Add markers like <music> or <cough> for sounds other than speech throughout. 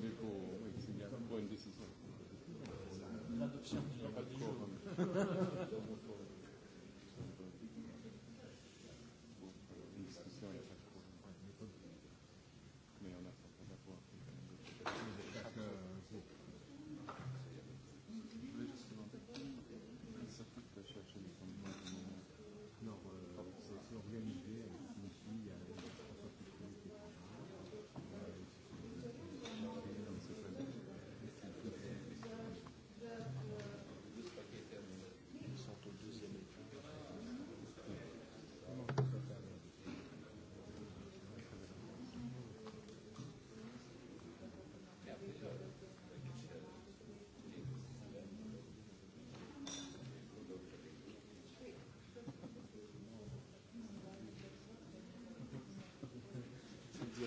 attendu pour une décision. L'adoption du jour.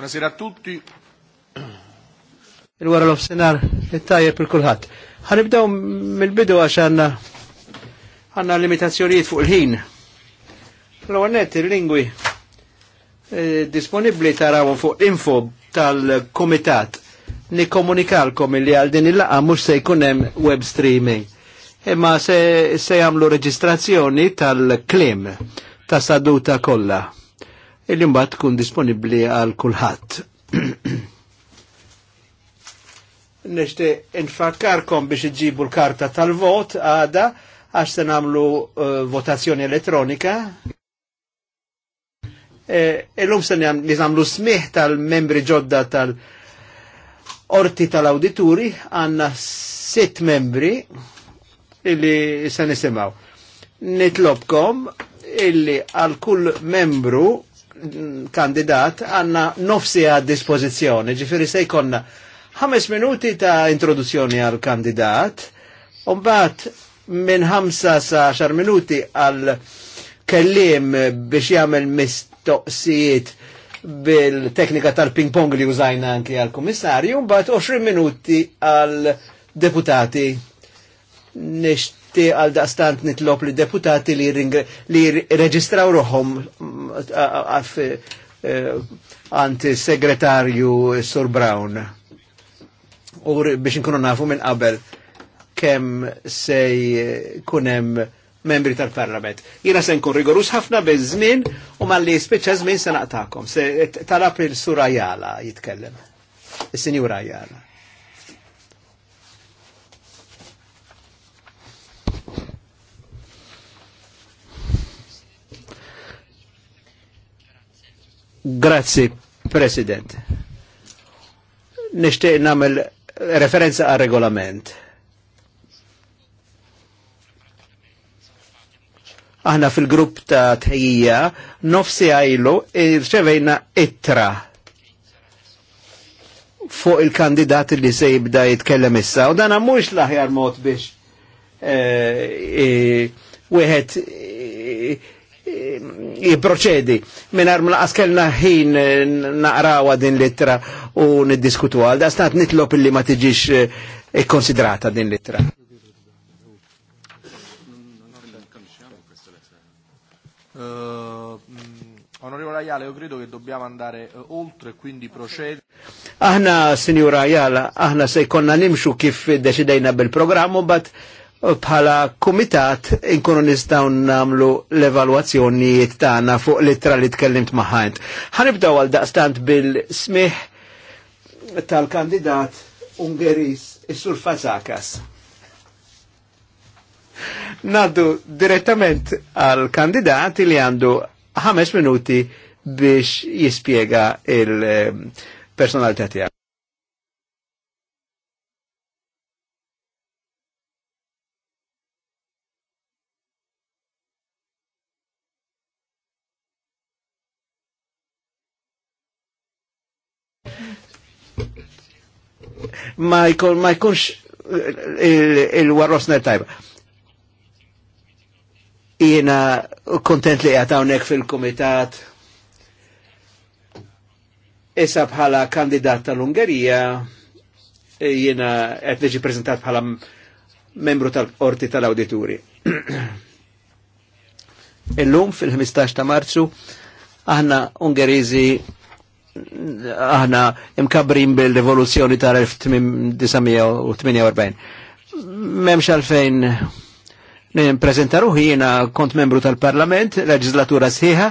Buonasera a tutti. Il-wara l-obsenar, il-tajja per kulħat. Għanibdaw mill-bidu għax għanna għanna limitazzjonijiet fuq il-ħin. L-għannet il-lingwi eh, disponibli tarawon fuq info tal-komitat il li għal din il-laqa mux se jkunem web streaming. Imma se, jgħamlu registrazzjoni reġistrazzjoni tal-klim ta' saduta kolla illi mbagħad tkun disponibbli għal kulħadd. <clears throat> Nishti infakkarkom biex iġibu l-karta tal-vot għada għax se namlu uh, votazzjoni elettronika. Eh, illum e, se nisamlu smih tal-membri ġodda tal-orti tal-awdituri għanna sitt membri illi se nisimaw. Nitlobkom illi għal kull membru kandidat għanna nofsi għad dispozizjoni, ġifiri se jkonna ħames minuti ta' introduzzjoni għal kandidat, unbat minn 5 sa' minuti għal kellim biex jagħmel mistoqsijiet bil-teknika tal-ping pong li użajna anki għal komissarju, mbagħad 20 minuti għal deputati. Nix ti għal daqstant nitlob li deputati li, li reġistraw ruħom għant eh, segretarju Sur Brown u biex nkunu nafu minn qabel kem sej kunem membri tal-parlament. Jina se nkun rigorus ħafna bez żmien u malli speċa żmien se naqtakom. Se talab il-surajala jitkellem. il sinjura Ajala. Grazzi, President. Nishtiq namel referenza għal regolament. Aħna fil-grupp ta' tħejja nofsi għajlu irċevejna ittra fuq il-kandidat li se jibda jitkellem issa. U dan mhux l-aħjar mod biex eh, wieħed jiproċedi minar mlaqas kellna ħin eh, naqrawa din littra u niddiskutu għal da stat nitlop illi ma tiġix eh, ikkonsidrata din littra. Eh, onorevole Ajala, io credo che dobbiamo andare oltre e quindi procedere. Aħna, signora Ajala, aħna se konna nimxu kif deċidejna bil-programmu, but bħala komitat inkunu nistaw namlu l-evaluazzjonijiet tagħna fuq l-ittra li tkellimt maħant. Ħanibdaw għal daqstant bil-smih tal-kandidat Ungeris is-Sur Fazakas. Naddu direttament għal kandidat li għandu ħames minuti biex jispiega il-personalità tiegħu. ma jkunx eh, il-warrosna tajba. Jena kontent li għatawnek fil-komitat issa bħala kandidat tal-Ungerija eh, jena għet neġi prezentat bħala membru tal-orti tal-auditori. <clears throat> Illum fil-15 ta' marzu aħna Ungerizi aħna imkabrin bil-rivoluzzjoni tal-1948. Memx għalfejn n-prezenta ruħi jena kont membru tal-parlament, leġislatura sħiħa,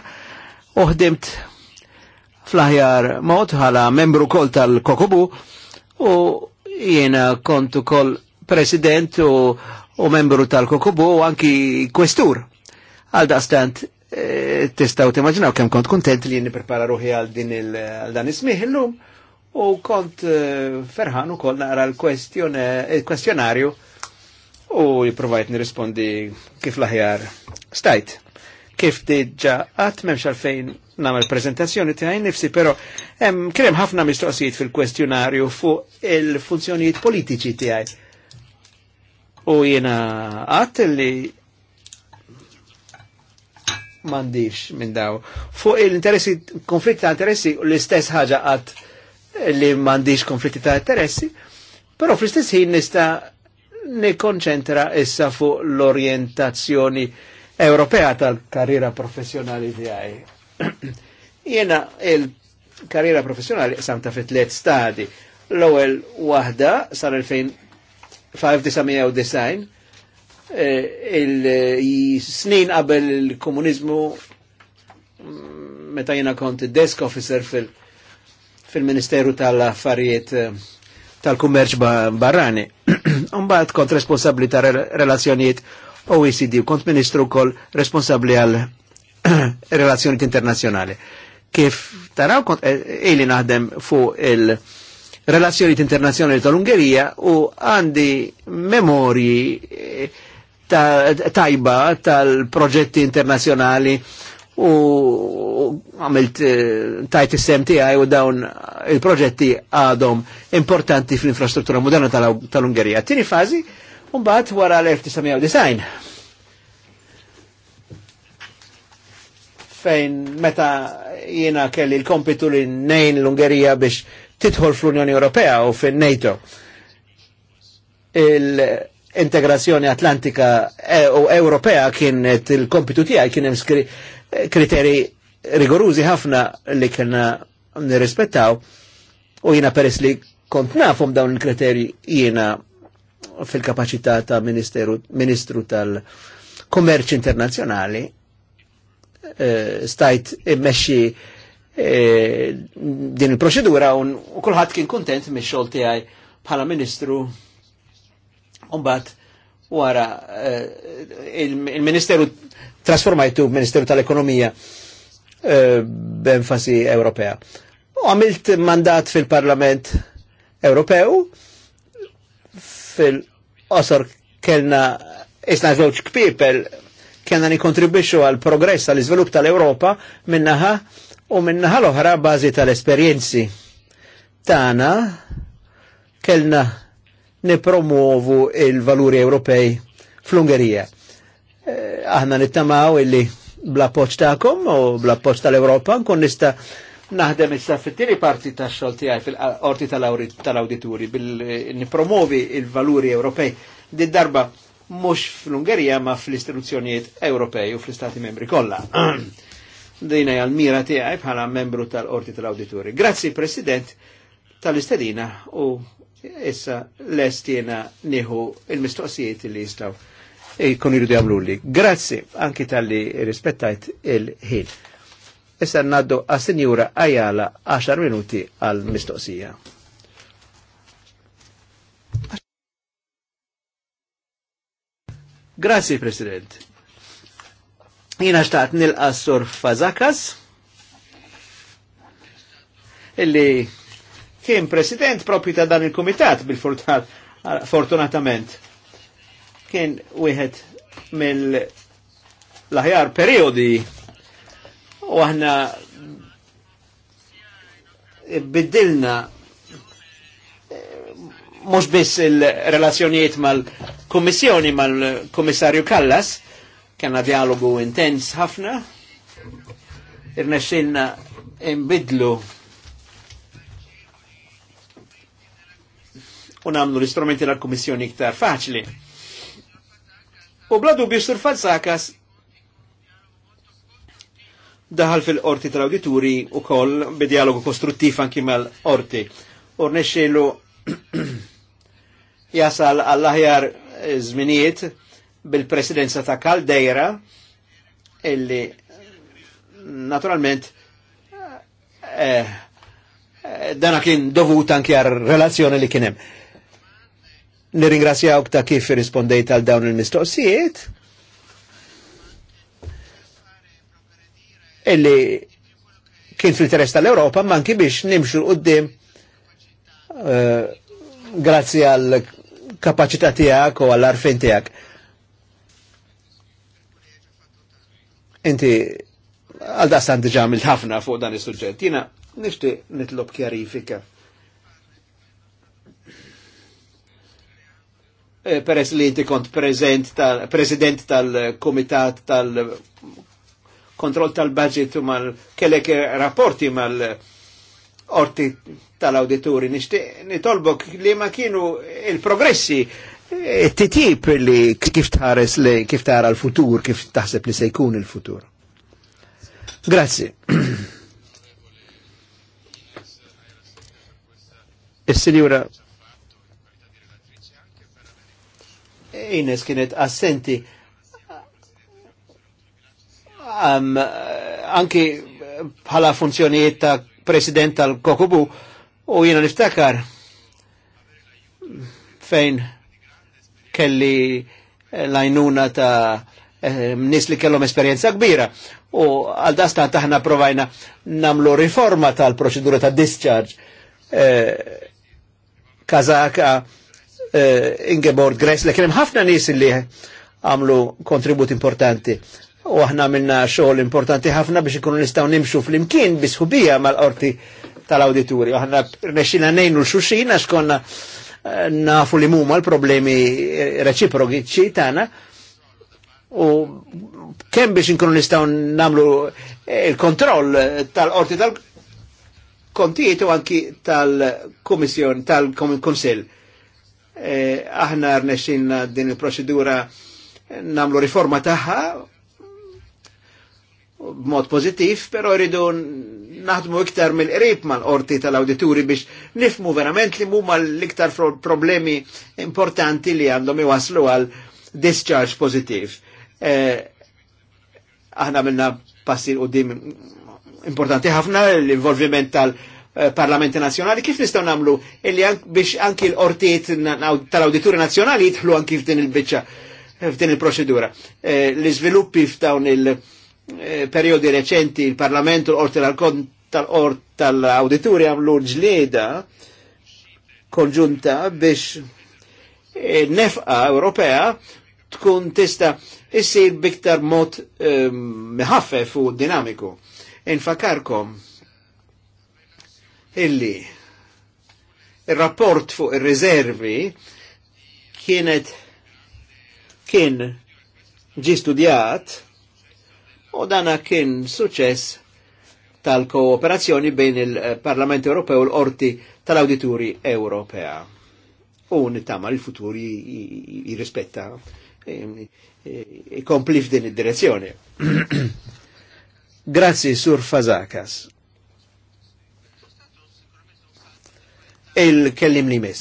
uħdimt fl-ħjar mod bħala membru kol tal-Kokobu u jena kont kol president u, u membru tal-Kokobu u anki kwestur. Għal E, tistaw timmaġinaw kemm kont kontent li prepara ruħi għal din il dan ismiħ u kont e, ferħan ukoll naqra l-kwestjonarju u jiprovajt nirrispondi kif l-aħjar stajt. Kif diġa għat memx għalfejn namel prezentazzjoni għajn nifsi, però krem ħafna mistoqsijiet fil-kwestjonarju fuq il-funzjonijiet politiċi għaj. U jiena għat li mandiċ minn daw. Fuq il-interessi, konflitti ta' interessi, l-istess ħagġa għat li mandiċ konflitti ta' interessi, Pero fl-istess ħin nista nikonċentra issa fuq l-orientazzjoni Ewropea tal-karriera professjonali tiegħi. <clears throat> Jena il-karriera professjonali samta fit tliet stadi. L-ewwel waħda sar 2005 1990 Eh, il-snin qabel il-komunizmu meta jena kont desk officer fil-Ministeru tal-Affarijiet eh, tal-Kummerċ Barrani. Umbat <clears throat> kont responsabli ta' relazzjoniet OECD u kont ministru kol responsabli għal <clears throat> relazzjoniet internazjonali. Kif taraw kont eh, ili naħdem fu il-relazzjonijiet internazjonali tal-Ungerija u għandi memorji tajba tal-proġetti internazjonali u għamilt eh, tajt is-sem tiegħi u dawn il-proġetti għadhom importanti fl-infrastruttura moderna tal-Ungerija. Tieni fażi u mbagħad wara l-1990. Fejn meta jiena kelli l-kompitu li nejn l-Ungerija biex tidħol fl-Unjoni Ewropea u fin-NATO integrazzjoni atlantika u e- Europea kienet il-kompitu tiegħi kien hemm kriteri rigorużi ħafna li kena nirrispettaw u jiena peress li kont nafhom dawn il-kriteri jina fil-kapacità ta' ministeru, ministru tal-kommerċ internazzjonali e, stajt immexxi e, din il-proċedura u kulħadd kien kontent mix-xogħol tiegħi bħala ministru Umbat, wara, eh, il-Ministeru trasformajtu Ministeru tal-Ekonomija eh, b'enfasi Ewropea. U għamilt mandat fil-Parlament Ewropew, fil-qosor kellna isna żewġ kpipel kellna nikontribwixxu għal progress għal iżvilupp tal-Ewropa minnaħa u minnaħa l-oħra bażi tal-esperjenzi tagħna kellna nipromovu il-valuri Ewropej fl-Ungerija. Eh, aħna nittamaw illi bla poċ ta'kom u bla poċ tal-Europa nkun nista' naħdem issa fit-tieni parti ta' xogħol tiegħi fil-qorti tal-awdituri bil-nipromovi il-valuri Ewropej din darba mhux fl-Ungerija ma fl-istituzzjonijiet Ewropej u fl-Istati membri kollha. <clears throat> Dina hija mira tiegħi bħala membru tal-Qorti tal-Awdituri. Grazzi President tal-istedina u issa lest jena nieħu il-mistoqsijiet li jistaw jkun jridu jagħmlu li. Grazzi anki tal-li rispettajt il-ħin. Issa naddu għas-sinjura għajala 10 minuti għal-mistoqsija. Grazzi, President. Jina xtaqt nilqa Sur Fazakas, illi kien president propju ta' dan il-komitat bil-fortunatament. Ah, kien wieħed mill-laħjar periodi u aħna biddilna eh, mux biss il-relazzjonijiet mal-Kommissjoni, mal-Kommissarju Kallas, kena dialogu intens ħafna, irnexilna imbidlu u namlu l-istrumenti l-Kommissjoni iktar faċli. U bla biex sur sakas daħal fil-qorti tal-awdituri u koll dialogu kostruttiv anki mal-qorti. U <clears throat> jasal għall-aħjar żminijiet bil-presidenza ta' Kaldejra illi naturalment eh, eh, dana kien dovut anki għar relazzjoni li kienem. Nirringrazzjaw ta' kif rispondejt għal dawn il-mistoqsijiet. Illi kien fil-interess tal-Europa, anki biex nimxu qoddim uh, eh, grazzi għal kapacità tiegħek u għall arfin tiegħek. Inti għal dastan diġa ħafna fuq dan is-suġġett. Jina nixtieq nitlob kjarifika Eh, peress li inti kont prezent tal, president tal-komitat tal-kontroll tal-budget u mal kelek rapporti mal orti tal-auditori. Nitolbok li ma kienu il-progressi it eh, tip li kif tħares li kif tara l-futur, kif taħseb li sejkun jkun il-futur. Grazzi. <clears throat> il sinjura Ines kienet assenti um, anki bħala funzjonijiet ta' president tal-Kokubu u jiena niftakar fejn kelli lajnuna ta' eh, nis li kellhom esperjenza kbira u għal dasna taħna provajna namlu riforma tal-proċedura ta' discharge eh, Kazaka uh, Ingeborg Gressle, kienem ħafna nis li għamlu kontribut importanti u aħna minna xogħol importanti ħafna biex ikunu nistgħu nimxu fl-imkien bisħubija mal-qorti tal-awdituri. Aħna rnexxina nejnu l-xuxina xkonna eh, nafu li mumma l-problemi eh, reċiproċi tagħna u kemm biex inkunu nistgħu namlu il-kontroll tal-qorti tal-kontijiet u anki tal-Kummissjon tal-Kunsill. tal E, aħna rnexxinna din il-proċedura namlu riforma taħħa b'mod pozittiv, pero rridu naħdmu iktar mill-qrib mal-qorti tal-awdituri biex nifmu verament li mumma l-iktar problemi importanti li għandhom iwaslu għal discharge pozittiv. E, aħna minna passi u dim importanti ħafna l-involviment tal- Eh, parlamenti nazjonali, kif nistaw namlu illi biex anki l-ortiet tal-auditori nazjonali jitħlu anki f'din il-bicċa, eh, f'din il-proċedura. Eh, l-izviluppi f'dawn il-periodi reċenti, il-Parlament u l-Orti tal-Ort tal-Auditori għamlu ġlieda konġunta biex nefqa Ewropea tkun tista issir biktar mod meħaffef u dinamiku. Infakarkom illi il-rapport fuq il rezervi kienet kien ġi studjat u dana kien suċess tal-kooperazzjoni bejn il-Parlament Ewropew u l-Orti tal auditori Ewropea. U nittama il-futur jirrispetta i e, ikompli e, e f'din id-direzzjoni. <clears throat> Grazie, Sur Fazakas. il-kellim li mis.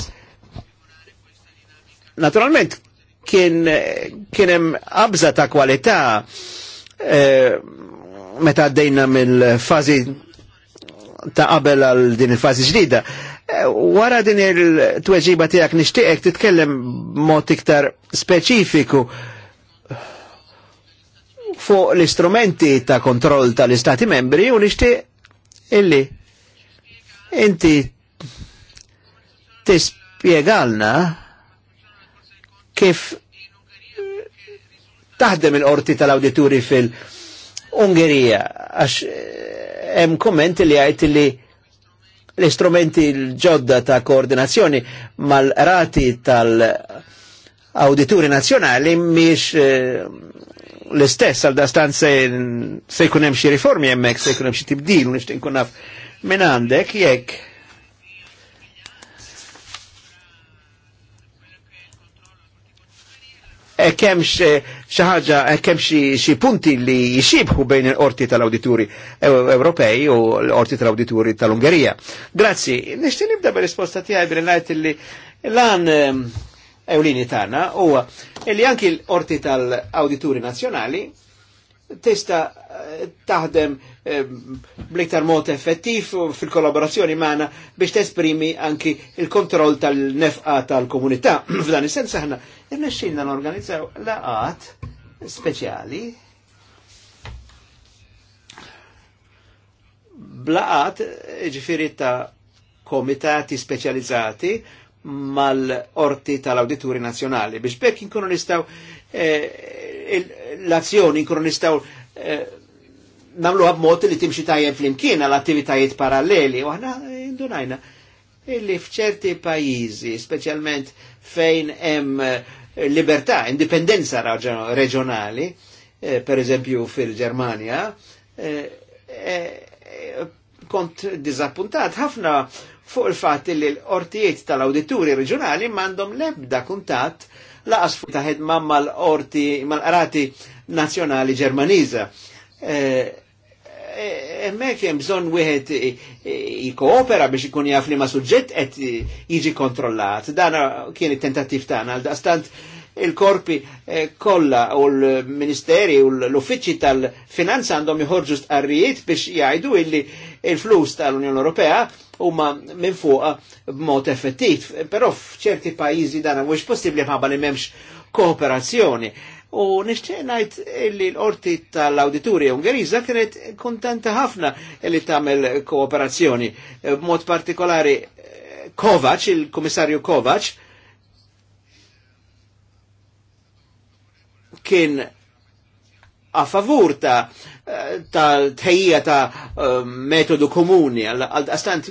Naturalment, kien hemm abza ta' kwalità eh, meta għaddejna mill-fazi ta' qabel għal din il-fazi ġdida. Eh, wara din il-tweġiba tijak nishtiqek titkellem mod iktar speċifiku fuq l-istrumenti ta' kontroll tal-Istati membri u nishtiq illi inti tispiegalna kif taħdem il-qorti tal-awdituri fil-Ungerija għax eh, hemm kommenti li għajt li l-istrumenti l-ġodda ta' koordinazzjoni mal-rati tal-awdituri nazjonali miex eh, l-istess għal dastan se jkun hemm xi riformi hemmhekk se jkun hemm xi tibdil u nixtieq naf minn għandek jekk Eh, kemx eh, xi ħaġa kemm xi punti li jxibħu bejn il-qorti tal-awdituri Ewropej u l-qorti tal-awdituri tal-Ungerija. Grazzi, nixtieq nibda bir-risposta tiegħi bil ngħid li lan ehm, ewlini tagħna huwa li anki l-qorti tal-awdituri nazzjonali tista eh, taħdem eh, bliktar mod effettiv fil-kollaborazzjoni maħna biex tesprimi anki il-kontroll tal-nefqa tal-komunità. <clears throat> F'dan is-sens aħna irnexxilna norganizzaw laqat speċjali blaqat eh, ġifiri ta' komitati speċjalizzati mal-orti tal-Awdituri Nazjonali, biex bekk inkunu nistaw l-azzjoni nkunu nistgħu eh, namluha b'mod li timxi tajjeb flimkien għal attivitajiet paralleli u aħna indunajna illi f'ċerti pajjiżi, speċjalment fejn hemm eh, libertà, indipendenza reġjonali, eh, per eżempju fil-Germania, kont dizappuntat ħafna fuq il-fat li l-ortijiet tal-awdituri reġjonali mandom lebda kuntat laqas fuq ta' ħedma mal-orti mal-qrati nazzjonali Ġermaniża. E, e, Emmek hemm bżonn wieħed jikoopera biex ikun jaf li ma' suġġett qed jiġi kontrollat. Dan kien it-tentattiv tagħna għal daqstant il-korpi eh, kolla u l-ministeri u l-uffiċi tal-finanza għandhom jħorġu arrijiet biex jgħajdu illi il-flus tal-Unjoni Ewropea u ma minn fuqa b'mod effettiv. Però f'ċerti pajizi dana mhuwiex possibbli ma li m'hemmx kooperazzjoni. U nixtieq ngħid li l-qorti tal-Awditurja Ungeriża kienet kontenta ħafna li tagħmel kooperazzjoni. B'mod partikolari eh, Kovac, il-Kummissarju Kovac, kien a favur ta' tal-tħejja ta', ta um, metodu komuni, għal għastant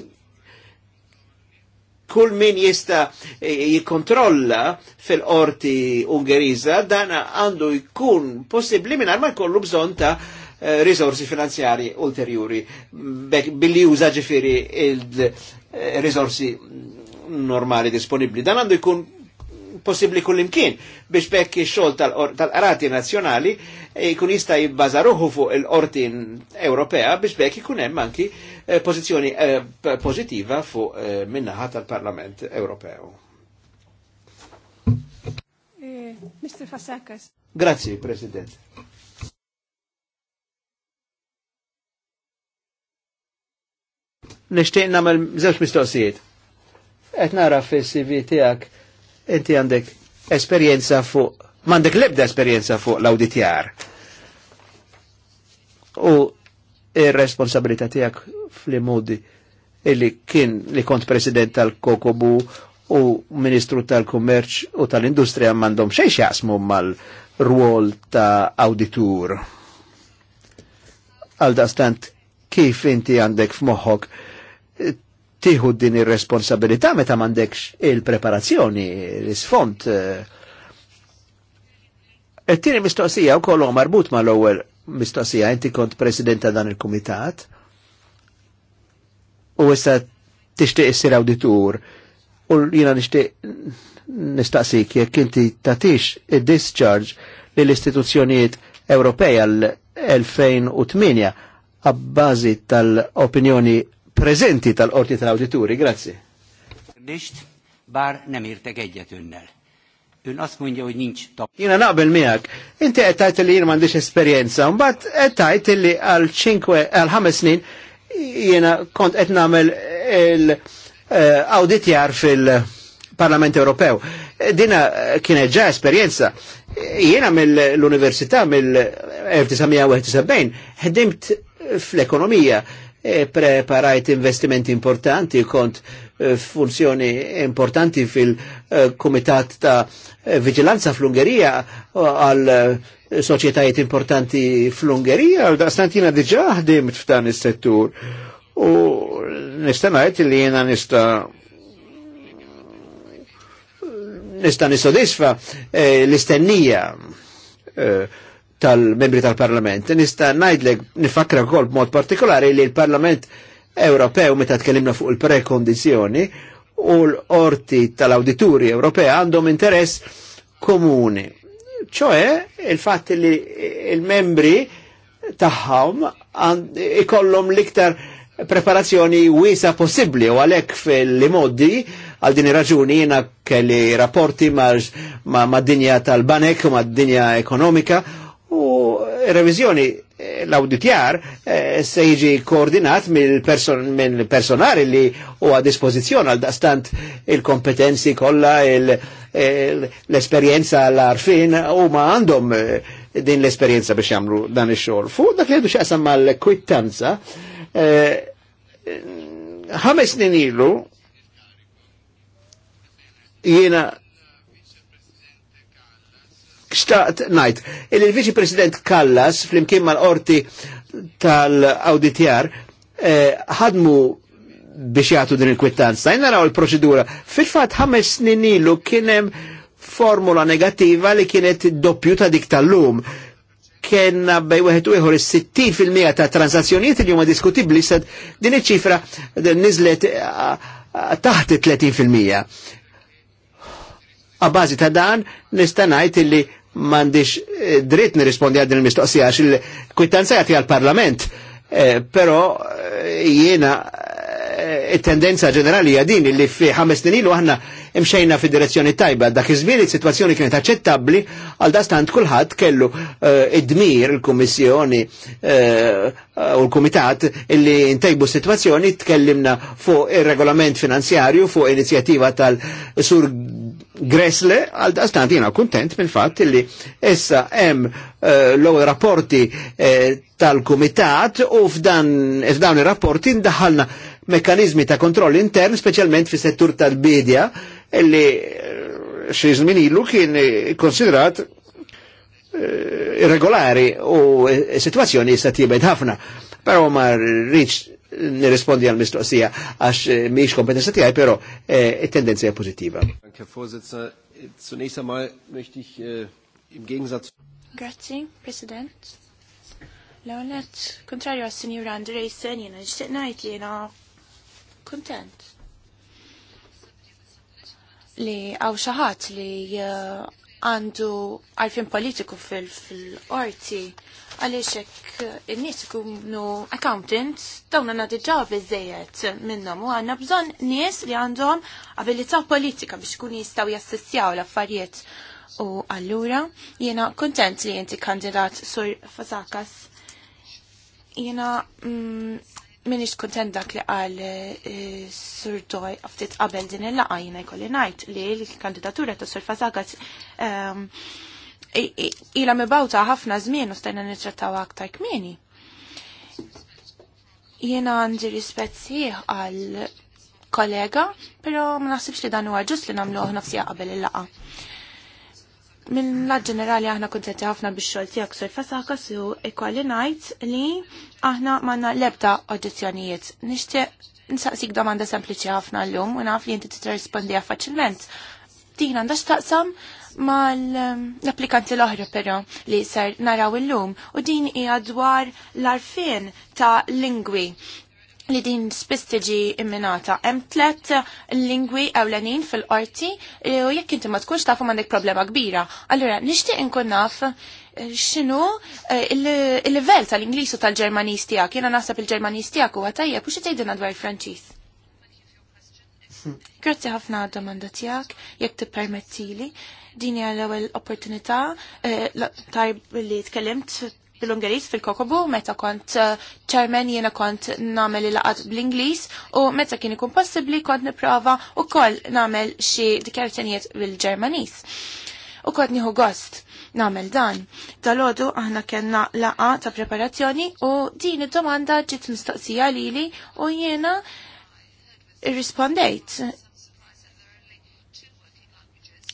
kull min jista eh, jikontrolla fil orti ungeriza dan għandu jkun possibli minn arma jkollu bżon ta' eh, risorsi finanzjari ulterjuri billi juża ġifiri il-risorsi eh, normali disponibli. Dan għandu jkun possibli kullimkien biex bekk ix-xogħol tal-qrati nazjonali e, jkun jista' jibbazaruhu fuq il-qorti Ewropea biex bekk ikun hemm anki e, pożizzjoni e, pożittiva fuq minnaħa tal-Parlament Ewropew. Eh, Mr. Fasakas. Grazie, President. Nishtiq namel zewġ mistoqsijiet. Qed nara fis-CV tiegħek inti għandek esperienza fuq, mandek lebda esperienza fuq l-auditjar. U il responsabilità tiegħek fl-modi illi kien li kont president tal-Kokobu u ministru tal-Kummerċ u tal-Industrija mandom xejn jasmu mal ruol ta' auditur. Għal dastant kif inti għandek f'moħħok tieħu din ir-responsabilità meta m'għandekx il-preparazzjoni, l-isfond. Et-tieni eh. e mistoqsija wkoll marbut mal-ewwel mistoqsija, inti kont president ta' dan il-kumitat u issa tixtieq issir awditur u jiena nixtieq nistaqsik jekk inti tagħtix id-discharge lill-istituzzjonijiet Ewropej għal 2008 għabbażi tal-opinjoni prezenti tal-qorti tal-awdituri. Grazzi. Bist, bar nemirtek egyet önnel. Ön azt mondja, hogy nincs tap. Jina naqbel miak. Inti għettajt li jina mandiċ esperienza, mbatt għettajt li għal 5 għal 5 snin jina kont qed nagħmel il-auditjar eh, fil-Parlament Ewropew. Dina kienet ġa esperienza. Jiena mill-Università mill-1971 ħdimt fl-ekonomija e preparajt investimenti importanti kont e, funzjoni importanti fil-Komitat e, ta' e, Vigilanza fl-Ungerija għal soċietajiet importanti fl-Ungerija, għal stantina diġa ħdimt f'dan is-settur. U nistanajt li jena nista' nista' nisodisfa l-istennija eh, tal-membri tal-Parlament. Nista' ngħidlek nifakra wkoll b'mod partikolari li l-Parlament Ewropew meta tkellimna fuq il-prekondizjoni u l-orti tal-Awdituri Ewropea għandhom interess komuni. ċoe il-fatt li il-membri tagħhom ikollhom l-iktar preparazzjoni wisa possibbli u għalhekk fil-modi għal din raġuni jina kelli rapporti ma' dinja tal-banek u ma' dinja ekonomika u revizjoni eh, l-auditjar eh, se jiġi koordinat mill-personali li u a għal dastant il-kompetenzi kolla l-esperienza l-arfin u ma għandhom eh, din l-esperienza biex jamlu dan il xor Fu dak li xaqsam ma mal-kwittanza, ħames snin jiena xtaqt najt. Il-Viċi President Kallas, flimkien mal-orti tal-auditjar, eh, ħadmu biex jgħatu din il-kwittanza. Naraw il-proċedura. Fil-fat ħames snin ilu kienem formula negativa li kienet doppju ta' dik tal-lum. Kenna bej wieħed u ieħor is-60% ta' transazzjonijiet li huma diskutibbli sad din iċ-ċifra nizlet eh, taħt 30%. A bażi ta' dan nista' ngħid illi m'għandix eh, dritt nirrispondi għad il-mistoqsija għax il-kwittanza jagħti għall-Parlament. Eh, però eh, jiena eh, il tendenza ġenerali hija din illi fi ħames snin u aħna imxejna fi direzzjoni tajba. Dak iż-żmien sitwazzjoni kienet aċċettabbli għal dastant kulħadd kellu eh, id-dmir il-Kummissjoni eh, u l-Kumitat illi ntejbu situazzjoni sitwazzjoni tkellimna fuq ir-regolament finanzjarju fuq inizjattiva tal-Sur Gressle għal dastant jiena kuntent mill-fatt illi issa hemm eh, l-ewwel rapporti tal-Kumitat u f'dan ir-rapporti ndaħalna mekkanizmi ta' kontroll intern, specialment fis settur tal-bidja, illi eh, xi żmien ilu kien konsidrat eh, irregolari u eh, situazzjoni jista' tibed ħafna. Però ma rridx nirrispondi għal mistoqsija għax miex kompetenza tiegħi, però it-tendenza hija pożittiva. Danke Vorsitzender, zunächst einmal President. Leonet, kontrarju għas senjur Andrej Senjina, jena li jena kontent li għaw xaħat li uh, għandu għalfin politiku fil-orti għaliex hekk uh, in-nies ikunu accountants dawn għandna diġà biżejjed minnhom u għandna bżonn nies li għandhom abilità politika biex kun jistgħu jassistjaw l-affarijiet. U allura jiena kontent li inti kandidat sur Fasakas. jena mm, minix kontent dak li għal eh, Sur għaftit ftit qabel din il-laqa jina jkolli najt li l-kandidatura ta' surfa Fazagas ehm, ila mibawta ħafna żmien u stajna nittrattaw aktar kmieni. Jiena għandi rispett għal kollega, pero ma naħsibx li dan huwa ġust li nagħmluh nafsija qabel il-laqa. Minn lad ġenerali aħna kontenti ħafna biex xogħol tiegħek sur fasaka su ikolli ngħid li aħna manna lebda oġġezzjonijiet. Nixtieq nsaqsik domanda sempliċi ħafna llum u naf li inti rispondi faċilment. Din għandha x'taqsam mal-applikanti l-oħra però li ser naraw illum u din hija dwar l-arfin ta' lingwi li din spiss tiġi imminata. Hemm tlet lingwi ewlenin fil-qorti eh, u jekk inti ma tkunx tafu għandek problema kbira. Allura nixtieq inkun naf eh, x'inhu eh, il-livell tal-Ingliż u tal-Ġermaniż tiegħek. Jiena naħseb il-Ġermaniż tiegħek huwa tajjeb u xi tgħidilna dwar il-Franċiż. Hmm. Grazzi ħafna għad domanda tiegħek, jekk tippermettili. Din hija l-ewwel opportunità tajb li tkellimt bil-Ungeris fil-Kokobu, meta kont ċermen eh, jiena kont namel il-laqat bl-Inglis u meta kien ikun possibli kont niprofa u koll namel xie dikjarazzjonijiet bil-Ġermanis. U kont nieħu gost namel dan. Dalodu aħna kena laqa ta' preparazzjoni u din id-domanda ġiet mistoqsija lili u jiena irrispondejt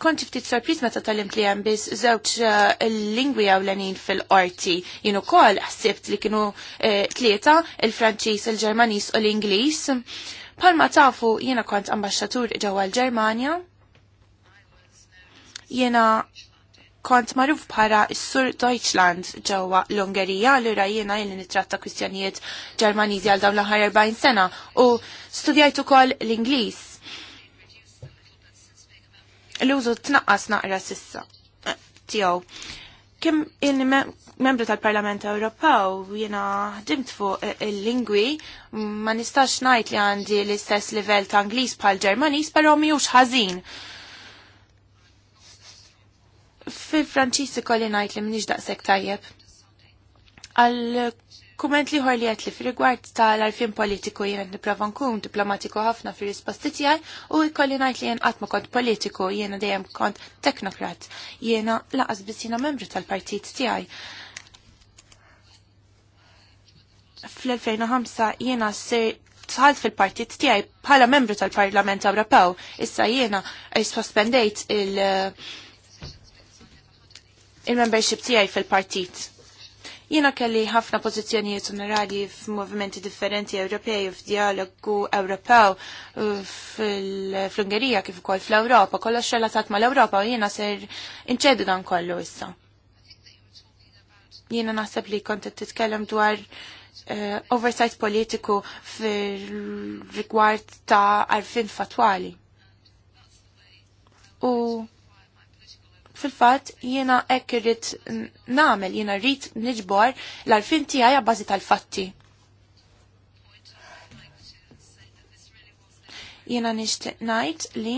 sorpriz ftit sorpriż meta imt li hemm biss żewġ eh, lingwi ewlenin fil-qorti. Jien ukoll ħsibt li kienu eh, tlieta il-Franċiż, il-Ġermaniż u l-Ingliż. Palma tafu jiena kont ambasċatur ġewwa l-Ġermanja. Jiena kont marruf bħala s-sur Deutschland ġewwa l-Ungerija li rajjena li nitratta kwistjonijiet Ġermaniżi għal dawn l-aħħar 40 sena u studjajt ukoll l-Ingliż l-użu tnaqqas naqra sissa tiegħu. Kim il-membru tal-Parlament Ewropew jiena ħdimt fuq il-lingwi ma nistax ngħid li għandi l-istess livell ta' Ingliż bħal Ġermaniż, però mhijiex ħażin. Fil-Franċiż ikolli ngħid li m'iniex daqshekk tajjeb għal Kumment li ħor li għetli fi rigward tal-arfin politiku jien niprofa nkun diplomatiku ħafna fi risposti tiegħi u jkolli ngħid li jien qatt ma kont politiku jiena dejjem kont teknokrat. Jiena laqas biss jiena membru tal-partit tiegħi. Fl-2005 jiena sir tħalt fil-partit tiegħi bħala membru tal-Parlament Ewropew. Issa jiena sospendejt il- il-membership tiegħi fil-partit Jiena kelli ħafna pożizzjonijiet onorali f'movimenti differenti Ewropej, f-dialogu Ewropew, fl-Ungerija kif ukoll fl-Ewropa, kollox relatat mal-Ewropa u jiena ser inċedu dan kollu issa. Jiena naħseb li kont titkellem dwar uh, oversight politiku fir-rigward ta' arfin fatwali. U fil-fat jiena ekk irrit namel, jiena rrit nġbor l-arfin tijaj għabbażi tal-fatti. Jiena nishtiq najt li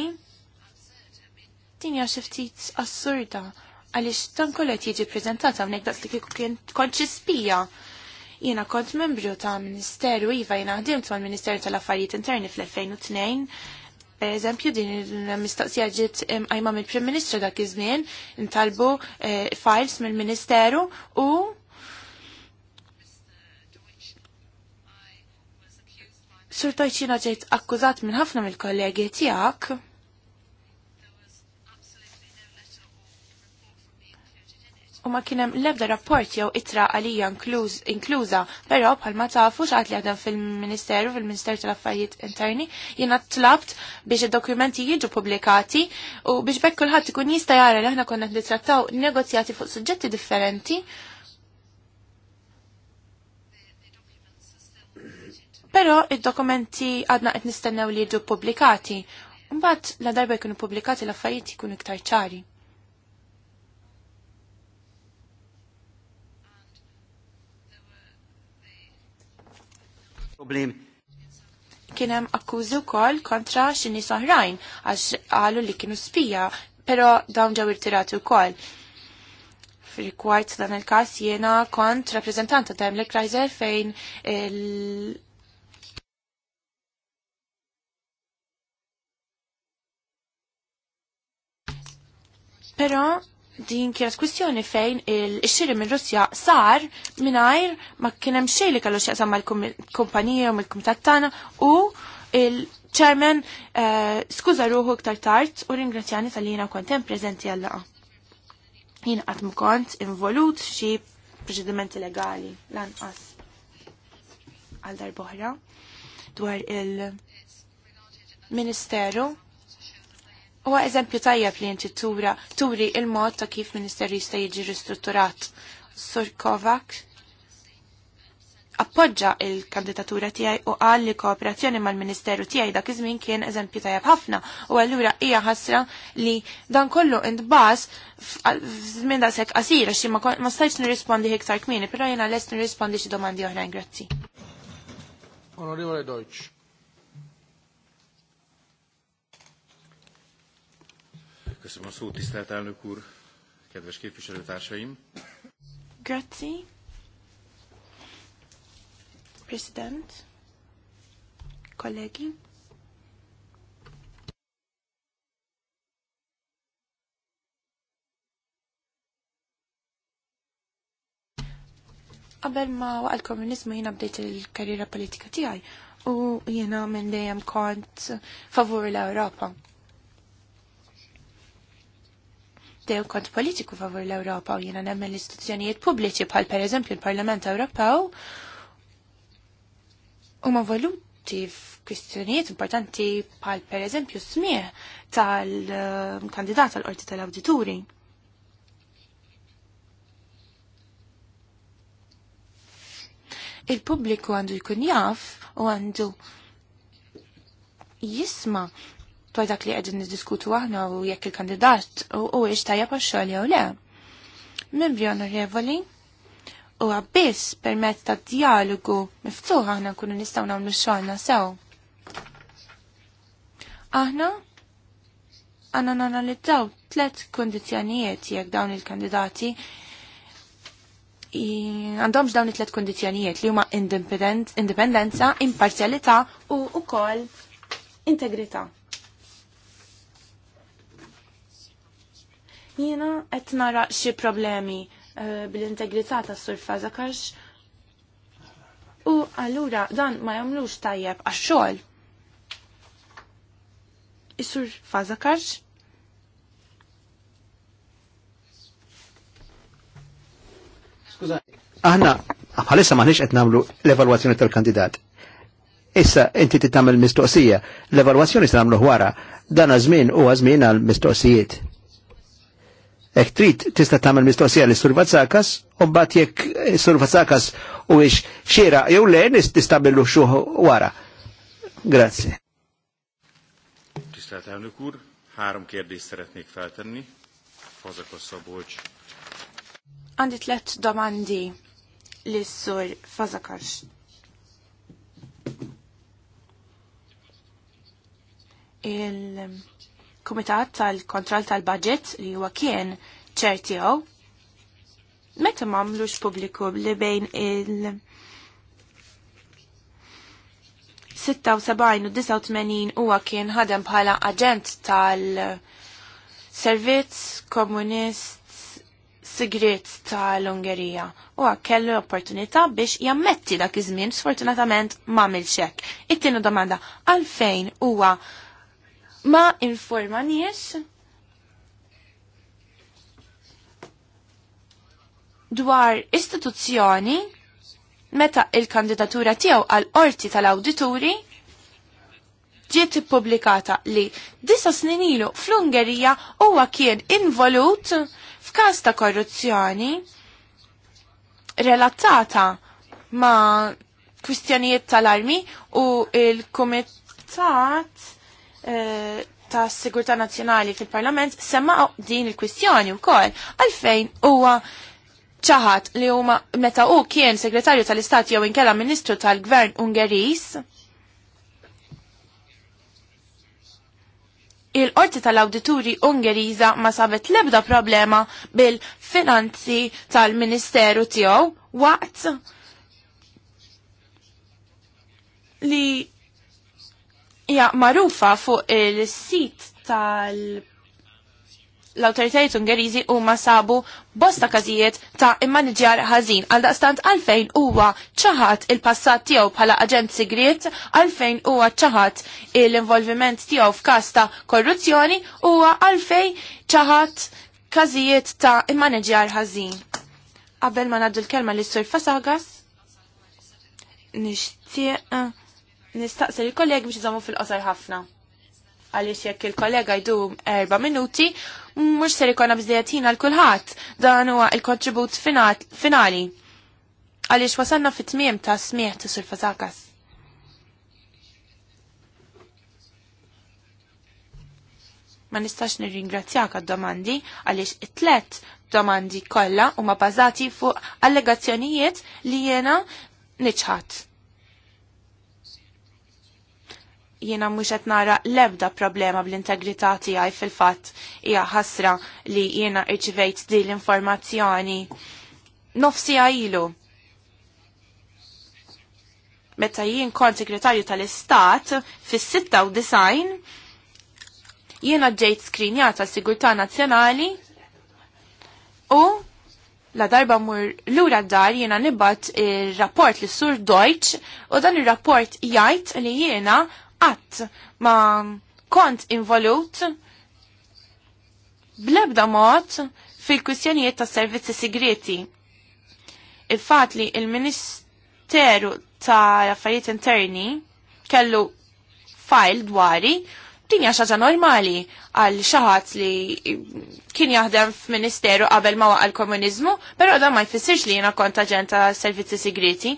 tinja xiftit assurda għalix dan kollet jieġi prezentata għamnek daqs li kiku kien konċi spija. Jiena kont membru ta' Ministeru Iva jiena ħdimt mal-Ministeru tal-Affarijiet Interni fl-2002 eżempju din il-mistaqsija ġiet għajma mill-Prim Ministru dak iż-żmien, intalbu eh, files mill-Ministeru u Sur Tojċina ġejt akkużat minn ħafna mill-kollegi tiegħek u ma kienem lebda rapport jew itra għalija inkluża, però bħalma tafu xaqt li għadem fil-Ministeru, fil-Ministeru tal-Affarijiet Interni, jiena tlabt biex id-dokumenti jiġu publikati u biex bekk kulħadd ikun jista' jara li aħna konna nittrattaw negozjati fuq suġġetti differenti. Però il dokumenti għadna qed nistennew li jiġu publikati. Mbagħad la darba jkunu publikati l-affarijiet jkunu iktar ċari. problem. Kienem akkużi wkoll kontra xi soħrajn għax qalu li kienu spija, però dawn ġew irtirati wkoll. Fil-kwart dan il-każ jiena kont rappreżentanta ta' Emlek Rajzer fejn il Però din kienet kwistjoni fejn il-xiri minn Russja sar minnajr ma kienem xej li kallu xieqsam ma l-kumpanija u mill-kumitat tana u il-ċermen eh, skuza ruħu ktar tart u ringrazzjani tal-jina kontem prezenti għallaqa. Jina għatmu kont involut xie proċedimenti legali lanqas għal darbohra dwar il-Ministeru Huwa eżempju tajjeb li inti tura turi il-mod ta' kif ministeri jista' jiġi ristrutturat. Sur Kovac appoġġa il-kandidatura tiegħi u qal li kooperazzjoni mal-Ministeru tiegħi dak iż-żmien kien eżempju tajjeb ħafna u allura hija ħasra li dan kollu intbaż f'żmien da sekk qasir xi ma stajtx nirrispondi iktar kmieni, però jiena lest nirrispondi xi domandi oħrajn, grazzi. Onorevole Deutsch. Köszönöm a szót, tisztelt elnök úr, kedves képviselőtársaim. Grazie. President, kollégi. qabel ma waqal komunizmu jiena bdejt il-karriera politika tiegħi u jiena minn dejjem kont favur l-Ewropa. dejjem kont politiku favur l-Ewropa u jiena nemmen l-istituzzjonijiet pubbliċi bħal pereżempju l-Parlament Ewropew huma voluti f'kwistjonijiet importanti bħal pereżempju smieħ tal-kandidat tal-Qorti tal-Awdituri. Il-pubbliku għandu jkun jaf u għandu jisma' dwar dak li qegħdin niddiskutu aħna u jekk il-kandidat u għiex tajja xogħol jew le. Membri onorevoli, u għabbis permezz ta' dialogu miftuħ aħna nkunu nistgħu nagħmlu xogħolna sew. Aħna għandna nanalizzaw tliet kundizzjonijiet jekk dawn il-kandidati għandhomx dawn it-tlet kondizjonijiet li huma independenza, imparzjalità u wkoll integrità. Jiena qed nara xi problemi eh, bil-integrità tas-sur Fazakarx u allura dan ma jagħmlux tajjeb għax-xogħol. Is-sur Fazakarx Skuża. Aħna bħalissa maħniex qed nagħmlu l-evalwazzjoni tal-kandidat. Issa inti titnamel mistoqsija, l-evalwazzjoni se nagħmlu wara, dan żmien huwa żmien għal mistoqsijiet. Ek trit tista' tagħmel mistoqsija li survazzakas u bat jek jekk survazzakas u ix xera jew le nis tista tistabillu xuh wara. Grazzi. kur, ħarum kjerdi s kérdést szeretnék fosa kossa boċ. Għandi tlet domandi li s-sur Fazakas. Il kumitat tal-Kontroll tal-Budget li huwa kien ċertiegħu meta m'għamlux pubbliku li bejn il- 76 u 89 huwa kien ħadem bħala aġent tal-Servizz Komunist Sigrit tal-Ungerija u kellu opportunità biex jammetti dak iż-żmien sfortunatament ma' milxek. It-tieni domanda għalfejn huwa ma informa nies dwar istituzzjoni meta il-kandidatura tiegħu għal orti tal-awdituri ġiet ippubblikata li disa snin ilu fl-Ungerija huwa kien involut f'każ ta' korruzzjoni relatata ma' kwistjonijiet tal-armi u il-kumitat Eh, ta' Sigurtà Nazzjonali fil-Parlament semma din il-kwistjoni wkoll għalfejn huwa ċaħat li huma meta u kien segretarju tal-Istat jew inkella Ministru tal-Gvern Ungeris. Il-qorti tal-Awdituri Ungeriża ma sabet lebda problema bil-finanzi tal-Ministeru tiegħu waqt li Ja marufa fuq il-sit tal- l-autoritajiet Ungeriżi huma sabu bosta każijiet ta' immaniġjar ħażin għal daqstant għalfejn huwa ċaħat il-passat tiegħu bħala aġent sigriet, għalfejn huwa ċaħat l-involviment tiegħu f'każ ta' korruzzjoni huwa għalfejn ċaħat każijiet ta' immanġjar ħażin. Qabel ma naddu l-kelma lis sur Fasagas, nixtieq Nistaqsi il-kollegi biex jżommu fil-qosar ħafna. Għaliex jekk il-kollega jdu erba minuti, mhux ser ikonna bżdejatina l-kulħadd dan huwa il-kontribut finali. Għaliex wasanna fit-tmiem ta' smieħ ta' sur fazakas. Ma nistax nirringrazzjak għad-domandi għaliex it-tlet domandi kollha huma bażati fuq allegazzjonijiet li jiena niċħat. jiena mhux qed nara l-ebda problema bl-integrità tiegħi fil-fatt hija ħasra li jiena rċivejt din l-informazzjoni nofsi ilu. Meta jien kont segretarju tal-Istat fis-96 jiena ġejt skrinjata s-Sigurtà Nazzjonali u la darba mur l-ura dar jiena nibat il-rapport li sur Deutsch u dan il-rapport jgħid li jiena qatt ma kont involut blebda mod fil-kwistjonijiet ta' servizzi segreti. Il-fat li il-Ministeru ta' Affarijiet Interni kellu fajl dwari din hija xaġa normali għal xaħat li kien jaħdem f'ministeru qabel ma waqal komuniżmu però da ma jfissirx li jiena kont aġent ta' servizzi segreti.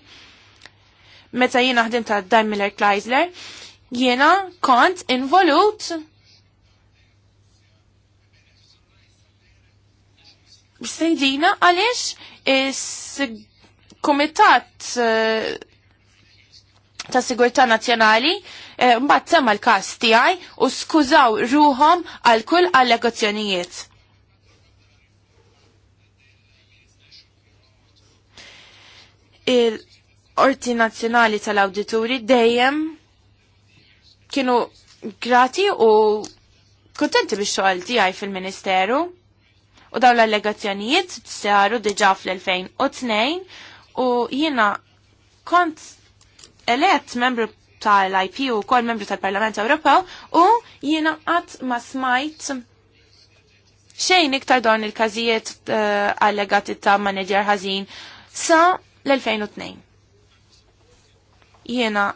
Meta jiena ħdim ta' Daimler Chrysler, Jiena kont involut Sejdina għaliex is-Kumitat eh, ta' Sigurtà Nazzjonali eh, mbagħad sema l-każ tiegħi u skużaw ruhom għal kull allegazzjonijiet. Il-Orti Nazzjonali tal-Awdituri dejjem kienu grati u kontenti biex xoħal tijaj fil-ministeru u daw l-allegazzjonijiet saru diġa fl-2002 u jiena kont elett membru tal-IP u kol membru tal-Parlament Ewropew u jiena qatt ma smajt xejn iktar dawn il-każijiet uh, allegati ta' manager ħażin sa l-2002. Jiena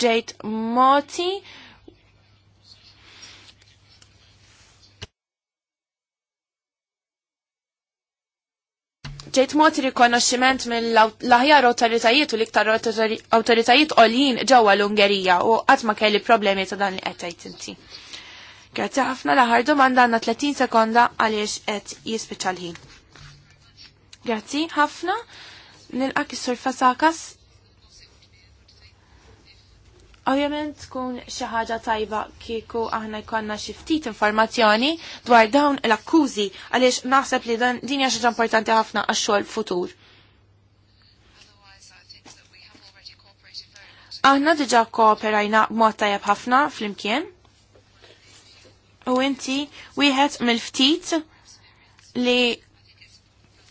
ġejt moti ġejt moti rikonoximent mill-aħjar autoritajiet u l-iktar autoritajiet olin ġewwa l-Ungerija u qatt ma kelli problemi ta' dan li qed tgħid inti. Grazzi ħafna l-aħħar domanda għandna 30 sekonda għaliex qed jispiċċa l-ħin. Grazzi ħafna nilqak is-sur Fasakas Ovvjament tkun xi ħaġa tajba kieku aħna jkollna xi ftit informazzjoni dwar dawn l-akkużi għaliex naħseb li dan din hija xi ħaġa importanti ħafna għax-xogħol futur. Aħna diġà kooperajna b'mod tajjeb ħafna flimkien. U inti wieħed mill-ftit li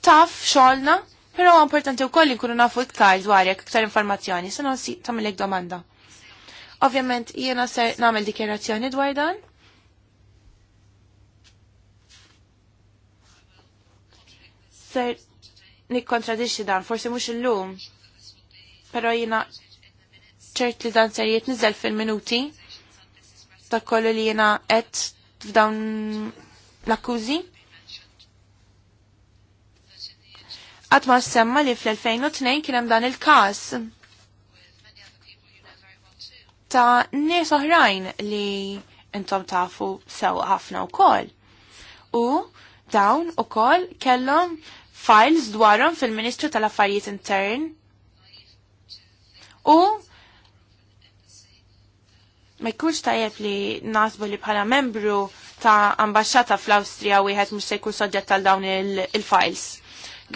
taf xogħolna, però importanti wkoll nkunu nafu iktar dwarek iktar informazzjoni, se tagħmel domanda. Ovvjament jiena ser nagħmel dikjerazzjoni dwar dan. Ser nikkontradixxi dan, forsi mhux illum. Però jiena ċert li dan ser jitniżel fil-minuti ta' kollu li jiena qed f'dawn l-akkużi. Għatma semma li fl-2002 kien hemm dan il-każ ta' nies oħrajn li intom tafu sew ħafna wkoll. U dawn ukoll kellhom files dwarhom fil-Ministru tal-Affarijiet Intern. U ma jkunx tajjeb li nasbu li bħala membru ta' ambasċata fl-Awstrija wieħed mhux se jkun soġġett tal dawn il-files.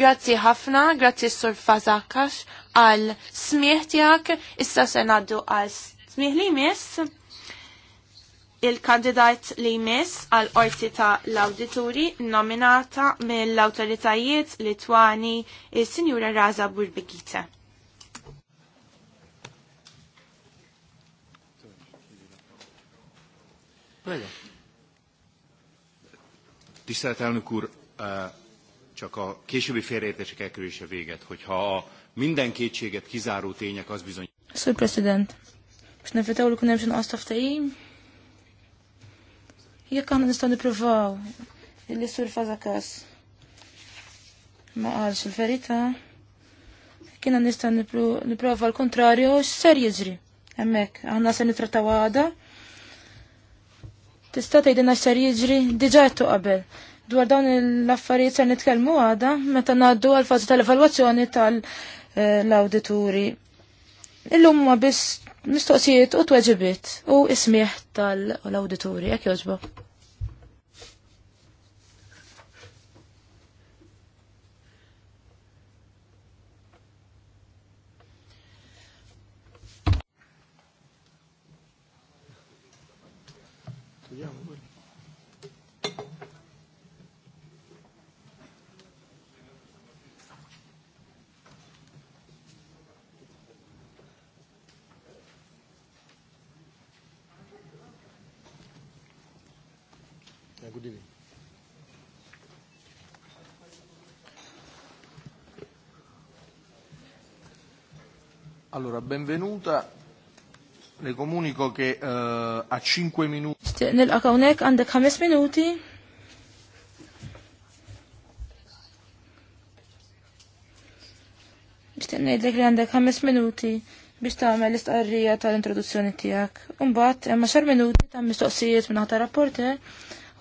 Grazzi ħafna, grazzi Sur Fazakax għal smieħtijak, tiegħek, issa se ngħaddu għal Smih li miss il-kandidat li jmiss għal orti ta' l auditori nominata mill-autoritajiet Litwani il-Sinjura Raza Burbikita. Tisztelt elnök úr, csak a későbbi félreértések elkerülése véget, hogyha a minden kétséget kizáró tények az bizony. Sir President, Bix nevitaw li kunem qastaf taftajim. Jekk għan nistaw niprofaw. illi sur fazakas ma qalx il-verita, Kina nista niprofaw l-kontrarju, x-ser jizri. Emmek, għanna se nitrataw għada. Tista tgħidilna x'ser jiġri diġà qed qabel. Dwar dawn l-affarijiet se nitkellmu għada meta ngħaddu għal fażi tal-evalwazzjoni tal-awdituri. Eh, Illum ma biss mistoqsijiet u t-weġibiet u ismieħ tal auditori jekk jogħġbok. Allora, benvenuta. Le comunico che uh, a 5 minuti. Nilqak hawnhekk għandek 5 minuti. Nixtieq ngħidlek li għandek 5 minuti biex tagħmel l-istqarrija tal-introduzzjoni tiegħek. Imbagħad hemm għaxar minuti ta' mistoqsijiet minnaħa tar-rapporter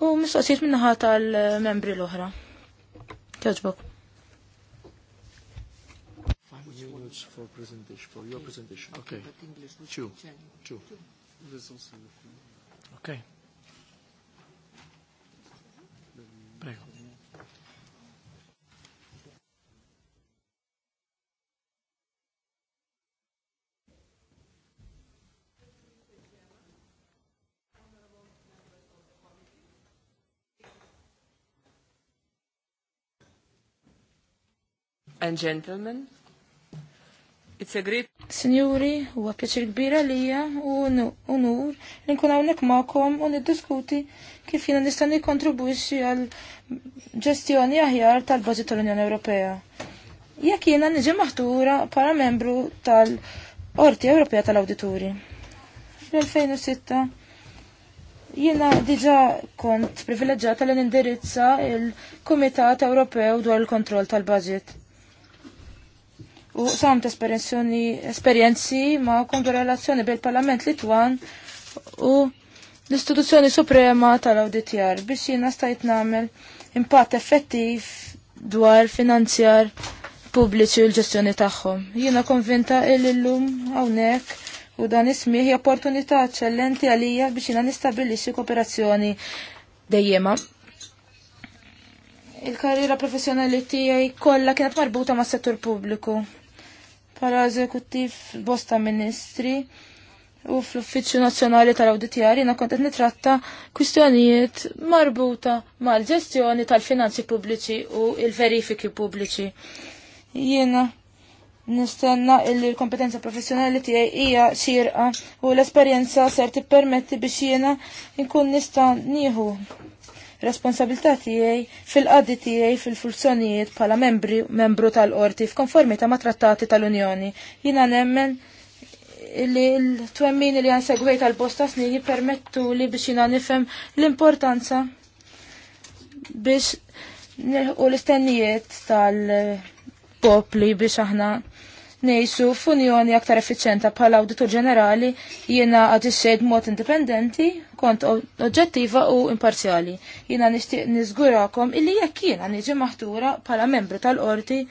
u mistoqsijiet minnaħa tal-membri l-oħra. Kjoġbok. minutes for presentation, for your presentation. Okay. okay. But English, Two. Two. Two. There's also the Okay. Prego. and gentlemen, It's a great... Signori, huwa pjaċir kbira lija u unur li nkun hawnhekk magħkom u niddiskuti kif jiena nista' nikkontribwixxi għal ġestjoni aħjar tal-Baġit tal-Unjoni Ewropea. Jekk jiena niġi maħtura para membru tal-Qorti Ewropea tal-Awdituri. Fl-2006 jiena diġa kont privileġġata li nindirizza il-Kumitat Ewropew dwar il-kontroll tal-Baġit u samt esperjenzi ma' kontu relazzjoni bil-Parlament Litwan u l-Istituzzjoni Suprema tal-Awditjar biex jiena stajt nagħmel impatt effettiv dwar finanzjar pubbliċi u l-ġestjoni tagħhom. Jiena konvinta il-lum hawnhekk u dan ismiħi opportunità eċċellenti għalija biex jiena nistabilixxi kooperazzjoni dejjema. Il-karriera professjonali tiegħi kollha kienet marbuta mas settur pubbliku para eżekuttiv bosta ministri u fl-Uffiċċju Nazzjonali tal-Awditjari kont qed nitratta kwistjonijiet marbuta mal-ġestjoni tal-finanzi pubbliċi u il-verifiki pubbliċi. Jiena nistenna illi l-kompetenza professjonali tiegħi hija xirqa u l-esperjenza ser tippermetti biex jiena nkun nista' nieħu responsabilità tiegħi fil-qadi tiegħi fil-funzjonijiet bħala membri membru tal-qorti f'konformità ma' trattati tal-Unjoni. Jiena nemmen li l-twemmin li għansegwej tal-bosta snin jipermettu li biex jina nifem l-importanza biex nilħu l-istennijiet tal-popli biex aħna nejsu f'unjoni aktar effiċenta bħala auditor Ġenerali jiena għad ixxejt mod indipendenti, kont oġġettiva u imparzjali. Jiena nixtieq niżgurakom illi jekk jiena niġi maħtura bħala membru tal-qorti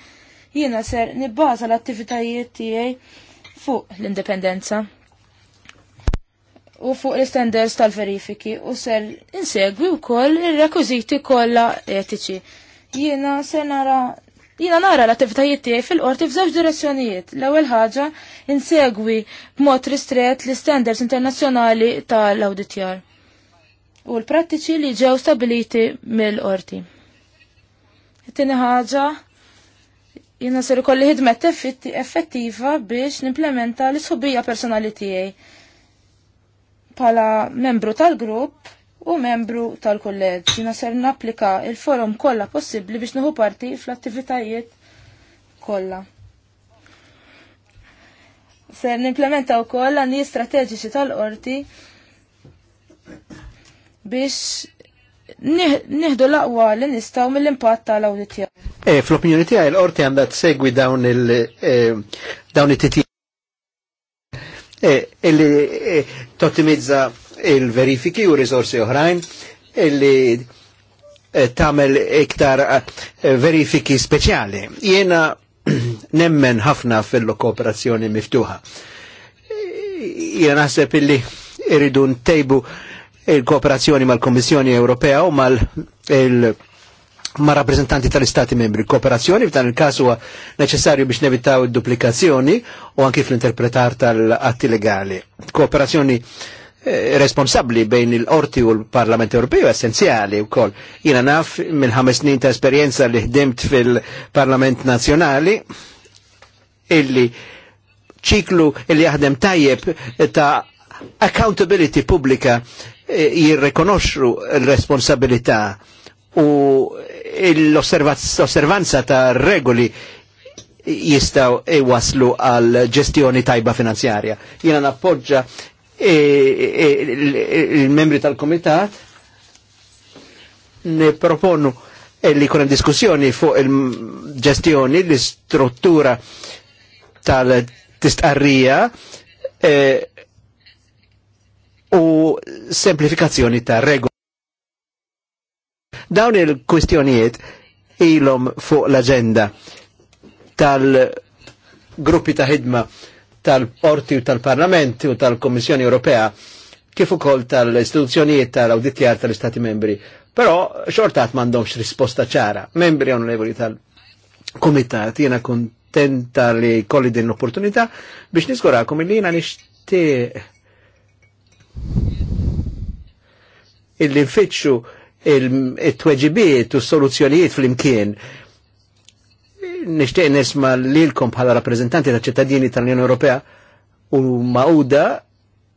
jiena ser nibbaża l-attivitajiet tiegħi fuq l-indipendenza u fuq l-standards tal-verifiki u ser insegwi u koll il-rekwiziti kolla etiċi. Jiena se nara Jina nara l-attivitajiet tiegħi fil-qorti f'żewġ direzzjonijiet. L-ewwel ħaġa insegwi b'mod ristret l istandards internazzjonali tal-awditjar u l-prattiċi li ġew stabiliti mill-qorti. It-tieni ħaġa jiena ser ikolli ħidmet effettiva biex nimplementa l-isħubija personali tiegħi. Pala membru tal-grupp u membru tal-kolleġġ. Jina ser napplika il-forum kollha possibbli biex nieħu parti fl-attivitajiet kollha. Ser nimplementa wkoll għandi strateġiċi tal-qorti biex nieħdu l-aqwa li nistaw mill-impatt tal-awditja. E, fl-opinjoni tiegħi l-qorti għandha tsegwi dawn il e, dawn it-titji e, illi e, tottimizza il-verifiki u risorsi oħrajn illi eh, tamel iktar eh, verifiki speċjali. Jena <clears throat> nemmen ħafna fil-kooperazzjoni miftuħa. Jena naħseb illi irridu ntejbu il-kooperazzjoni mal-Kommissjoni Ewropea u mal- il ma' rappresentanti tal-Istati membri. Kooperazzjoni f'dan il-kas huwa neċessarju biex nevitaw id-duplikazzjoni u anki fl-interpretar tal-atti legali. Kooperazzjoni Eh, responsabli bejn il-qorti u l-Parlament Ewropew essenzjali u koll. Jina naf minn ħames snin ta' esperienza li ħdimt fil-Parlament Nazjonali illi ċiklu illi jaħdem tajjeb ta' accountability pubblika eh, jirrekonoxru responsabilità u l-osservanza ta' regoli jistaw iwaslu għal ġestjoni tajba finanzjarja. Jina nappoġġa E, e, e, il-membri tal-komitat ne proponu li kunem diskussjoni fuq il-ġestjoni, l-istruttura tal-tistqarrija u semplifikazzjoni ta' regu. Dawn il-kwistjonijiet ilom fuq l-agenda tal-gruppi ta' hidma tal-Porti u tal-Parlament u tal-Kommissjoni Ewropea kif ukoll tal-istituzzjonijiet tal-awditjar tal-Istati membri. Però xortat m'għandhomx risposta ċara. Membri onorevoli tal-Kumitat, jiena kontenta li kolli din l-opportunità biex niskurakom li jiena nixtieq illi nfittxu il-tweġibiet u s-soluzzjonijiet fl-imkien nishtiq nisma lilkom bħala rappresentanti ta' ċittadini tal-Unjoni Ewropea u ma'uda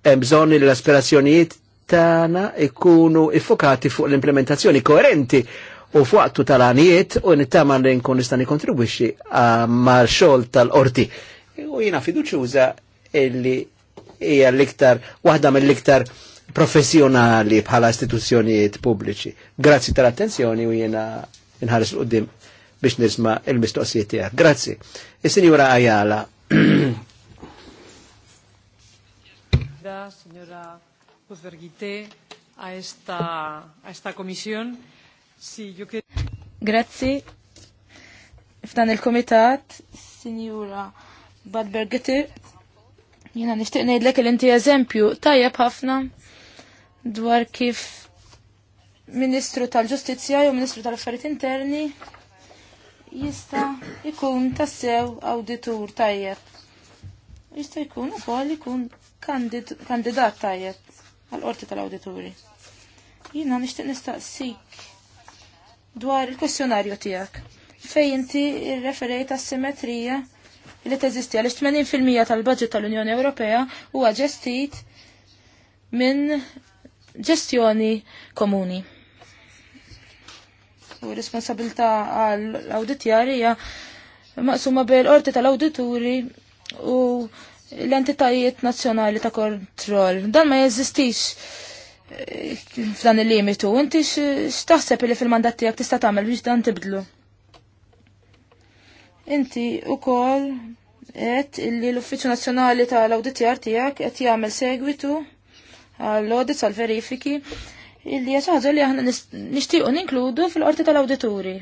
hemm bżonn li l-aspirazzjonijiet tagħna ikunu iffokati fuq l-implementazzjoni koerenti u fuqtu tal-għanijiet u nittama li nkun nistani kontribwixi mal xogħol tal-qorti. U jiena fiduċuża illi hija l-iktar waħda mill-iktar professjonali bħala istituzzjonijiet pubbliċi. Grazzi tal-attenzjoni u jiena inħares l-qoddim biex nisma il-mistoqsijiet tiegħek. Grazzi. Is-Sinjura Ajala. Signora Puzvergite, a esta, a esta comisión. Si, yo que... Grazzi. F'dan il-komitat, Signora Badbergite, jina nishtiq ngħidlek li inti eżempju tajjeb ħafna dwar kif Ministru tal-Ġustizzja jew Ministru tal-Affarijiet Interni jista ikun tassew awditur tajjeb. Jista jkun ukoll ikun kandid kandidat tajjeb għal-qorti tal auditori Jina nixtieq nistaqsik dwar il-kwestjonarju tiegħek. Fejn inti irreferejt għas-simetrija li teżisti għal 80% tal-budget tal-Unjoni Ewropea huwa għagġestit minn ġestjoni komuni u responsabilta għal-awditjarija maqsuma bil-orti tal-awdituri u l-entitajiet nazzjonali ta' kontroll. Dan ma jeżistix eh, f'dan il-limitu. Inti x'taħseb li fil-mandat tiegħek tista' tagħmel biex dan tibdlu? Inti wkoll qed illi l-Uffiċċju Nazzjonali tal-Awditjar tiegħek qed jagħmel segwitu għall-audits għall-verifiki illi jasħadżu li aħna nixtiequ ninkludu fil-qorti tal-awdituri.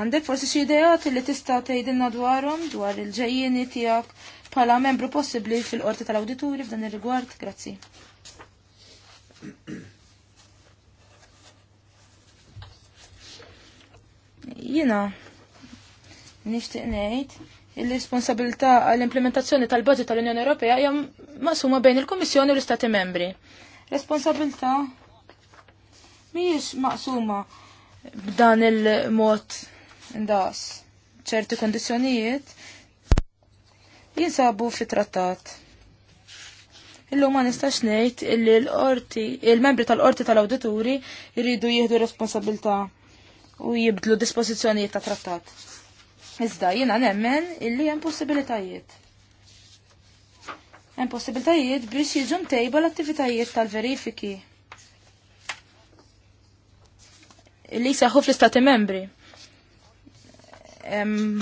Għandek forsi xi ideat li tista' tgħidilna dwarhom dwar il ġejjini tiegħek bħala membru possibbli fil-qorti tal-awdituri f'dan ir-rigward? Grazzi. Jina, nixtieq ngħid il responsabilta għall-implementazzjoni tal-budget tal-Unjoni Ewropea hija maqsuma bejn il-Kummissjoni u l-Istati Membri. Responsabilità mhijiex maqsuma b'dan il-mod ndas ċerti kondizzjonijiet jinsabu fi trattat. Illum ma nistax ngħid illi l-qorti, il-membri tal-qorti tal-awdituri jridu jieħdu responsabilità u jibdlu dispożizzjonijiet ta' trattat. Iżda jiena nemmen illi hemm possibilitajiet hemm possibiltajiet biex jiġu tejba l-attivitajiet tal-verifiki. Li saħu fl-istati membri.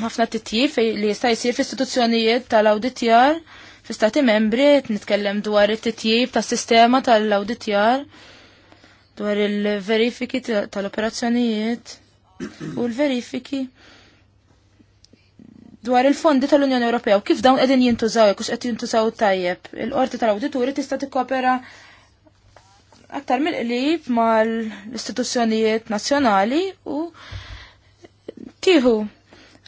Ħafna titjif li jista' jsir fl-istituzzjonijiet tal-awditjar fl-istati membri, nitkellem dwar it-titjib tas-sistema tal-awditjar, dwar il-verifiki tal-operazzjonijiet u l-verifiki. tal tal awditjar dwar il verifiki tal operazzjonijiet u l verifiki dwar il-fondi tal-Unjoni Ewropea u kif dawn qegħdin jintużaw jekk qed jintużaw tajjeb. Il-qorti tal-awdituri tista' tikkopera aktar mill qlib mal-istituzzjonijiet nazzjonali u tieħu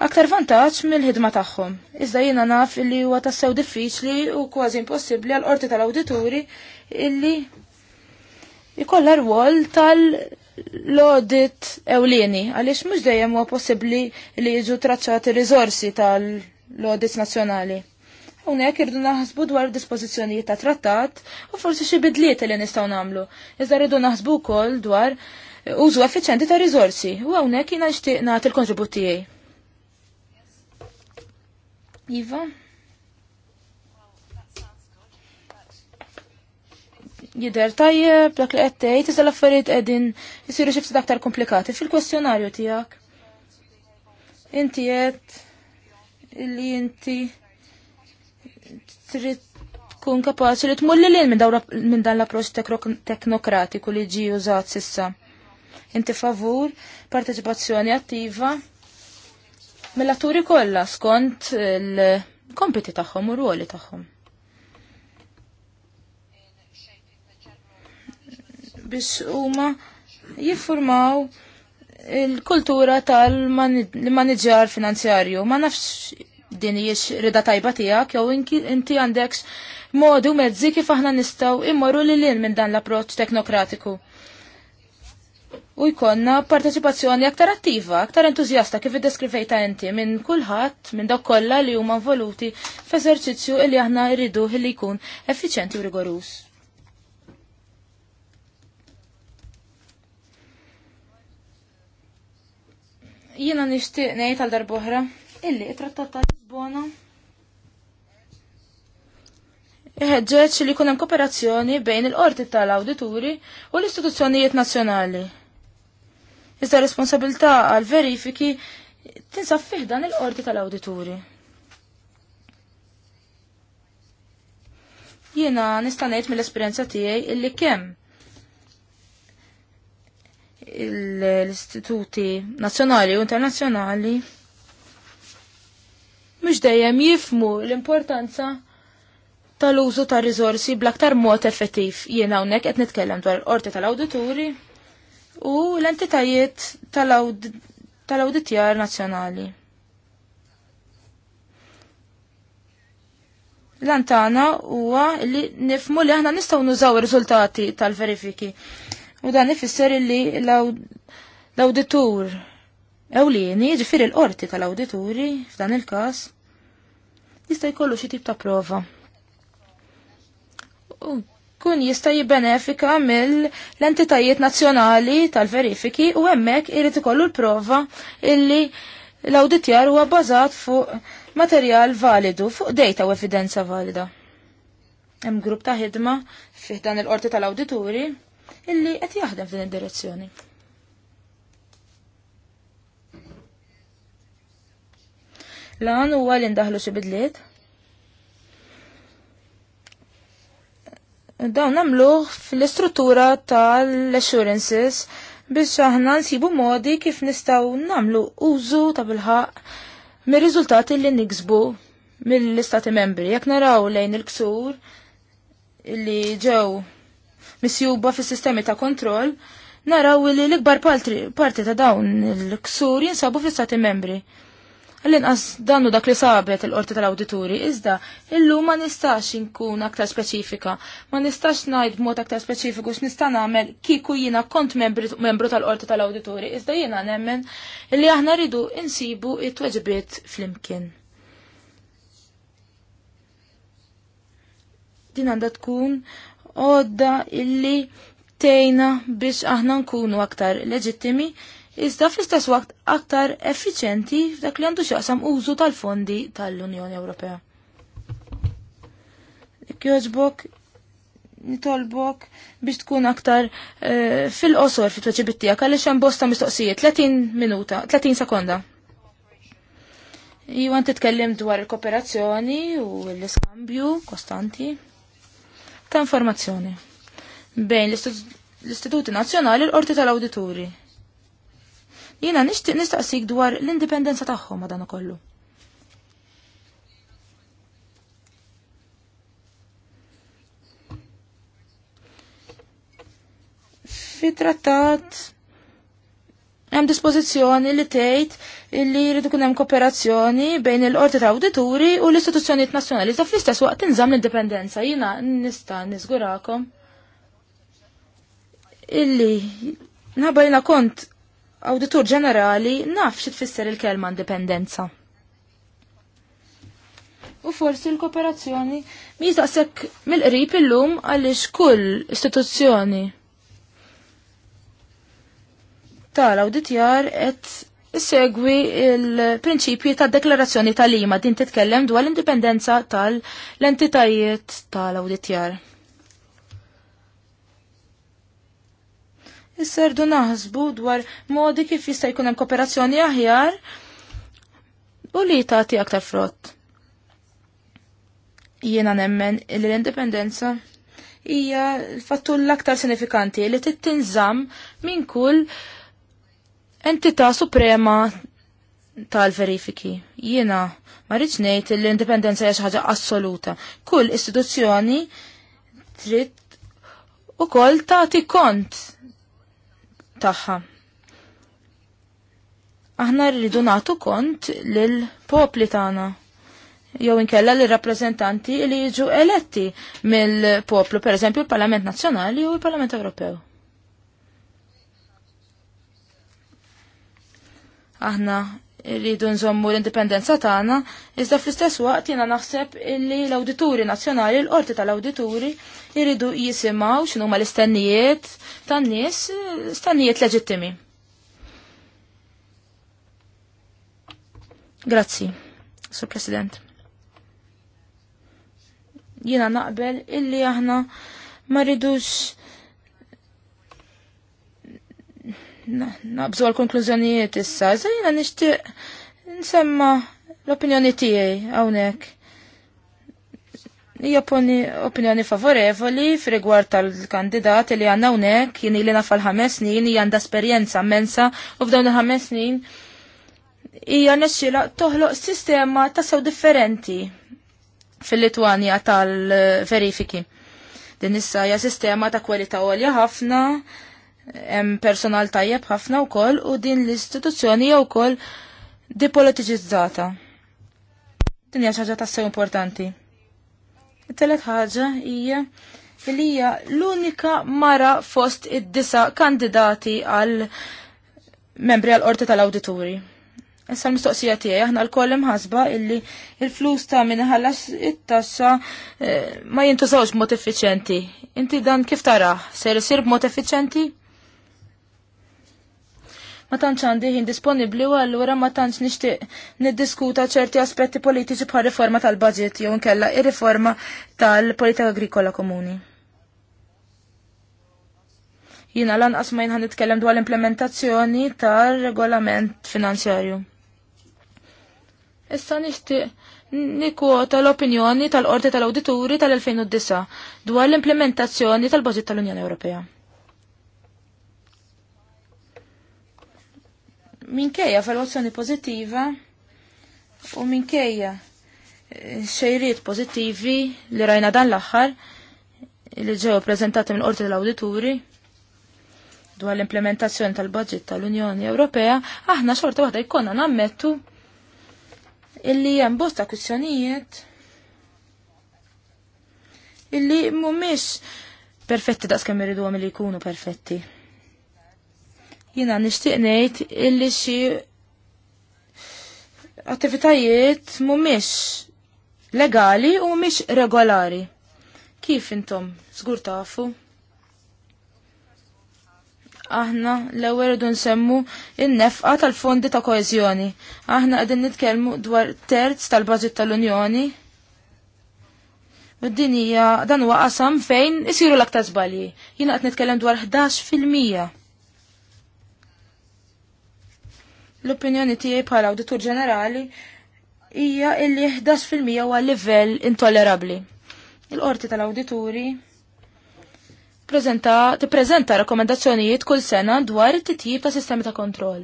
aktar vantaġġ mill-ħidma tagħhom. Iżda jiena naf illi huwa tassew diffiċli u kważi impossibbli għall qorti tal-awdituri illi jkollha rwol tal- l-audit ewlieni, għaliex mhux dejjem huwa possibbli li jiġu traċċati rizorsi tal audit nazzjonali. Hawnhekk irdu naħsbu dwar dispożizzjonijiet ta' trattat u forsi xi bidliet li nistgħu nagħmlu. Iżda rridu naħsbu wkoll dwar użu effiċenti ta' rizorsi u hawnhekk jiena nixtieq nagħti l tiegħi. Iva, jider tajjeb, dak li qed tgħid, iżda l-affarijiet qegħdin isiru xi ftit aktar komplikati. Fil-kwestjonarju tiegħek inti qed li inti trid tkun kapaċi li tmulli lil minn dan l-approċċ teknokratiku li ġi użat sissa. Inti favur parteċipazzjoni attiva mill-atturi kollha skont il-kompiti tagħhom u ruoli tagħhom. biex huma jiffurmaw il-kultura tal-manager finanzjarju. Ma nafx din hijiex rida tajba tiegħek jew inti għandekx modi u mezzi kif aħna nistgħu immorru lil lin minn dan l-approċċ teknokratiku. U jkollna parteċipazzjoni aktar attiva, aktar entużjasta kif id-deskrivejta inti minn kulħadd minn dawk kollha li huma involuti f'eżerċizzju li aħna rridu li jkun effiċjenti u rigorus. Jiena nixtieq ngħid għal darbohra illi it-trattat ta' Lisbona iħeġġeġ li jkun hemm kooperazzjoni bejn il-qorti tal-awdituri u l-istituzzjonijiet nazzjonali. Iżda responsabilità għal verifiki tinsab fiħdan il-qorti tal auditori Jiena nista' ngħid mill-esperjenza tiegħi illi kemm l-istituti nazzjonali u internazzjonali mhux dejjem jifmu l-importanza tal-użu ta' rizorsi bl-aktar mod effettiv. Jien hawnhekk qed nitkellem dwar orti tal-awdituri u l-entitajiet tal-awditjar nazzjonali. L-antana huwa li nifmu li aħna nistgħu nużaw ir-riżultati tal-verifiki U dan ifisser li l-auditur ewlieni, ġifir il-qorti tal-awdituri f'dan il-każ, jista' jkollu xi tip ta' prova. U kun jista' jibbenefika mill-entitajiet nazzjonali tal-verifiki u hemmhekk irid ikollu l-prova illi l-awditjar huwa bbażat fuq materjal validu, fuq dejta u evidenza valida. Hemm grupp ta' ħidma fih dan il-qorti tal-awdituri illi qed jaħdem f'din id-direzzjoni. Lan huwa li ndaħlu xi bidliet. Dawn nagħmluh fl-istruttura tal-assurances biex aħna nsibu modi kif nistgħu nagħmlu użu ta' bilħaq mir-riżultati li niksbu mill-istati membri. Jekk naraw lejn il-ksur li ġew misjuba fis sistemi ta' kontroll, naraw li l-ikbar parti ta' dawn il-ksur jinsabu fis stati membri. L-inqas dannu dak li sabet il-qorti tal-awdituri, iżda illu ma nistax inkun aktar speċifika, ma nistax najd mod aktar speċifiku x'nista' nagħmel kieku jiena kont membru tal-qorti tal-awdituri, iżda jiena nemmen li aħna ridu insibu it-tweġbiet flimkien. Din għandha tkun għodda illi tejna biex aħna nkunu aktar leġittimi, iżda fl-istess waqt aktar effiċenti f'dak li għandu xaqsam użu tal-fondi tal-Unjoni Ewropea. Kjoġbok, nitolbok biex tkun aktar uh, fil-qosor fit tweġibit tiegħek għaliex hemm bosta mistoqsijiet 30 minuta, 30 sekonda. Iwan titkellem dwar il-kooperazzjoni u l-iskambju kostanti ta' informazzjoni bejn l-Istituti Nazzjonali l-Qorti tal-Awdituri. Jiena nixtieq nistaqsik dwar l-indipendenza tagħhom ma' dan ukollu. Fi trattat hemm dispożizzjoni li tgħid li jrid ikun hemm kooperazzjoni bejn il-qorti ta' awdituri u l-istituzzjonijiet nazzjonali ta' fl-istess waqt tinżamm l-indipendenza. Jiena nista' niżgurakom illi nabajna kont awditur ġenerali naf xi tfisser il-kelma indipendenza. U forsi l-kooperazzjoni mi jistaqsek mill-qrib illum għaliex kull istituzzjoni tal-awditjar qed segwi il-prinċipji tad-deklarazzjoni tal-lima din titkellem dwar l-indipendenza tal-entitajiet tal-awditjar. Isserdu naħsbu dwar modi kif jista' jkun hemm kooperazzjoni aħjar u li tagħti aktar frott. Jiena nemmen l-indipendenza hija l-fattur l-aktar sinifikanti li tittinżamm minn kull entità suprema tal-verifiki. Jiena ma rridx ngħid l-indipendenza hija xi ħaġa assoluta. Kull istituzzjoni trid ukoll tagħti kont tagħha. Aħna rridu nagħtu kont lill-popli tagħna jew inkella li rappresentanti li jiġu eletti mill-poplu, per eżempju il-Parlament Nazzjonali u il-Parlament Ewropew. Aħna rridu nżommu l-indipendenza tagħna, iżda fl-istess waqt jiena naħseb illi l-awdituri nazzjonali, l-qorti tal-awdituri, jridu jisimgħu x'inhu huma l-istennijiet tan-nies, stennijiet leġittimi. Grazzi, Sur President. Jiena naqbel illi aħna ma rridux nabżu għal-konklużjonijiet issa, zajna nishtiq nsemma l-opinjoni tiegħi hawnhekk. Hija opinjoni favorevoli f'rigward tal-kandidat li għandna hawnhekk jien li nafal ħames snin hija għandha esperjenza mensa u f'dawn il-ħames snin hija nexxila toħloq sistema ta' sew differenti fil litwania tal-verifiki. Din issa hija sistema ta' kwalità għolja ħafna hemm personal tajjeb ħafna wkoll u din l-istituzzjoni hija wkoll dipolitiċizzata. Din hija xi ħaġa tassew importanti. It-telet ħaġa hija li hija l-unika mara fost id-disa kandidati għal membri għal qorti tal-awdituri. Issa l-mistoqsija tiegħi aħna l-koll imħasba illi il-flus ta' minn ħallas it-taxxa eh, ma jintużawx b'mod effiċjenti. Inti dan kif tara? Ser isir b'mod effiċjenti? ma tantx għandi ħin disponibbli u allura ma tantx nixtieq niddiskuta ċerti aspetti politiċi bħal riforma tal-budget jew nkella ir-riforma tal-politika agrikola komuni. Jina lanqas ma jinħan nitkellem dwar l-implementazzjoni tar-regolament finanzjarju. Issa nixtieq nikwota l-opinjoni tal-Qorti tal-Awdituri tal-2009 dwar l-implementazzjoni tal-Baġit tal-Unjoni Ewropea. minkejja valwazzjoni pozittiva u minkejja eh, xejriet pozittivi li rajna dan l-aħħar li ġew prezentati minn qorti l-awdituri dwar l-implementazzjoni tal-budget tal-Unjoni Ewropea, aħna xorta waħda jkollna nammettu illi hemm bosta kwistjonijiet illi mhumiex perfetti daqskemm iridu li jkunu perfetti. Jina nishtiqnejt ngħid illi xi attivitajiet mhumiex legali u mhumiex regolari. Kif intom? Żgur tafu aħna l-ewwel irdu nsemmu in-nefqa tal-fondi ta' koeżjoni. Aħna qegħdin nitkellmu dwar terz tal bażit tal-Unjoni. U d-dinija dan huwa qasam fejn isiru l-aktar żbalji. Jiena qed nitkellem dwar 11 fil-mija. L-opinjoni tiegħi bħala Awditur Ġenerali hija illi 11% huwa livell intollerabbli. Il-qorti tal-awdituri prezenta, tippreżenta rakkomendazzjonijiet kull sena dwar it-titjib ta' sistemi ta' kontroll.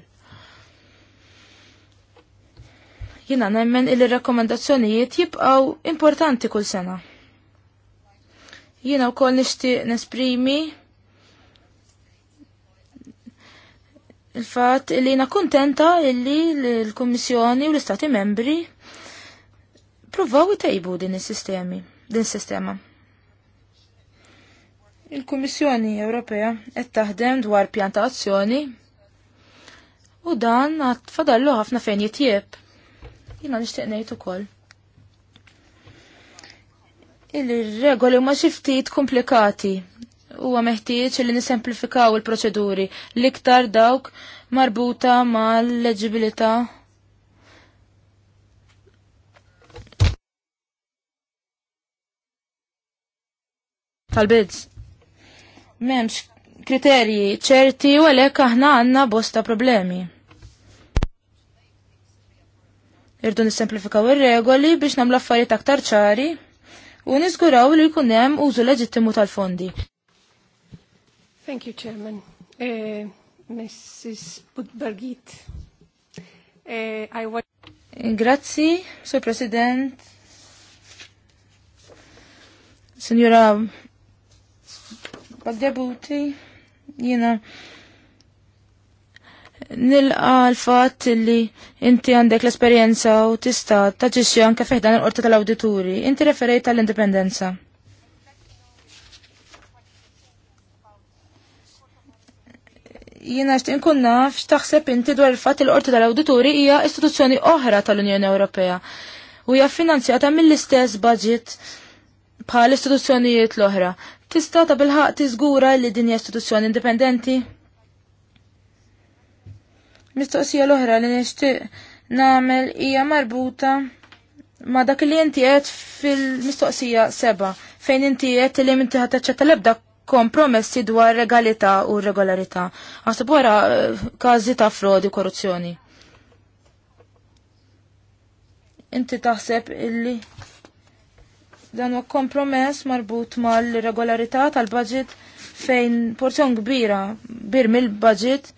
Jina nemmen illi rakkomandazzjonijiet jibqaw importanti kull sena. Jina u koll nishti nesprimi il-fat li na kontenta illi l-Kommissjoni u l-Istati membri provaw jtejbu din is-sistemi, din sistema. Il-Kummissjoni Ewropea qed taħdem dwar pjanta azzjoni u dan għat fadallu ħafna fejn jitjieb. Jina nixtieq ngħid ukoll. Il-regoli ma xi ftit komplikati huwa meħtieġ li nisemplifikaw il-proċeduri l-iktar dawk marbuta mal-leġibilità tal bidz Memx kriterji ċerti u għalhekk aħna għandna bosta problemi. Irdu nisemplifikaw ir-regoli biex nagħmlu affarijiet aktar ċari u niżguraw li jkun hemm użu leġittimu tal-fondi. Thank you, Chairman. Uh, Mrs. Budbergit, uh, I want... Grazie, Sir President. Signora Bagdabuti, jina nilqa l-fat li inti għandek l-esperienza u tista taġixxi anke fejdan l-qorti tal-awdituri. Inti referejt tal-indipendenza. jiena xtieq naf x'taħseb inti dwar il-fatt il-Qorti tal-Awdituri hija istituzzjoni oħra tal-Unjoni Ewropea u hija finanzjata mill-istess budget bħal istituzzjonijiet l-oħra. Tista' ta' ħaq tiżgura li din hija istituzzjoni indipendenti? Mistoqsija l-oħra li nixtieq nagħmel hija marbuta ma dak li inti qed fil-mistoqsija seba' fejn inti qed li inti ħadd taċċetta l kompromessi dwar regalità u regolarità. Għasib wara eh, każi ta' frodi u korruzzjoni. Inti taħseb illi dan u kompromess marbut mal-regolarità tal-budget fejn porzjon kbira bir mill-budget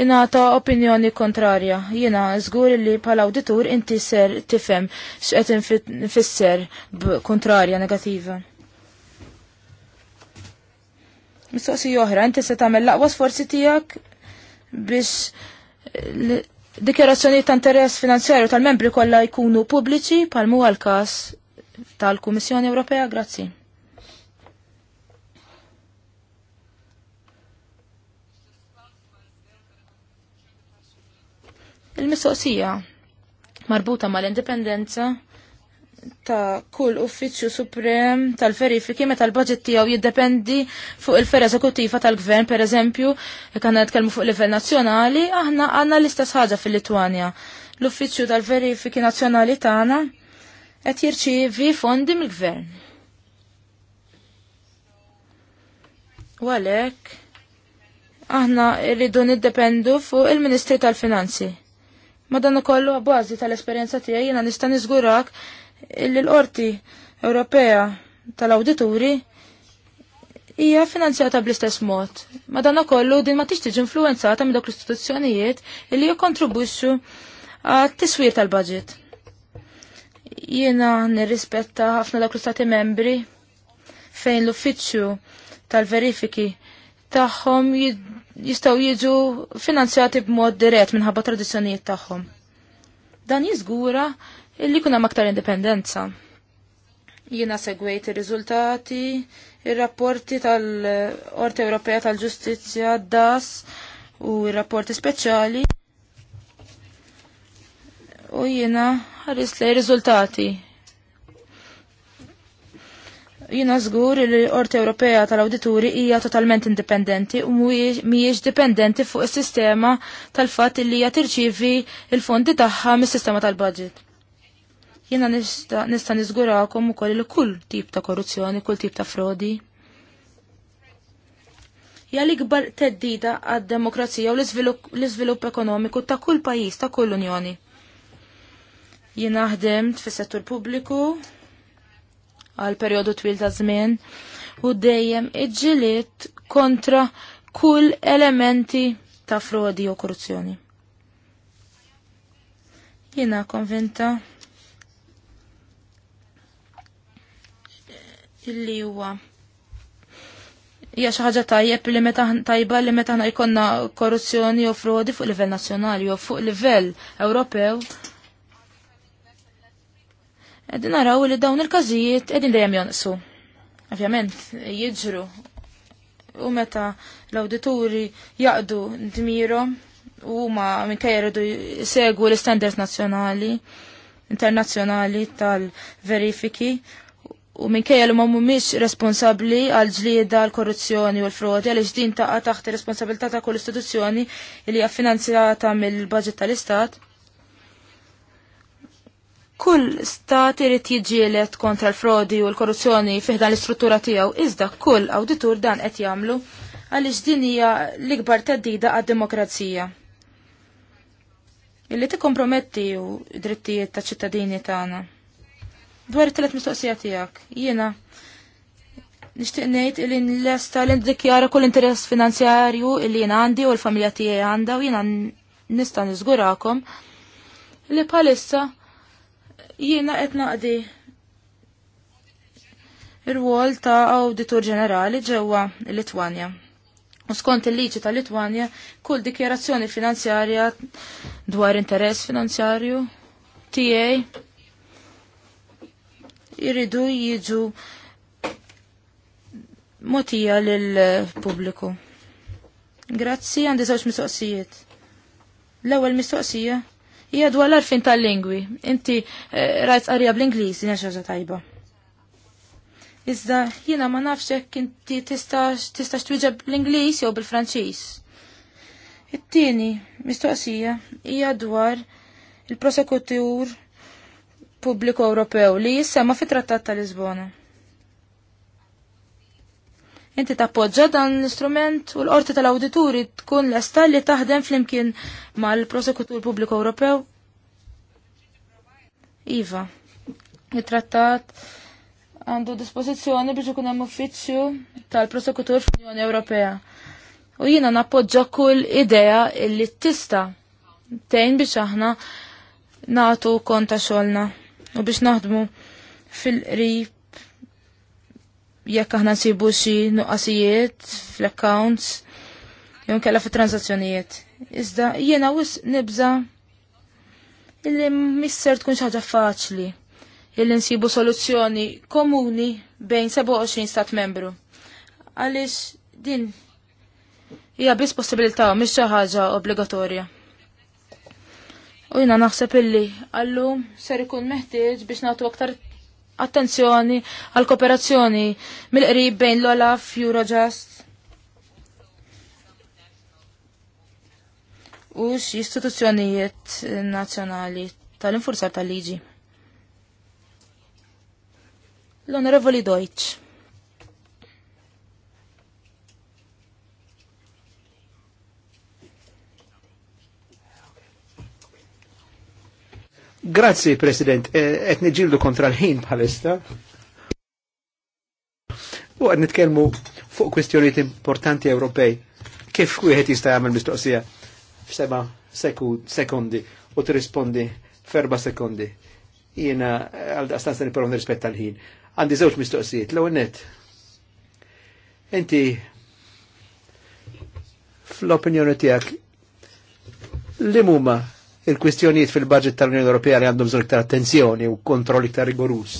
ingħata opinjoni kontrarja. Jiena żgur li bħala awditur inti ser tifhem x'qed fisser kontrarja negattiva. Mistoqsija oħra, inti se tagħmel laqwa sforzi tiegħek biex eh, dikjarazzjonijiet ta' interess finanzjarju tal-membri kollha jkunu pubbliċi pal huwa l-każ tal-Kummissjoni Ewropea. Grazzi. Il-mistoqsija marbuta mal-indipendenza ta' kull uffiċċju suprem tal-verifiki meta l-budget tiegħu jiddependi fuq il-fer eżekuttiva tal-gvern, pereżempju, jekk aħna nitkellmu fuq livell nazzjonali, aħna għandna l-istess ħaġa fil-Litwanja. L-uffiċċju tal-verifiki nazzjonali tagħna qed jirċievi fondi mill-gvern. U għalhekk aħna rridu niddependu fuq il-Ministri tal-Finanzi. Ma dan ukollu bażi tal-esperjenza tiegħi jiena nista' niżgurak illi l-Qorti Ewropea tal-Awdituri hija finanzjata bl-istess mod. Madankollu din ma tixtieġ influenzata minn dawk l-istituzzjonijiet illi jikkontribwixxu għat-tiswir tal-budget. Jiena nirrispetta ħafna dawk l-istati membri fejn l-uffiċċju tal-verifiki tagħhom jistgħu jiġu finanzjati b'mod dirett minħabba tradizzjonijiet tagħhom. Dan jiżgura illi kuna maktar indipendenza. Jina segwejt il-rizultati, il-rapporti tal-Orte Ewropea tal-Ġustizja, DAS u il-rapporti speċjali. U jina ħaris li rizultati. Jina zgur li l-Orte Ewropea tal-Awdituri hija totalment indipendenti u mhijiex dipendenti fuq is-sistema tal-fatt li hija tirċievi il-fondi tagħha mis-sistema tal-budget. Jena nista nizgurakom u koll kull tip ta' korruzzjoni, kull tip ta' frodi. Ja l-ikbar teddida għad-demokrazija u l-izvilupp ekonomiku ta' kull pajis, ta' kull unjoni. Jena ħdemt fis settur pubbliku għal periodu twil ta' żmien u dejjem iġġiliet kontra kull elementi ta' frodi u korruzzjoni. Jena konvinta illi huwa hija xi ħaġa tajjeb li meta tajba li meta jkollna korruzzjoni u frodi fuq livell nazzjonali u fuq livell Ewropew. Qegħdin naraw li dawn il-każijiet qegħdin dejjem jonqsu. Ovvjament jiġru u meta l-awdituri jaqdu dmirhom u ma minkejja jridu segwu l-standards nazzjonali internazzjonali tal-verifiki u minkejja li umma mhumiex responsabbli għal ġlieda għal korruzzjoni u l-frodi għaliex din taqa' taħt responsabilità ta' kull istituzzjoni li hija finanzjata mill budget tal-Istat. Kull stat irid jiġielet kontra l-frodi u l-korruzzjoni fih dan l-istruttura tiegħu iżda kull awditur dan qed jagħmlu għaliex din hija l-ikbar teddida għad-demokrazija. Illi tikkomprometti u drittijiet ta' ċittadini tagħna. Dwar it tlet mistoqsija tiegħek, jiena nixtieq ngħid li nlesta li ndikjara kull interess finanzjarju li jien għandi u l-familja tiegħi għandha u jiena nista' niżgurakom li bħalissa jiena qed naqdi ir-wol ta' Awditur Ġenerali ġewwa Litwanja. U skont il-liġi ta' Litwanja, kull dikjarazzjoni finanzjarja dwar interess finanzjarju tiegħi jiridu jiġu motija lill-pubbliku. Grazzi għandi żewġ mistoqsijiet. L-ewwel mistoqsija hija dwar l-arfin tal-lingwi. Inti eh, rajt qarija bl-Ingliż hija xi ħaġa tajba. Iżda jiena ma nafx hekk inti tista' twieġeb bl-Ingliż jew bil-Franċiż. It-tieni mistoqsija hija dwar il-prosekutur pubbliku Ewropew li jissema fit-Trattat ta' Lisbona. Inti tappoġġa dan l-istrument u l-qorti tal-awdituri tkun l-estal li taħdem flimkien mal-prosekutur pubbliku Ewropew. Iva, it-trattat għandu dispożizzjoni biex ikun hemm uffiċċju tal-prosekutur fl-Unjoni Ewropea. U jiena nappoġġa kull idea illi tista tejn biex aħna nagħtu kont ta' xogħolna u biex naħdmu fil-qrib jekk aħna nsibu xi nuqqasijiet fl-accounts jew kella fit-transazzjonijiet. Iżda jiena wis nibża illi misser tkun xi ħaġa faċli illi nsibu soluzzjoni komuni bejn 27 stat membru. Għaliex din hija biss possibilità mhix xi ħaġa obbligatorja. U jina naħseb illi għallum ser ikun meħtieġ biex nagħtu aktar attenzjoni għal kooperazzjoni mill-qrib bejn l-Olaf, Eurojust. U x istituzzjonijiet nazzjonali tal-infurzar tal-liġi. L-Onorevoli Deutsch. Grazzi, President, qed niġildu kontra l-ħin bħalista. U għad nitkellmu fuq kwestjoniet importanti Ewropej. Kif wieħed jista' jagħmel mistoqsija f'seba' sekundi u tirrispondi f'erba' sekundi. Jiena għal daqstan se nipprova nirrispetta l-ħin. Għandi żewġ mistoqsijiet. L-ewwel nett. Inti fl-opinjoni tiegħek li muma? il-kwistjonijiet fil-budget tal-Unjoni Ewropea li għandhom iktar attenzjoni u kontroll iktar rigorus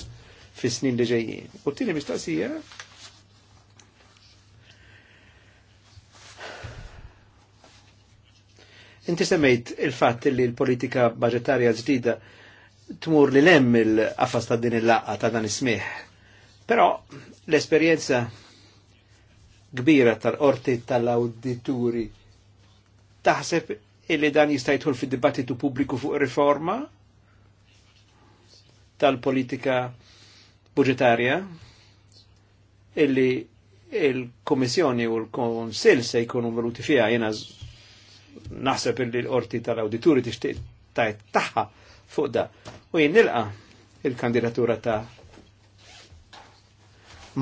fis-snin li ġejjin. U tieni mistoqsija Inti semmejt il-fatt li l-politika budgetarja ġdida tmur li lemm il-qafas ta' din il-laqqa ta' dan ismiħ. Però l-esperjenza kbira tal-qorti tal-awdituri taħseb illi dan jista' jidħol fid-dibattitu pubbliku fuq riforma tal-politika budgetarja illi il-Komissjoni u l-Konsil se jkunu valuti fija jena naħseb illi l-orti tal-awdituri tixtieq tajt taħħa fuq da u jien nilqa il-kandidatura ta'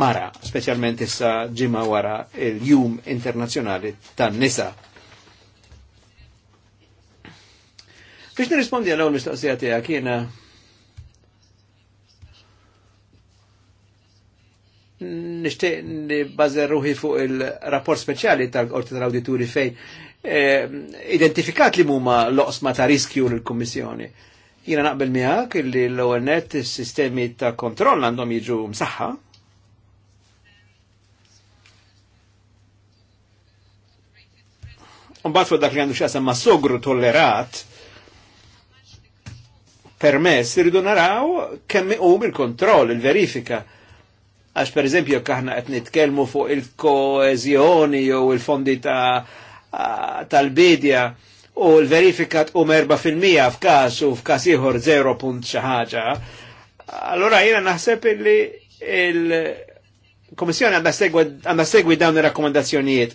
Mara, specialment issa ġimma wara il-Jum Internazzjonali tan-Nisa. Biex nirrispondi għal ewwel mistoqsija tiegħek jiena nixtieq nibbażer ruħi fuq il-rapport speċjali tal-Qorti tal-Awdituri fejn eh, identifikat li huma loqsma ta' riskju l-Kummissjoni. Jiena naqbel miegħek li l onet is-sistemi ta' kontroll għandhom jiġu msaħħa. Mbagħad fuq dak li għandu x'jasam ma' sogru tollerat, permess, irridu naraw kemm iqum il-kontroll, il-verifika. Għax per eżempju kaħna aħna qed nitkellmu fuq il-koeżjoni jew il-fondi tal-bidja u l-verifika tqum 4% f'każ u f'każ ieħor 0 punt xi ħaġa, allura jiena naħseb illi il-Komissjoni għandha segwi dawn ir-rakkomandazzjonijiet.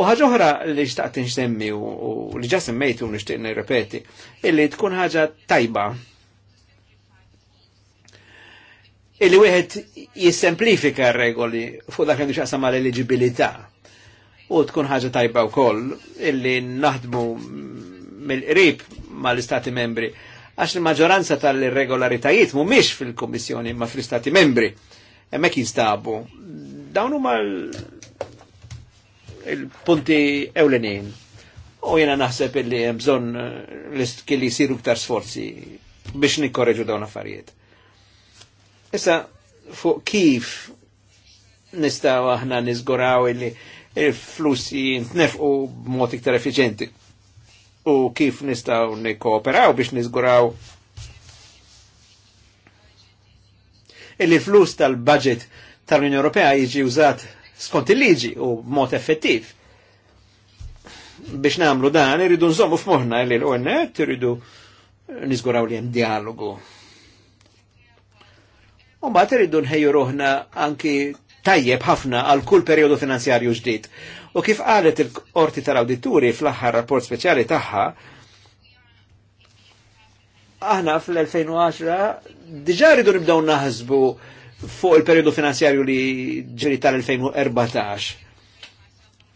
U ħaġa oħra li xtaqt nsemmi u li ġa semmejtu nixtieq nirrepeti, illi tkun ħaġa tajba illi wieħed jissemplifika regoli fuq dak li xaqsam mal eligibilità u tkun ħaġa tajba wkoll illi naħdmu mill-qrib mal-istati membri għax il maġġoranza tal-irregolaritajiet mhumiex fil-Kommissjoni ma' fl-istati membri hemmhekk jinstabu. Dawn huma l punti ewlenin. U jena naħseb illi hemm bżonn li jsiru iktar sforzi biex nikkorreġu dawn affarijiet. Issa, fuq kif nistaw aħna nizguraw li il-flussi jintnefqu b'mod iktar effiċenti u kif nistaw nikooperaw biex nizguraw illi flus tal-budget tal-Unjoni Ewropea jiġi użat skont il-liġi u b'mod effettiv. Biex namlu dan, irridu nżommu f'moħna li l unet irridu nizguraw li jem dialogu Un bat irridu nħejju ruħna anki tajjeb ħafna għal kull perjodu finanzjarju ġdid. U kif qalet il-qorti tal-awdituri fl-aħħar rapport speċjali tagħha, aħna fl-2010 diġà rridu nibdew naħsbu fuq il-periodu finanzjarju li ġiri tal-2014.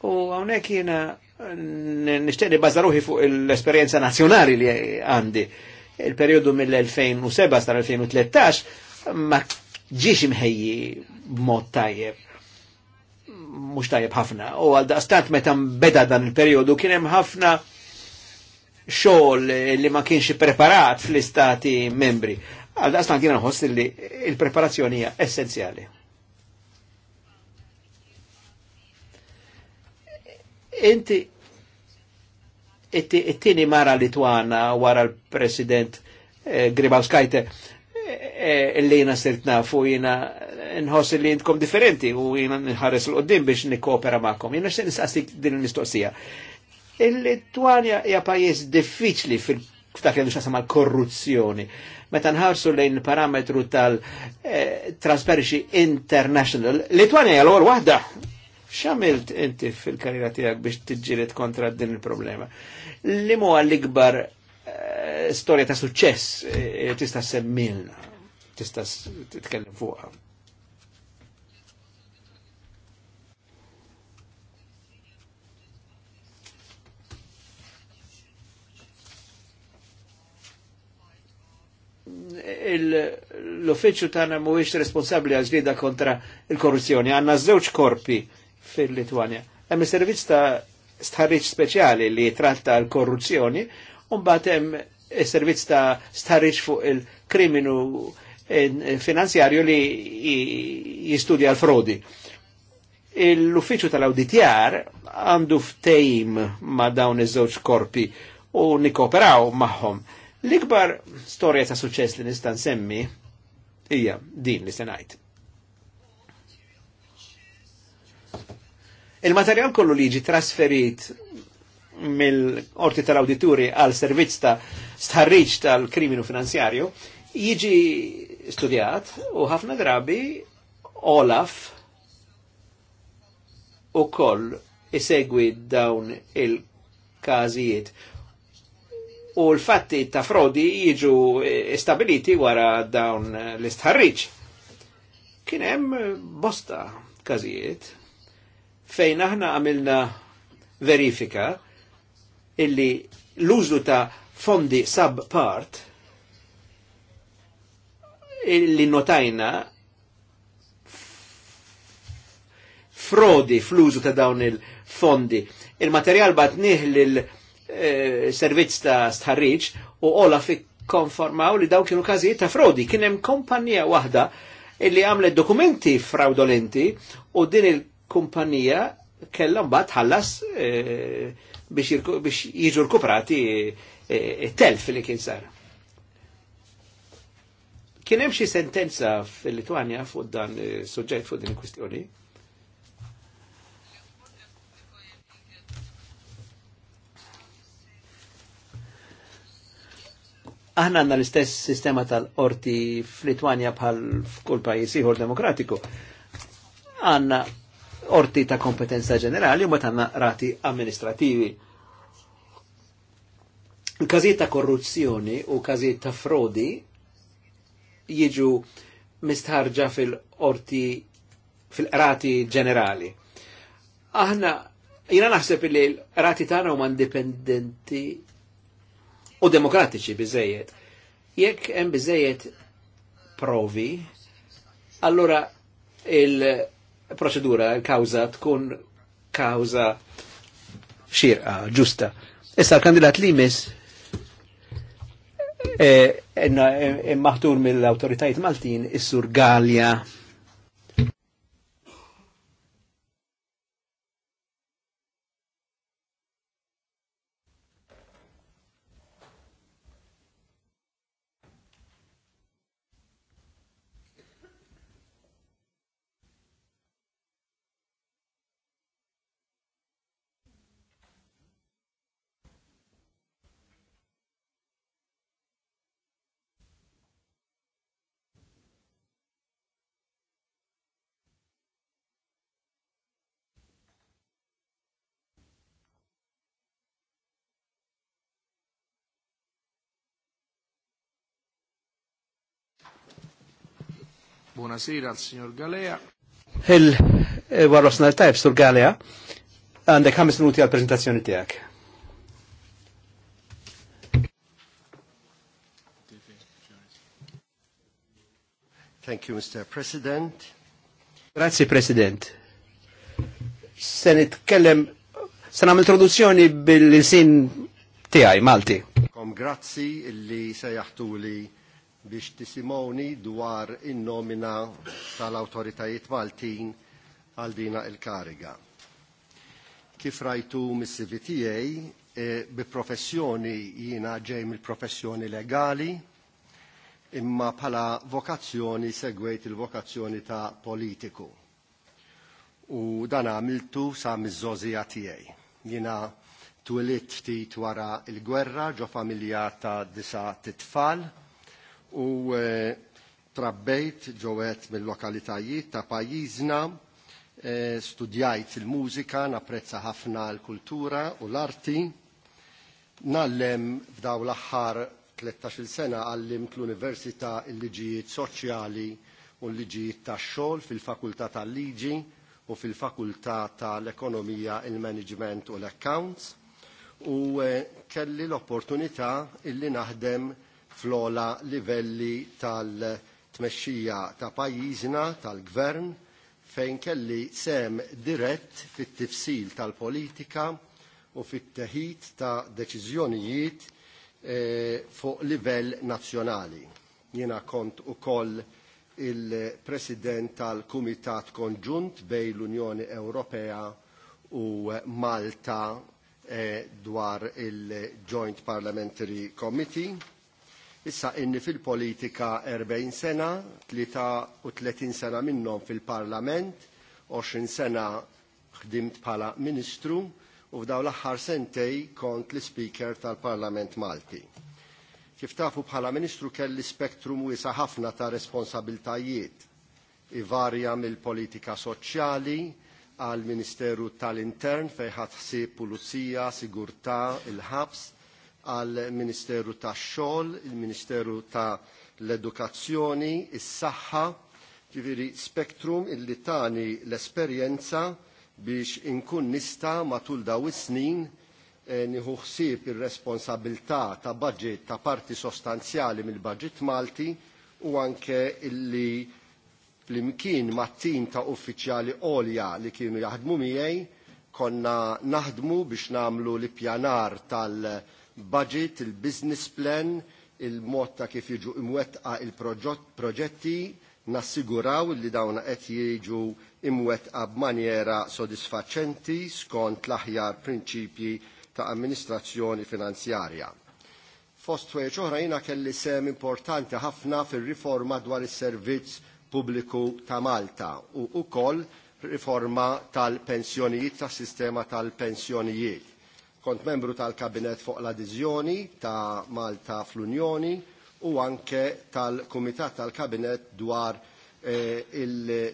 U għonek jena nishtiqni ruħi fuq l esperjenza nazzjonali li għandi. Il-periodu mill-2007 tal-2013 ma ġiex imħejji mod tajjeb mux tajjeb ħafna. U għal daqstant meta beda dan il-periodu kien hemm ħafna xogħol li ma kienx preparat fl-istati membri. Għal daqstant kien nħoss li il-preparazzjoni hija essenzjali. Inti it-tieni mara Litwana wara l-President eh, Eh, li jina sirt nafu jina nħoss li jintkom differenti u jina nħares l-qoddim biex nikopera ma'kom. Jina xe nisqastik din l istoqsija il lituania hija pajjiż diffiċli f'dak li xasam korruzzjoni Meta nħarsu lejn parametru tal-Transparency eh, International, Lituania hija l-ewwel waħda xamilt inti fil-karriera tijak biex tiġġiret kontra din il-problema? Li mu l-ikbar eh, storja ta' suċess tista' semmilna? tistas titkellem fuqha. l-uffiċċju tagħna mhuwiex responsabbli għal ġdida kontra il-korruzzjoni. Għandna żewġ korpi fil-Litwanja. Hemm is-servizz ta' stħarriġ speċjali li tratta l-korruzzjoni, u mbagħad hemm is-servizz ta' stħarriġ fuq il-kriminu Eh, finanzjarju li jistudja l-frodi. L-uffiċu tal-auditjar għandu ftejm ma' dawn iż-żewġ korpi u nikoperaw magħhom. L-ikbar storja ta' suċess li nista' semmi. hija din li senajt. Il-materjal kollu li jiġi trasferit mill-orti tal auditori għal servizz ta' stħarriġ tal-kriminu finanzjarju jiġi studjat u ħafna drabi Olaf u koll isegwi dawn il-kazijiet. U l-fatti ta' frodi jiġu stabiliti wara dawn l-istħarriċ. Kienem bosta kazijiet fejn aħna għamilna verifika illi l-użu ta' fondi sub-part li notajna frodi fl-użu ta' dawn il-fondi. Il-materjal batniħ l-servizz eh, ta' stħarriċ u Olaf konformaw li daw kienu kazi ta' frodi. Kien hemm kompanija waħda illi għamlet dokumenti fraudolenti u din il-kumpanija kellha mbagħad ħallas eh, biex jiġu rkuprati t-telf eh, li kien sar. Kien hemm xi sentenza fil-Litwanja fuq dan eh, suġġett fuq din il-kwistjoni? Aħna għandna l-istess sistema tal qorti fl-Litwanja bħal f'kull pajjiż ieħor demokratiku. Għandna orti ta' kompetenza ġenerali u meta għandna rati amministrativi. Każijiet ta' korruzzjoni u każijiet ta' frodi jiġu mistħarġa fil-orti fil-rati ġenerali. Aħna, jina naħseb li l-rati tagħna huma indipendenti u demokratiċi biżejjed. Jekk hemm biżejjed provi, allura il-proċedura, il-kawza tkun kawza xirqa, ġusta. Issa l-kandidat li jmiss Eh, eh, eh, maħtur mill autoritajt Maltin, is-sur Galja Buonasera al signor Galea. Il eh, warrosna l-tajb sur Galea. Għandek 5 minuti għal prezentazzjoni tijak. Thank you, Mr. President. Grazie, President. Se nitkellem, se nam introduzzjoni bil insin tiegħi Malti. Kom grazzi illi sejjaħtu li biex tisimoni dwar in-nomina tal-autoritajiet Maltin għal dina il-kariga. Kif rajtu mis-CVTA, e, bi professjoni jina ġej mill-professjoni legali, imma bħala vokazzjoni segwejt il-vokazzjoni ta' politiku. U dan għamiltu sa' miż-żożija tiegħi. Jina twilit ftit wara il-gwerra ġo familja ta' disa titfal, tfal u eh, trabbejt ġewet mill-lokalitajiet ta' pajjiżna, eh, studjajt il-mużika, napprezza ħafna l-kultura u l-arti, nallem f'daw l-aħħar 13 sena għallimt l-Università il liġijiet soċjali u l-liġijiet tax-xogħol fil-Fakultà tal-Liġi u fil-Fakultà tal-Ekonomija, il-Management u l-Accounts u eh, kelli l-opportunità illi naħdem flola livelli tal-tmexxija ta' pajjiżna, tal-gvern, fejn kelli sem dirett fit-tifsil tal-politika u fit-teħid ta' deċiżjonijiet eh, fuq livell nazzjonali. Jiena kont ukoll il-President tal-Kumitat Konġunt bej l-Unjoni Ewropea u Malta eh, dwar il-Joint Parliamentary Committee Issa inni fil-politika 40 sena, 33 sena minnom fil-parlament, 20 sena ħdimt bħala ministru u f'daw l-aħħar sentej kont l-speaker tal-Parlament Malti. Kif tafu bħala ministru kelli spektrum wiesa ħafna ta' responsabiltajiet. Ivarja mill-politika soċjali għal Ministeru tal-Intern fejn ħadd ħsieb pulizija, sigurtà, il-ħabs, għal Ministeru tax-xogħol, il-Ministeru ta' l-Edukazzjoni, is-Saħħa, ġifieri spektrum illi tani l-esperjenza biex inkun nista matul daw is-snin eh, nieħu ħsieb ir-responsabilità ta' budget ta' parti sostanzjali mill-budget Malti u anke illi flimkien mat-tim ta' uffiċjali għolja li kienu jaħdmu miegħi konna naħdmu biex namlu l-pjanar tal- budget, il-business plan, il-mod ta' kif jiġu imwettqa il-proġetti, nassiguraw li dawna qed jiġu imwettqa b'manjera sodisfaċenti skont l-aħjar prinċipji ta' amministrazzjoni finanzjarja. Fost oħra jiena kelli sem importanti ħafna fir riforma dwar is-servizz pubbliku ta' Malta u wkoll riforma tal-pensjonijiet tas-sistema tal-pensjonijiet Kont membru tal-Kabinet fuq l-Adizjoni ta' Malta fl-Unjoni u anke tal-Kumitat tal-Kabinet dwar eh,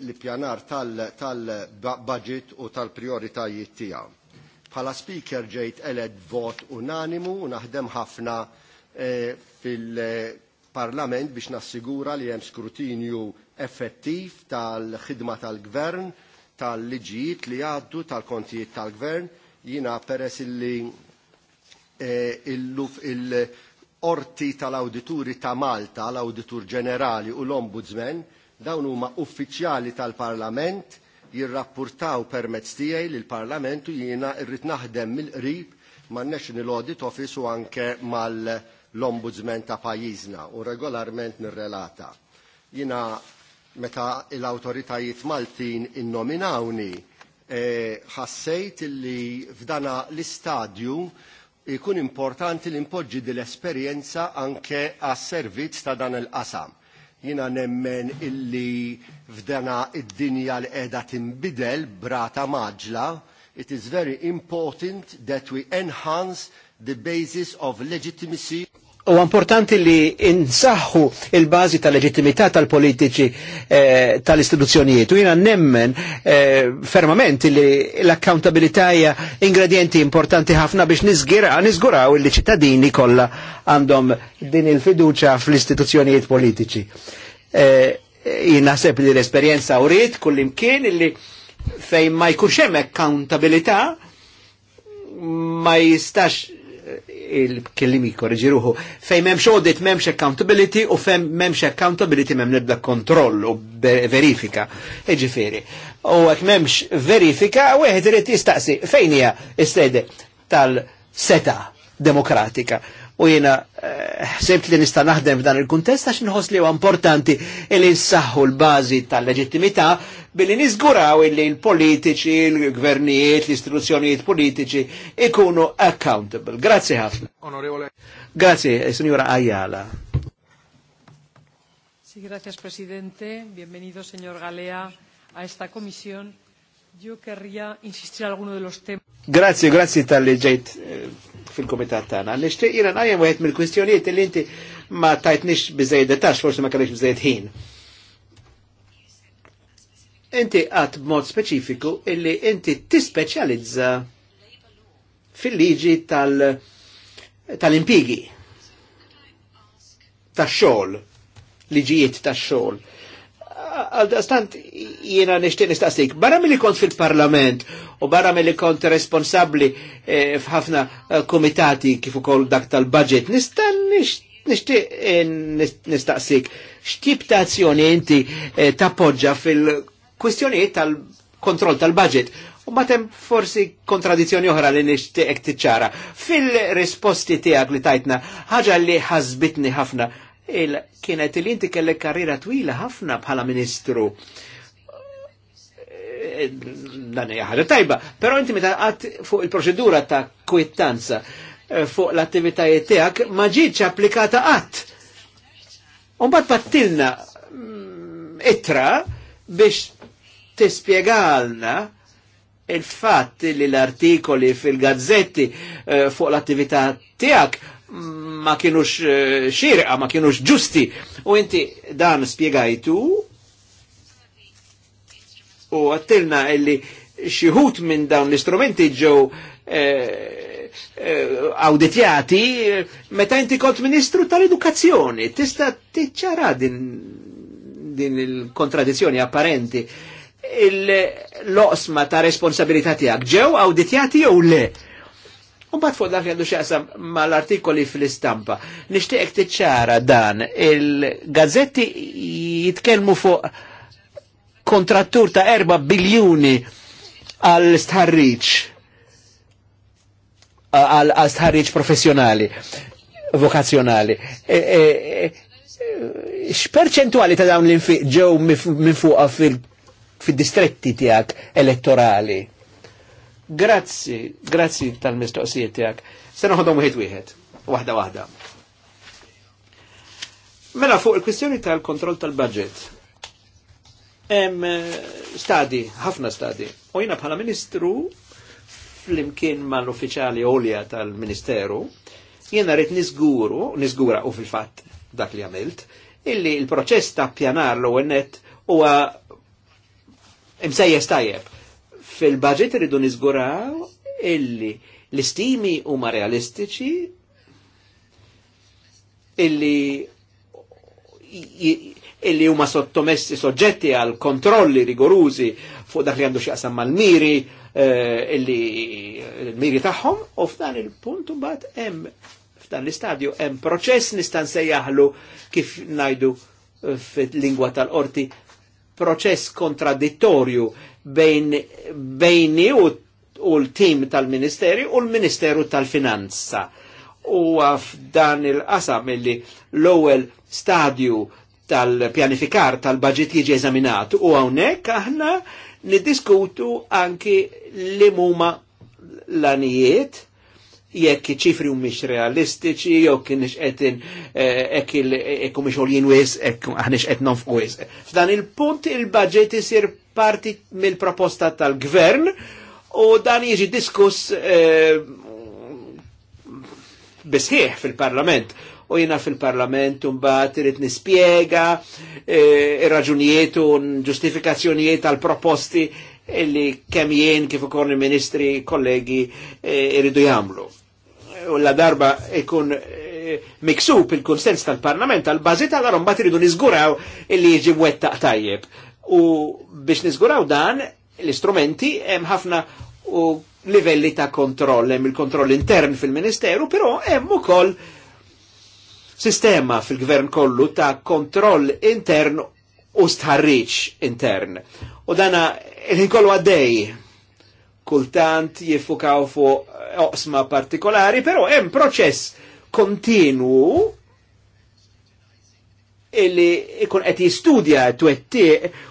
il-pjanar tal-budget tal u tal-prioritajiet tiegħu. Pala speaker ġejt eled vot unanimu u naħdem ħafna eh, fil-Parlament biex nassigura li hemm skrutinju effettiv tal-ħidma tal-Gvern, tal-liġijiet li għaddu tal-kontijiet tal-Gvern, tal jina peress illi eh, il-orti tal-awdituri ta' Malta, l-awditur ġenerali u l-ombudsman, dawn huma uffiċjali tal-Parlament jirrapportaw permezz tiegħi lil parlament u jiena rrid naħdem mill-qrib man-National Audit Office u anke mal-Ombudsman ta' pajjiżna u regolarment nirrelata. Jiena meta l-awtoritajiet Maltin innominawni E, ħassejt li f'dana l-istadju ikun importanti li npoġġi dil-esperjenza anke għas servizz ta' dan il-qasam. Jina nemmen illi f'dana id-dinja li qiegħda tinbidel brata maġla, it is very important that we enhance the basis of legitimacy U importanti li insaħħu il-bazi tal-leġittimità tal-politiċi eh, tal-istituzzjonijiet. U jina nemmen eh, fermament li l-accountabilità hija ingredienti importanti ħafna biex nizgira, nizguraw li ċittadini kollha għandhom din il-fiduċa fl-istituzzjonijiet politiċi. Eh, naħseb li l-esperienza u rrit kullimkien li fejn ma jkunx hemm accountabilità ma jistax il kellimi jikorġiruħu fej memx audit, memx accountability u fej memx accountability mem nibda kontroll u verifika. Eġifiri. U għek memx verifika, u għed jistaqsi fejnija istede tal-seta demokratika u jena eh, ħsebt li nista' naħdem f'dan il-kuntest għax nħoss li huwa importanti li nsaħħu l-bażi tal-leġittimità billi niżguraw illi l-politiċi, l-gvernijiet, l-istituzzjonijiet politiċi ikunu accountable. Grazzi ħafna. Onorevole. Grazzi, eh, signora Ayala. Sì, grazie presidente. Bienvenido, signor Galea, a esta commissione. Io querría insistir alguno de los temas. Grazie, grazie tal-li eh, fil-komitat tagħna. Nixtieq jiena ngħajjem wieħed mill kwistjoniet li inti ma tajtnix biżejjed detax forse ma kalix biżejjed ħin. Inti qatt b'mod speċifiku illi inti tispeċjalizza fil-liġi tal- tax-xol, liġijiet tax-xol. tal-impigi tax-xogħol, liġijiet tax-xogħol. Għal-dastant jena nishtiq nistaqsik, barra mill kont fil-parlament u barra mill kont responsabli eh, f'ħafna eh, komitati kif ukoll dak tal-budget, nista eh, nishtiq nistaqsik, xtib ta' azzjoni inti tappoġġa fil-kwistjonijiet tal-kontroll tal-budget u matem forsi kontradizzjoni oħra li nishtiq tiċċara. Fil-risposti tiegħek li tajtna, ħaġa li ħazbitni ħafna kienet il inti kellek karriera twila ħafna bħala ministru. Eh, dan hija ħaġa tajba, però inti meta qatt fuq il-proċedura ta' kwittanza eh, fuq l-attivitajiet tiegħek ma ġietx applikata qatt. Umbagħad pattilna mm, ittra biex tispjegalna il-fatt li l-artikoli fil-gazzetti eh, fuq l-attività tiegħek ma kienux eh, xirqa, ma kienux ġusti. U inti dan spiegajtu u għattilna illi xieħut minn dawn l-istrumenti ġew eh, eh, awditjati, meta inti kont ministru tal-edukazzjoni. Tista tiċċara din, din il-kontradizzjoni apparenti. Il-loqsma ta' responsabilità tiegħek ġew awditjati jew le? U bat fuq dak għandu xaqsam mal-artikoli fil-istampa. Nishtiqek tiċċara dan, il-gazzetti jitkelmu fuq kontrattur ta' 4 biljuni għal stħarriċ għal stħarriċ professjonali, vokazzjonali. E, e, e, X'perċentwali ta' dawn l-infiq ġew minn fuq fil-distretti tiegħek elettorali? Grazzi, grazzi tal-mistoqsijiet tiegħek. Se noħodhom wieħed wieħed, waħda waħda. Mela fuq il-kwistjoni tal-kontroll tal-budget. Hemm stadi, ħafna stadi. U jiena bħala Ministru flimkien mal-uffiċjali olja tal-Ministeru, jiena rrid niżguru, niżgura u fil-fatt dak li għamilt, illi il-proċess ta' pjanar l net huwa imsejjes tajjeb fil-budget rridu nizguraw illi l-istimi huma realistiċi illi illi huma sottomessi soġġetti għal kontrolli rigorużi fuq dak li għandu x'jaqsam mal-miri eh, illi l-miri tagħhom u f'dan il-punt mbagħad hemm f'dan l-istadju hemm proċess nista' nsejjaħlu kif ngħidu eh, fil-lingwa tal-qorti proċess kontradittorju bejn bejni u, u l-tim tal-Ministeri u l-Ministeru tal-Finanza. U f'dan il-qasam illi l-ewwel stadju tal-pjanifikar tal-budget jiġi eżaminat u hawnhekk aħna niddiskutu anki li huma l-anijiet jekk ċifri u mix realistiċi, jew kienx qed eh, hekk mhix għoljin wis, ekk aħniex qed nonfqu wis. F'dan il-punt il-budget isir parti mill-proposta tal-gvern u dan jiġi diskuss eh, bisħieħ fil-parlament u jina fil-parlament mbagħad irid nispjega nispiega eh, ir-raġunijiet u ġustifikazzjonijiet tal proposti illi kemm jien kif ukoll il-ministri kollegi irridu eh, iridu jagħmlu. U la darba ikun eh, miksub il-konsens tal-parlament għal bażi tal-arom bat iridu niżguraw illi jiġi wettaq tajjeb. U biex nizguraw dan, l-istrumenti hemm ħafna u livelli ta' kontroll, hemm il-kontroll intern fil-Ministeru, però hemm ukoll sistema fil-gvern kollu ta' kontroll intern u stħarriċ intern. U dana il-ħin kollu għaddej kultant jiffukaw fuq oqsma partikolari, però hemm proċess kontinu illi ikun qed jistudja twetti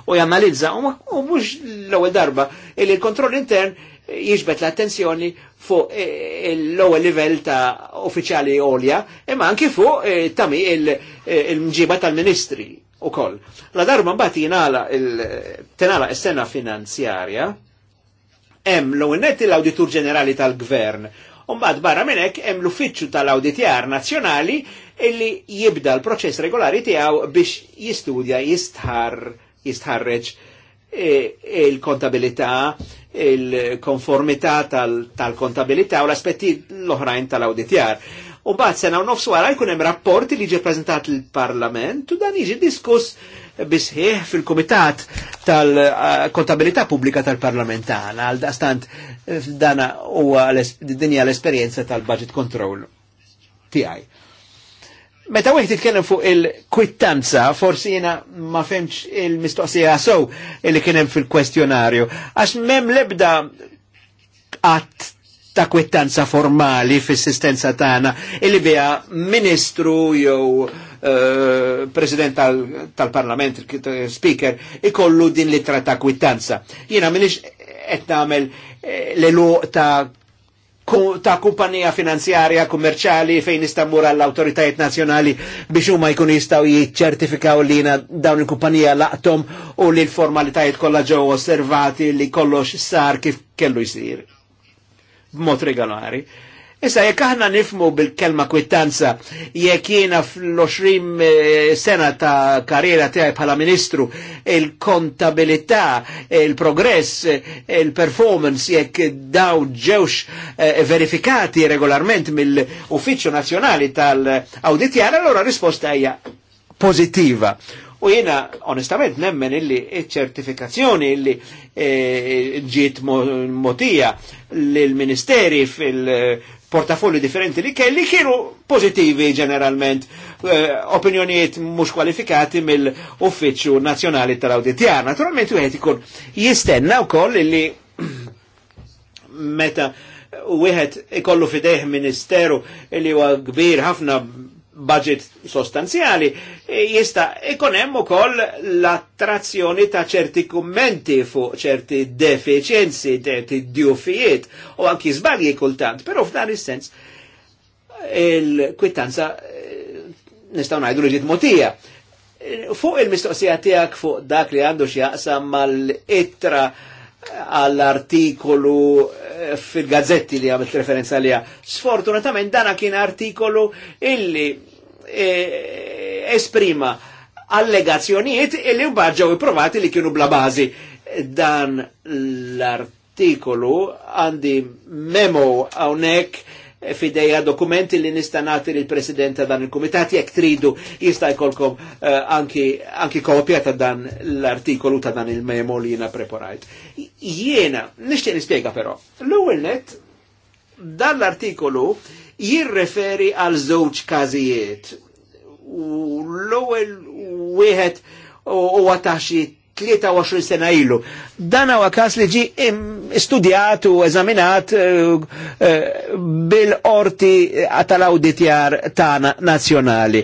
u jamalizza u mhux l-ewwel darba illi l-kontroll intern jiġbet l-attenzjoni fuq eh, l-ewwel livell ta' uffiċjali olja, imma anki fuq eh, tami eh, il-mġiba tal-ministri koll. La darba mbagħad jingħala tenala s-sena finanzjarja, hemm l-ewwel netti l-Awditur Ġenerali tal-Gvern Umbad barra minnek hemm l-uffiċċju tal-Awditjar Nazzjonali illi jibda l-proċess regolari tiegħu biex jistudja jistħar jistħarreġ e, il-kontabilità, il-konformità tal-kontabilità u l-aspetti l-oħrajn tal-auditjar u bat sena u nofs wara jkun hemm rapporti li ġi prezentat l-Parlament u dan iġi diskuss bisħieħ fil-Komitat tal-Kontabilità Pubblika tal-Parlamentana għal dastant dana huwa dinja l-esperjenza tal-Budget Control tiegħi. Meta wieħed jitkellem fuq il-kwittanza, forsi jiena ma femx il-mistoqsija sow il kien hemm fil-kwestjonarju, għax m'hemm lebda qatt ta' kwittanza formali fis-sistenza tagħna illi bija ministru jew uh, president tal-parlament, tal speaker, ikollu din litra ta' kwittanza. Jiena minix qed nagħmel eh, l luq ta' ta' kumpanija finanzjarja, kummerċali fejn istammur għall autoritajiet nazjonali biex huma jkun jistgħu jiċċertifikaw li dawn il-kumpanija laqtom u li l-formalitajiet kollha ġew osservati li kollox sar kif kellu jsir b'mod regolari. Issa jekk aħna nifmu bil-kelma kwittanza jekk jiena fl-20 eh, sena ta' karriera tiegħi bħala ministru il-kontabilità, il-progress, il-performance jekk daw ġewx eh, verifikati regolarment mill-Uffiċċju Nazzjonali tal-Awditjar, allora risposta hija pożittiva. U jena, onestament, nemmen illi ċertifikazzjoni illi eh, ġiet motija l-ministeri fil-portafolli differenti li kelli kienu pozitivi ġeneralment, eh, opinjonijiet mux kwalifikati mill-Uffiċċju Nazjonali tal-Auditjar. Naturalment, u ikun jistenna u koll illi meta u wieħed ikollu fidejh ministeru li huwa kbir ħafna budget sostanzjali, e jista ikonem hemm ukoll l-attrazzjoni ta' ċerti kummenti fuq ċerti deficienzi, ċerti djufijiet u anki żbalji kultant, però f'dan is-sens il-kwittanza eh, nistaw ngħidu li ġit motija. Fuq il-mistoqsija fuq dak li għandu x'jaqsam mal-ittra għall-artikolu eh, fil-gazzetti li għamilt referenza li Sfortunatament dana kien artikolu illi E, esprima allegazzjonijiet illi mbagħad ġew li kienu bla bazi. Dan l-artikolu għandi memo hawnhekk fideja dokumenti li nistanati il president ta' dan il komitat jek tridu jista' jkollkom uh, anki, anki kopja ta' dan l-artikolu ta' dan il-memo li jiena preparajt. Jiena, nixtieq nispiega però, l-ewwel net dan l-artikolu jirreferi għal żewġ każijiet. U l-ewwel wieħed huwa ta' 23 sena ilu. Dan huwa każ li ġi studjat u eżaminat eh, eh, bil-qorti tal-awditjar ta' nazzjonali.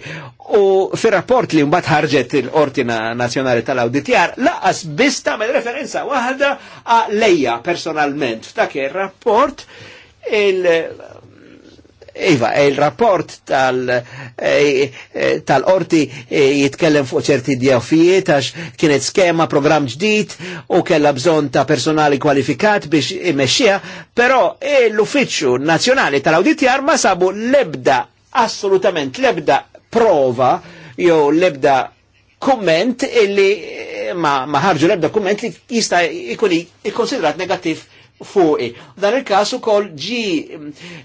U fi rapport li mbagħad ħarġet il-Qorti Nazzjonali tal-Awditjar laqas biss tagħmel referenza waħda għal lejja personalment. F'dak ir-rapport il Iva, e il-rapport e, e, tal-orti jitkellem fuq ċerti djafijiet għax kienet skema, program ġdid u kella bżon ta' personali kwalifikat biex imexxija, però l-Uffiċċju Nazzjonali tal auditjar ma sabu lebda, assolutament lebda prova jew lebda komment illi ma, ma ħarġu lebda komment li jista' ikun ikkonsidrat negattiv fuqi. Dan il-kas kol ġi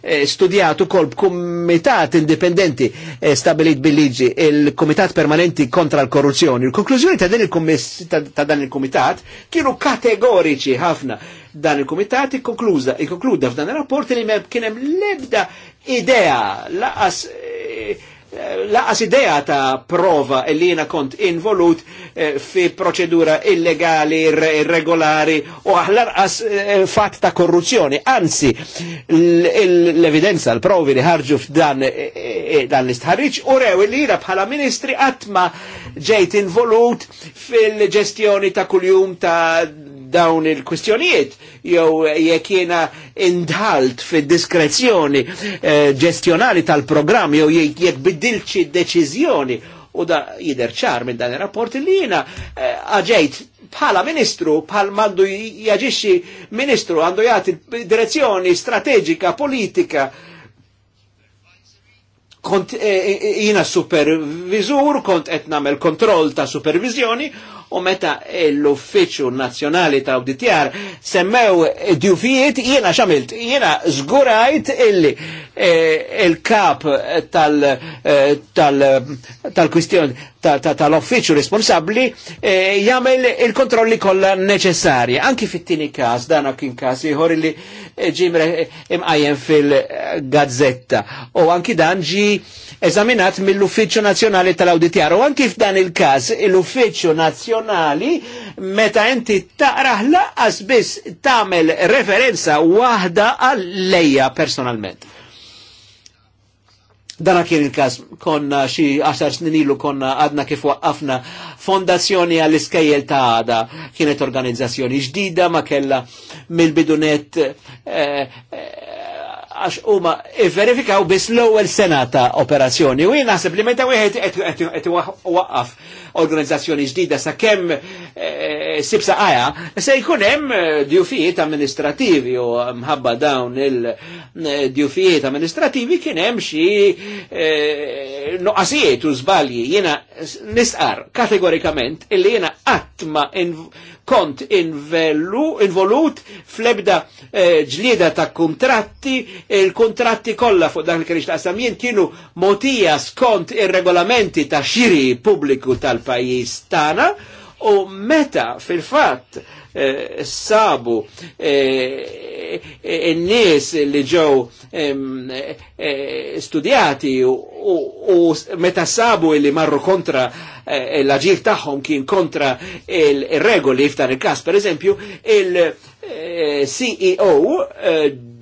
eh, studjat ukoll b'kumitat indipendenti eh, stabilit bil-liġi il-Kumitat Permanenti kontra l-Korruzzjoni. Il-konklużjoni ta' dan il-kumitat kienu kategoriċi ħafna. Dan il-kumitat ikkonkluda f'dan il rapport li kien hemm lebda idea laqas eh, laqas idea ta' prova li jina kont involut eh, fi proċedura illegali, irregolari u aħlarqas eh, fatt ta' korruzzjoni. Anzi, l-evidenza, l-provi li ħarġu f'dan eh, l-istħarriċ u rew li jina bħala ministri għatma ġejt involut fil-ġestjoni ta' kuljum ta' dawn il-kwistjonijiet jew jekk jiena indħalt fid-diskrezzjoni eh, ġestjonali tal-programm jew jekk biddilt xi deċiżjoni u da jider ċar minn dan ir-rapport li jiena eh, aġejt bħala ministru, bħal mandu jaġixxi ministru, għandu jagħti direzzjoni strateġika, politika, kont, eh, jina supervizur, kont qed nagħmel kontroll ta' supervizjoni u meta l-Uffiċċju Nazzjonali ta' Awditjar semmew djufijiet jiena xamilt, jiena zgurajt illi eh, il-kap tal eh, kwistjon tal-uffiċċju responsabbli eh, jagħmel il-kontrolli kollha neċessarji. Anki fit-tieni każ dan kien każ ieħor illi ġimre imqajjem fil-gazzetta u anki dan ġi eżaminat mill-Uffiċċju Nazzjonali tal-Awditjar u anki f'dan il-każ l-Uffiċċju Nazzjonali personali meta inti taqraħ laqas biss tagħmel referenza waħda għal-lejja personalment. Dana kien il-kas, konna xi 10 snin ilu konna għadna kif waqqafna fondazzjoni għall-iskejjel ta' għada. Kienet organizzazzjoni ġdida ma kella mill-bidunet eh, eh, għax eh, huma eh, verifikaw biss l-ewwel sena ta' operazzjoni. U jien naħseb li meta wieħed qed waqqaf organizzazzjoni ġdida sa' kem e, eh, sibsa għaja, se jkun hemm eh, djufijiet amministrativi u mħabba dawn il-djufijiet eh, amministrativi kien hemm xi e, noqasijiet u żbalji jiena nisqar kategorikament illi jena għatma kont involut flebda ġlieda ta' kontratti, il-kontratti kollha fuq dan il kienx taqsam kienu motija skont ir-regolamenti ta' xiri pubbliku tal tal-pajis tana u meta fil fat eh, sabu eh, n-nies li ġew eh, studjati u, meta sabu li marru kontra eh, l-aġir taħħom kien kontra il-regoli f'dan il kas per eżempju, il-CEO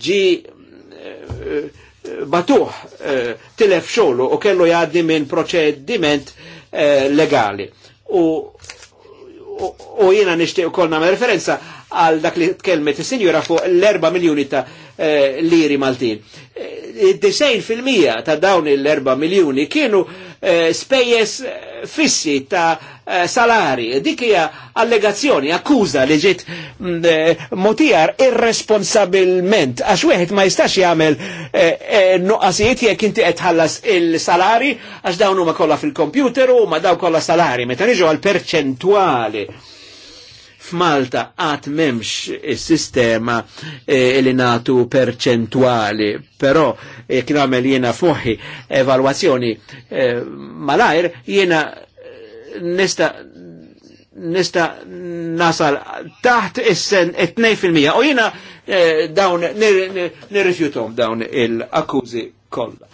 ġi batuħ tilef xolu u kellu jgħaddi minn proċediment Eh, legali. U jiena nixtieq u kolna referenza għal dak li tkelmet is-sinjura fuq l-4 miljuni ta' eh, liri Maltin. 90% eh, ta' dawn il-4 miljuni kienu Eh, spejjes eh, fissi ta' eh, salari. Dik hija allegazzjoni, akkuża li ġiet motijar mm, irresponsabilment għax wieħed ma jistax jagħmel nuqqasijiet jekk inti qed ħallas il-salari għax dawn huma kollha fil-kompjuter u ma daw kollha salari meta niġu għal perċentwali F'Malta għat memx il-sistema eh, li natu perċentuali, però eh, għamel jena fuħi evalwazzjoni eh, malajr jena eh, nista nista nasal taħt issen sen 2% u jina dawn nirrifjutom dawn il-akkużi kollha.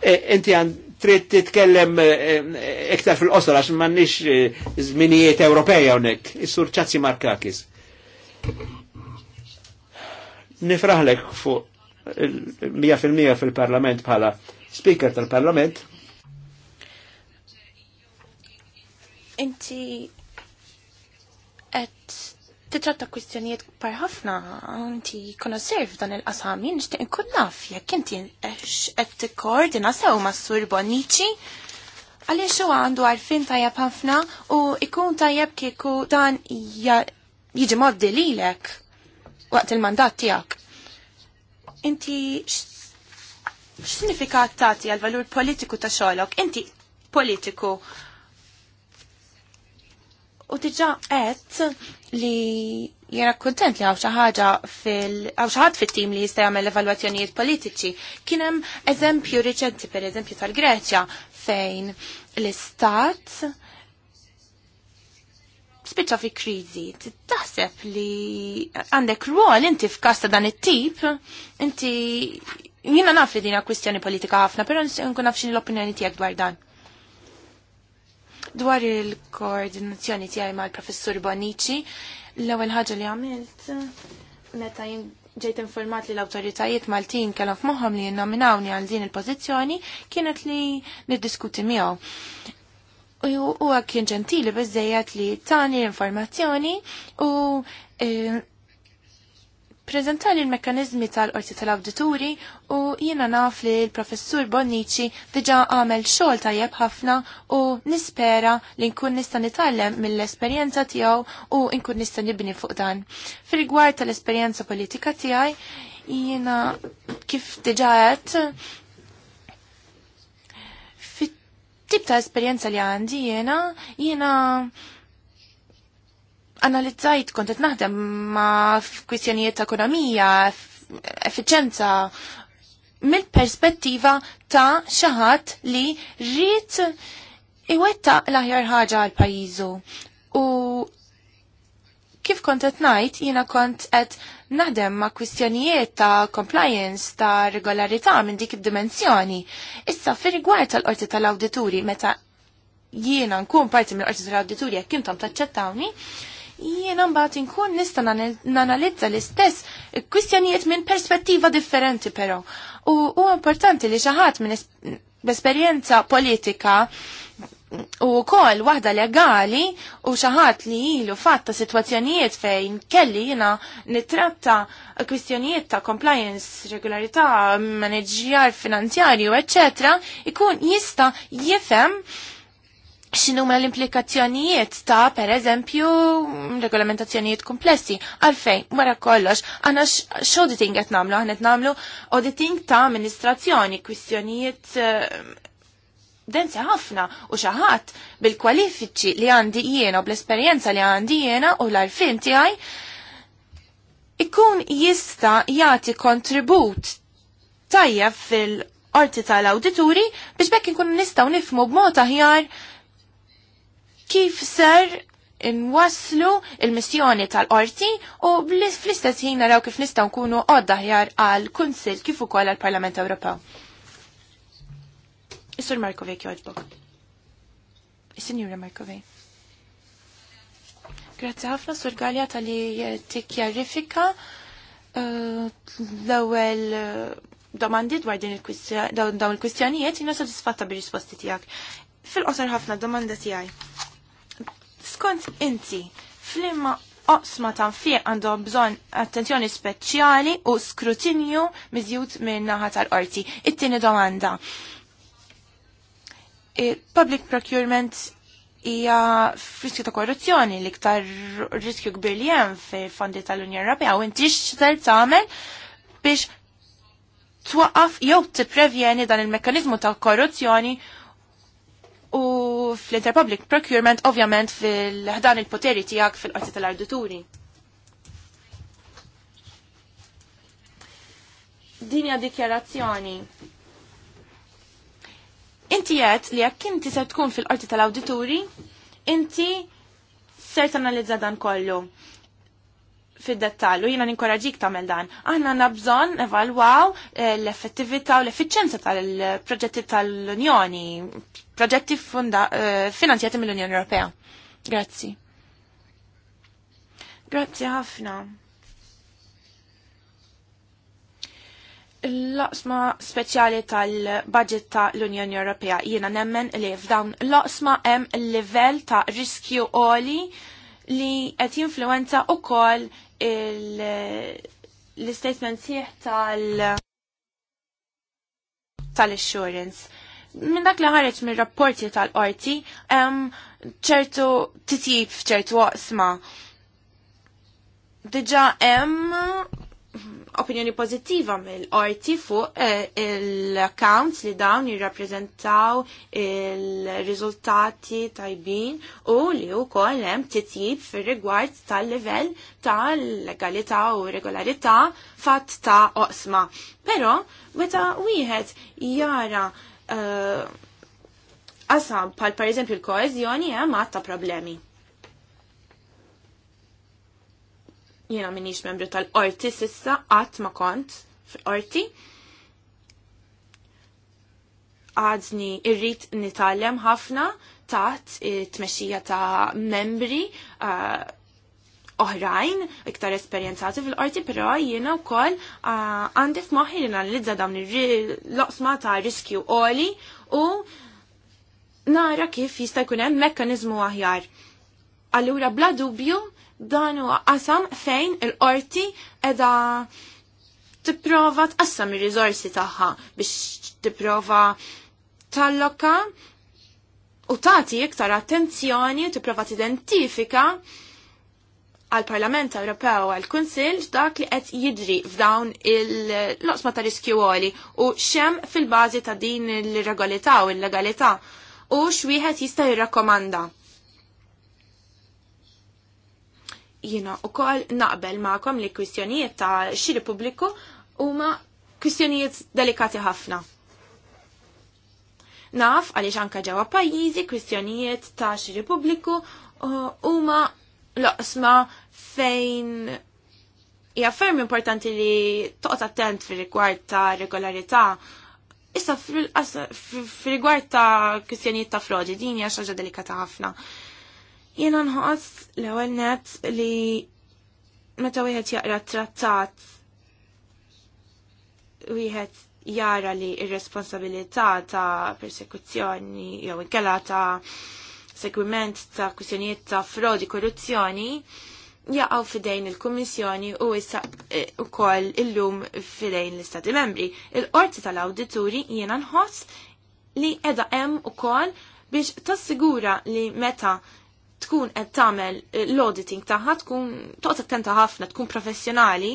Inti għan trid titkellem eh, eh, iktar fil-qosor għax m'għandniex eh, żminijiet Ewropej hawnhekk, is-sur Ċazzi Markakis. Nifraħlek fuq mija fil-mija fil-Parlament bħala speaker tal-Parlament. Inti qed titratta kwistjonijiet kbar ħafna, inti kon dan il-qasam, nishtiq nkun inkun naf jekk inti qed tikkoordina sew mas-sur Bonnici għaliex huwa għandu għarfien tajjeb ħafna u ikun tajjeb kieku dan jiġi moddi lilek waqt il-mandat tiegħek. Inti x'sinifikat tagħti għal valur politiku ta' xogħlok? Inti politiku U diġa qed li jena kontent li għaw xaħġa fil għaw xaħat fit-tim li jista' jagħmel evalwazzjonijiet politiċi. Kien hemm eżempju riċenti per eżempju tal-Greċja fejn l-istat spiċċa fi kriżi. Taħseb li għandek ruol inti f'kasta dan it-tip, inti jiena naf li dina kwistjoni politika ħafna, però nkun naf x'inhi l-opinjoni tiegħek dwar dan. Dwar il-koordinazzjoni tiegħi mal-professur Bonici, l-ewwel ħaġa li għamilt meta ġejt informat li l-awtoritajiet Maltin kellhom f'moħħom li jinnominawni għal din il-pożizzjoni kienet li niddiskuti miegħu. U huwa kien ġentili biżejjed li tani l-informazzjoni u eh, prezentali l-mekkanizmi tal-qorti tal-awdituri u jiena naf li l-professur Bonnici diġa għamel xogħol tajjeb ħafna u nispera li nkun nista' nitgħallem mill-esperjenza tiegħu u nkun nista' nibni fuq dan. Fir-rigward tal-esperjenza politika tiegħi jina kif diġa qed fit-tip ta' esperjenza li għandi jiena jiena analizzajt kont qed naħdem ma' kwistjonijiet ta' ekonomija, effiċenza, mill-perspettiva ta' xaħat li rrit iwetta l-aħjar ħaġa għal pajizu. U kif kont qed ngħid, jiena kont qed naħdem ma' kwistjonijiet ta' compliance, ta' regolarità minn dik id-dimensjoni. Issa fir rigward tal-qorti tal-awdituri meta jiena nkun parti mill-qorti tal-awdituri jekk intom taċċettawni, ta jiena mbagħad inkun nista' nanalizza l-istess kwistjonijiet minn perspettiva differenti però. U huwa importanti li xi ħadd minn l-esperjenza politika u kol wahda legali u xaħat li ilu fatta situazzjonijiet fejn kelli jina nitratta kwistjonijiet ta' compliance, regolarità, manager finanzjarju, eccetera, ikun jista jifem x'inhuma l-implikazzjonijiet ta' per eżempju regolamentazzjonijiet komplessi. Għalfejn, wara kollox, għandna x'auditing qed nagħmlu, aħna qed nagħmlu auditing ta' amministrazzjoni, kwistjonijiet eh, densa ħafna u xaħat bil-kwalifiċi li għandi jiena u bl-esperjenza li għandi jiena u l-arfin tiegħi ikun jista' jagħti kontribut tajjeb fil-qorti tal-awdituri biex bekk ikun nistgħu nifmu b'mod aħjar kif ser inwasslu il-missjoni tal-qorti u fl-istess ħin naraw kif nistgħu nkunu għodda ħjar għal kunsil kif ukoll għal Parlament Ewropew. Is-Sur Markovej jogħġbok. Is-Sinjura Markovej. Grazzi ħafna Sur Galja tal-li tikkjarifika uh, l-ewwel uh, domandi dwar din il-kwistjonijiet jiena sodisfatta bir-risposti tiegħek. fil qosar ħafna domanda tiegħi skont inti flimma oqsma tan fieq għandhom bżonn attenzjoni speċjali u skrutinju mizjut minn naħa tal-qorti. It-tieni domanda. Public procurement hija friskju ta' korruzzjoni l-iktar riskju kbir li hemm fil-fondi tal-Unjoni Ewropea u inti x'ser tagħmel biex twaqqaf jew tipprevjeni dan il-mekkaniżmu ta' korruzzjoni u fl-interpublic procurement ovvjament fil-ħdan il-poteri tijak fil-qorti tal arduturi Dinja dikjarazzjoni. Inti jett li jekk inti se tkun fil-qorti tal-awdituri, inti ser tanalizza dan kollu fid-dettallu, jina ninkoraġik tamel dan. Aħna nabżon evalwaw eh, l-effettività u l efficienza tal-proġetti tal-Unjoni, proġetti eh, finanzjati mill-Unjoni Ewropea. Grazzi. Grazzi ħafna. L-loqsma speċjali tal-budget ta' l-Unjoni Ewropea jiena nemmen li f'dawn l-loqsma hemm livell ta' riskju oli li qed jinfluenza wkoll l-statement sieħ tal- tal-assurance. Minn dak li ħareġ minn rapporti tal-qorti, ċertu titjib f'ċertu waqsma. Dġa hemm opinjoni pozittiva mill-orti fuq eh, l-accounts li dawn jirrappreżentaw il-riżultati tajbin u li wkoll hemm titjib fir-rigward tal-livell tal-legalità u regolarità fatt ta' oqsma. Però meta wieħed jara eh, qasam pal pereżempju l-koeżjoni hemm ta' problemi. Jena minix membru tal-orti sissa, għat ma kont fil-orti. Għadni irrit nitalem ħafna taħt t-mexija ta' membri uh, oħrajn, iktar esperjenzati fil-qorti, pero jiena u koll uh, għandi f'moħi l-lidza dawn l loqsma ta' riskju oli u nara kif jista' jkun hemm mekkaniżmu aħjar. Allura bla dubju dan huwa qasam fejn il-qorti edha tipprova tqassam ir-riżorsi tagħha biex tipprova talloka u tagħti iktar attenzjoni tipprova tidentifika għal Parlament Ewropew għal Kunsil dak li qed jidri f'dawn il-loqsma ta' riskju għoli u xem fil-bażi ta' din il-regolità u l-legalità u x'wieħed jista' jirrakkomanda. Jina u kol naqbel maqom li kwistjonijiet ta' xiri u huma kwistjonijiet delikati ħafna. Naf għaliex anka ġewwa pajjiżi kwistjonijiet ta' xiri u uh, huma loqsma fejn ja ferm importanti li toqgħod attent fir-rigward ta' regolarità Issa fil-rigward ta' kwistjonijiet ta' frodi, din hija xaġa delikata ħafna. Jena nħoqs l ewwel net li meta wieħed jaqra trattat wieħed jara li ir-responsabilità ta' persekuzzjoni jew inkella ta' segwiment ta' kwistjonijiet ta' frodi korruzzjoni jaqgħu fidejn il-Kummissjoni u issa wkoll e, illum fidejn l-Istati Membri. Il-Qorti tal-Awdituri jiena nħoss li qiegħda hemm ukoll biex tassigura li meta tkun qed tagħmel eh, l-auditing tagħha tkun toqgħod attenta ħafna, tkun professjonali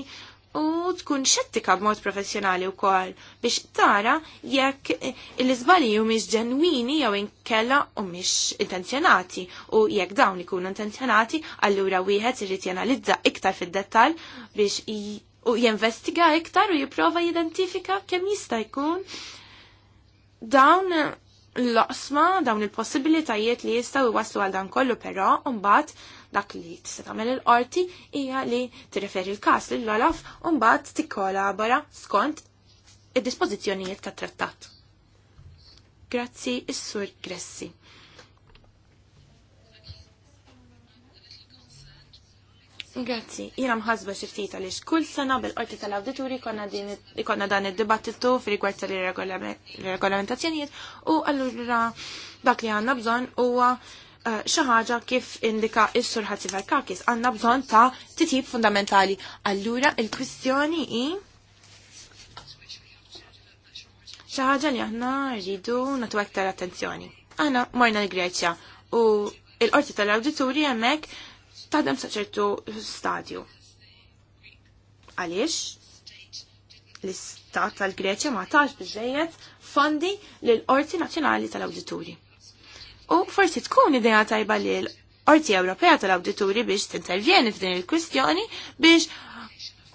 u tkun xettika b'mod professjonali wkoll biex tara jekk eh, l-iżbalji mhix ġenwini jew inkella u mhix intenzjonati u jekk dawn ikunu intenzjonati allura wieħed irid jenalizza iktar fid-dettall biex u jinvestiga iktar u jipprova jidentifika kemm jista' jkun dawn l-oqsma dawn il-possibilitajiet li jistaw iwaslu għal dan kollu però mbagħad dak li tista' tagħmel il-qorti hija li tirreferi l-każ lil olaf u mbagħad tikkolabora skont id-dispożizzjonijiet tat-trattat. Grazzi is-Sur Gressi. Grazzi, jina mħazba xiftit għalix kull sena bil-qorti tal-awdituri konna dan id-dibattitu fi rigward tal-regolamentazzjonijiet u allura dak li għanna bżon huwa eh, xaħġa kif indika s sur ħazzi kakis għanna bżon ta' titjib fundamentali. Allura il-kwistjoni i xaħġa li aħna rridu natu aktar attenzjoni. Aħna morna l-Greċja u il-qorti tal-awdituri hemmhekk taħdem sa' ċertu stadju. Għaliex? L-istat tal-Greċja ma tax biżejjed fondi lill-Qorti Nazzjonali tal-Awdituri. U forsi tkun idea tajba li l-Qorti Ewropea tal-Awdituri biex tintervjeni f'din il-kwistjoni biex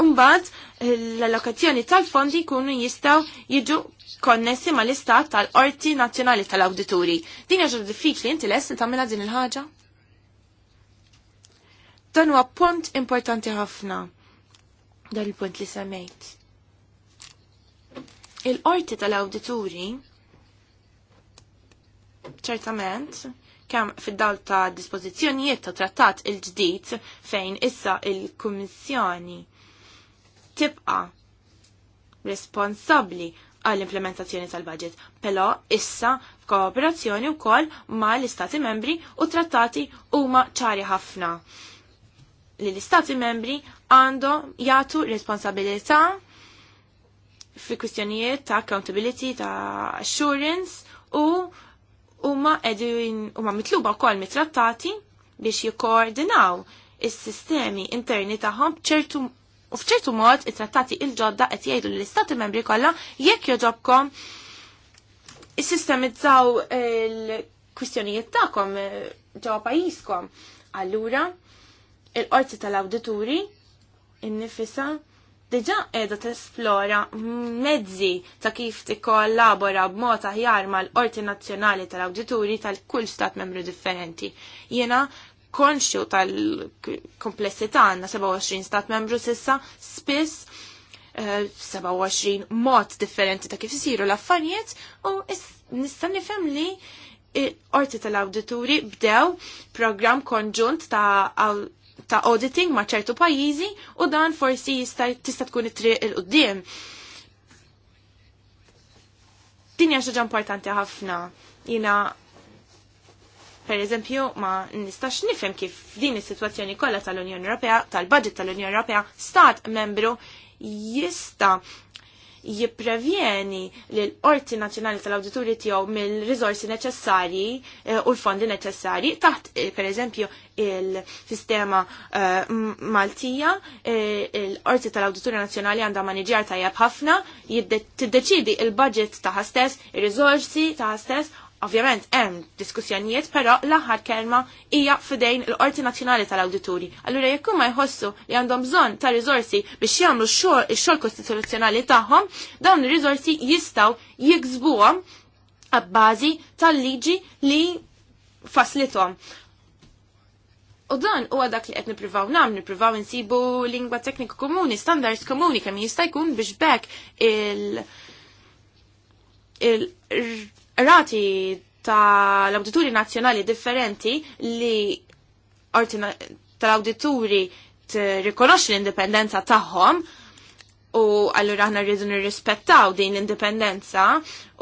mbagħad l-allokazzjoni tal-fondi jkunu jistgħu jiġu konnessi mal-istat tal-Qorti Nazzjonali tal-Awdituri. Din hija diffiċli inti l-essi tagħmilha din il-ħaġa? Dan huwa punt importanti ħafna dan il-punt li semmejt. Il-qorti tal-awdituri ċertament kemm fid-dawl ta' dispożizzjonijiet ta' trattat il-ġdid fejn issa il-Kummissjoni tibqa' responsabbli għall-implementazzjoni tal-budget, però issa f'kooperazzjoni wkoll mal istati membri u trattati huma ċari ħafna li l-istati membri għandhom jagħtu responsabilità fi kwistjonijiet ta' accountability, ta' assurance u huma qegħdin huma mitluba wkoll mit-trattati biex jikkoordinaw is-sistemi interni tagħhom b'ċertu u f'ċertu mod it-trattati il-ġodda qed jgħidu l-istati membri kollha jekk joġobkom is-sistemizzaw il-kwistjonijiet tagħkom eh, ġewwa pajjiżkom. Allura, il-qorti tal-awdituri in-nifisa diġa edha tesplora mezzi ta' kif tikkollabora b'mod aħjar mal-Qorti Nazzjonali tal-Awdituri tal-kull stat membru differenti. Jiena konxju tal-komplessità għandna 27 stat membru sissa spiss 27 eh, mod differenti ta' kif isiru l-affarijiet u nista' nifhem li orti tal-awdituri bdew program konġunt ta' ta' auditing ma' ċertu pajjiżi u dan forsi jista' tista' tkun it-triq il qudiem Din hija xaġa importanti ħafna. Jina per eżempju ma nistax nifhem kif din is-sitwazzjoni kollha tal-Unjoni Ewropea, tal-budget tal-Unjoni Ewropea, stat membru jista' jipprevjeni l-Orti Nazzjonali tal-Awdituri tiegħu mill rizorsi neċessarji eh, u l-fondi neċessarji taħt eh, per eżempju il-sistema eh, Maltija, l-Orti tal-Awdituri Nazzjonali għandha maniġjar tajjeb ħafna, tiddeċidi il-budget taħastess, il ir taħastess, Ovvjament hemm diskussjonijiet, però l-aħħar kelma hija fidejn l-Qorti Nazzjonali tal-Awdituri. Allura jekk huma jħossu li għandhom bżonn ta' riżorsi biex jagħmlu x-xogħol kostituzzjonali tagħhom, dawn ir-riżorsi jistgħu jiksbuhom għabbażi tal-liġi li faslithom. U dan huwa dak li qed nippruvaw nagħmlu, nippruvaw insibu lingwa tekniku komuni, standards komuni kemm jista' jkun biex bekk il il rati ta' l-awdituri nazjonali differenti li tal-awdituri t-rikonox l-indipendenza tagħhom u allura aħna rridu nirrispettaw din l-indipendenza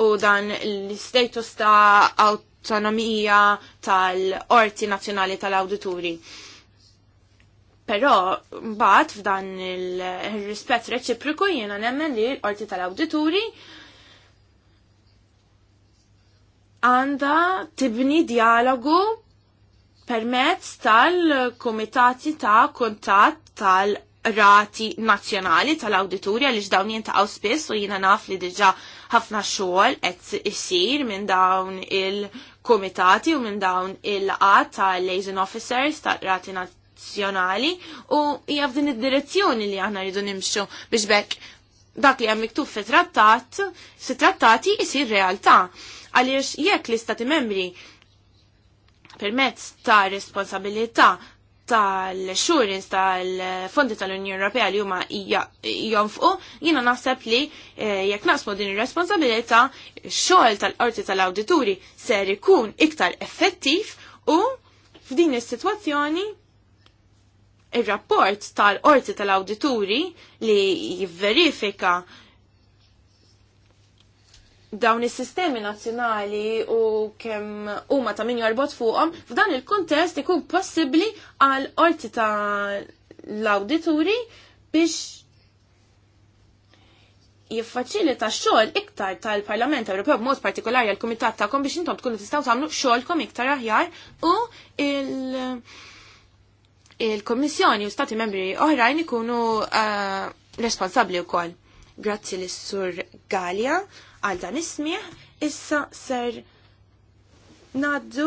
u dan l-status ta' autonomija tal-orti nazjonali tal-awdituri. Però mbagħad f'dan il-rispett reċipriku jiena nemmen li l-orti tal-awdituri għanda tibni dialogu permezz tal-komitati ta' kontat tal-rati nazjonali tal-auditori għalix dawn jintaqaw spiss u jina naf li diġa ħafna xogħol qed isir minn dawn il-komitati u minn dawn il qat tal-liaison officers tal-rati nazjonali u hija f'din id-direzzjoni li aħna rridu nimxu biex bekk dak li hemm miktub fi trattat, si trattati isir realtà għaliex jekk l-istati membri permezz ta' responsabilità tal-assurance tal-fondi tal-Unjoni Ewropea li huma jonfqu, jiena naħseb li eh, jekk naqsmu din ir-responsabilità, xogħol tal-qorti tal-awdituri ser ikun iktar effettiv u f'din is-sitwazzjoni ir-rapport tal-qorti tal-awdituri li jivverifika dawn is-sistemi nazzjonali u kemm huma ta' min jorbot fuqhom, f'dan il-kuntest ikun possibbli għal orti ta' l-awdituri biex jiffaċilita xogħol iktar tal-Parlament Ewropew b'mod partikolari għal kumitat kom biex intom tkunu tistgħu tagħmlu kom iktar aħjar u il- il u Stati membri oħrajn ikunu uh, responsabbli wkoll. Grazzi lis sur Galia għal dan ismiħ, issa ser naddu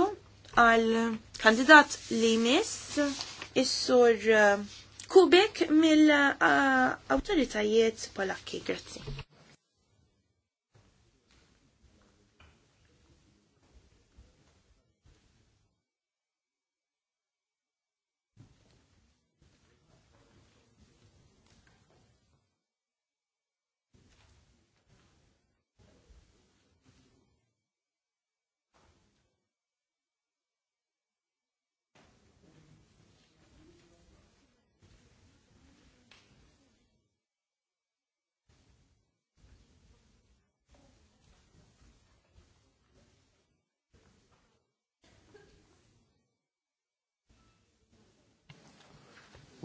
għal kandidat li mis is-sur uh, Kubek mill-autoritajiet uh, Polakki. Grazzi.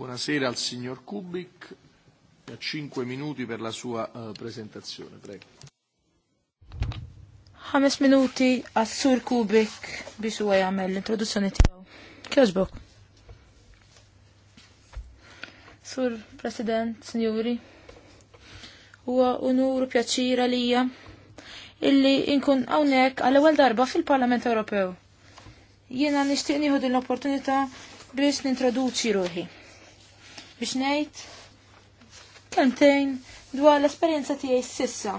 Buonasera al signor Kubik, e a 5 minuti per la sua uh, presentazione, prego. Hames minuti għas sur Kubik biex huwa l'introduzione l-introduzzjoni tiegħu. Kjoġbok. Sur President, Signori, huwa unur pjaċira lija illi inkun hawnhekk għal ewwel darba fil-Parlament Ewropew. Jiena nixtieq nieħu din l-opportunità biex nintroduċi ruħi biex ngħid kemtejn dwar l-esperjenza tiegħi sissa.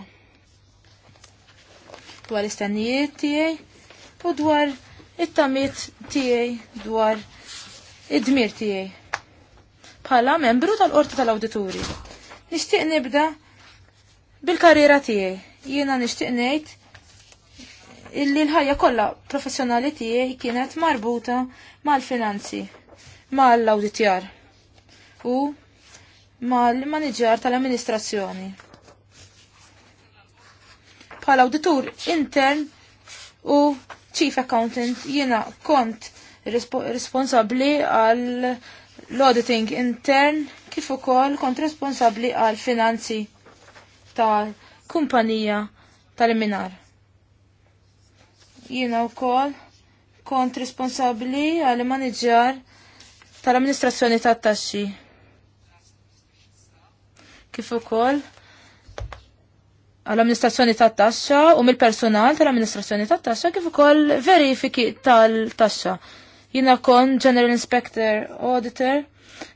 Dwar l-istennijiet tiegħi u dwar it-tamiet tiegħi dwar id-dmir tiegħi. Bħala membru tal-Qorti tal auditori Nixtieq nibda bil-karriera tiegħi. Jiena nixtieq ngħid illi l-ħajja kollha professjonali tiegħi kienet marbuta mal-finanzi, mal-awditjar u mal-maniġar tal-amministrazzjoni. Bħala auditor intern u chief accountant jiena kont responsabli għal l-auditing intern kif ukoll kont responsabli għal finanzi tal-kumpanija tal-minar. Jiena wkoll kont responsabli għal manager tal-amministrazzjoni tat-taxxi kif ukoll għall-amministrazzjoni tat-taxxa u mill-personal tal-amministrazzjoni tat-taxxa kif ukoll verifiki tal-taxxa. Jina kon General Inspector Auditor,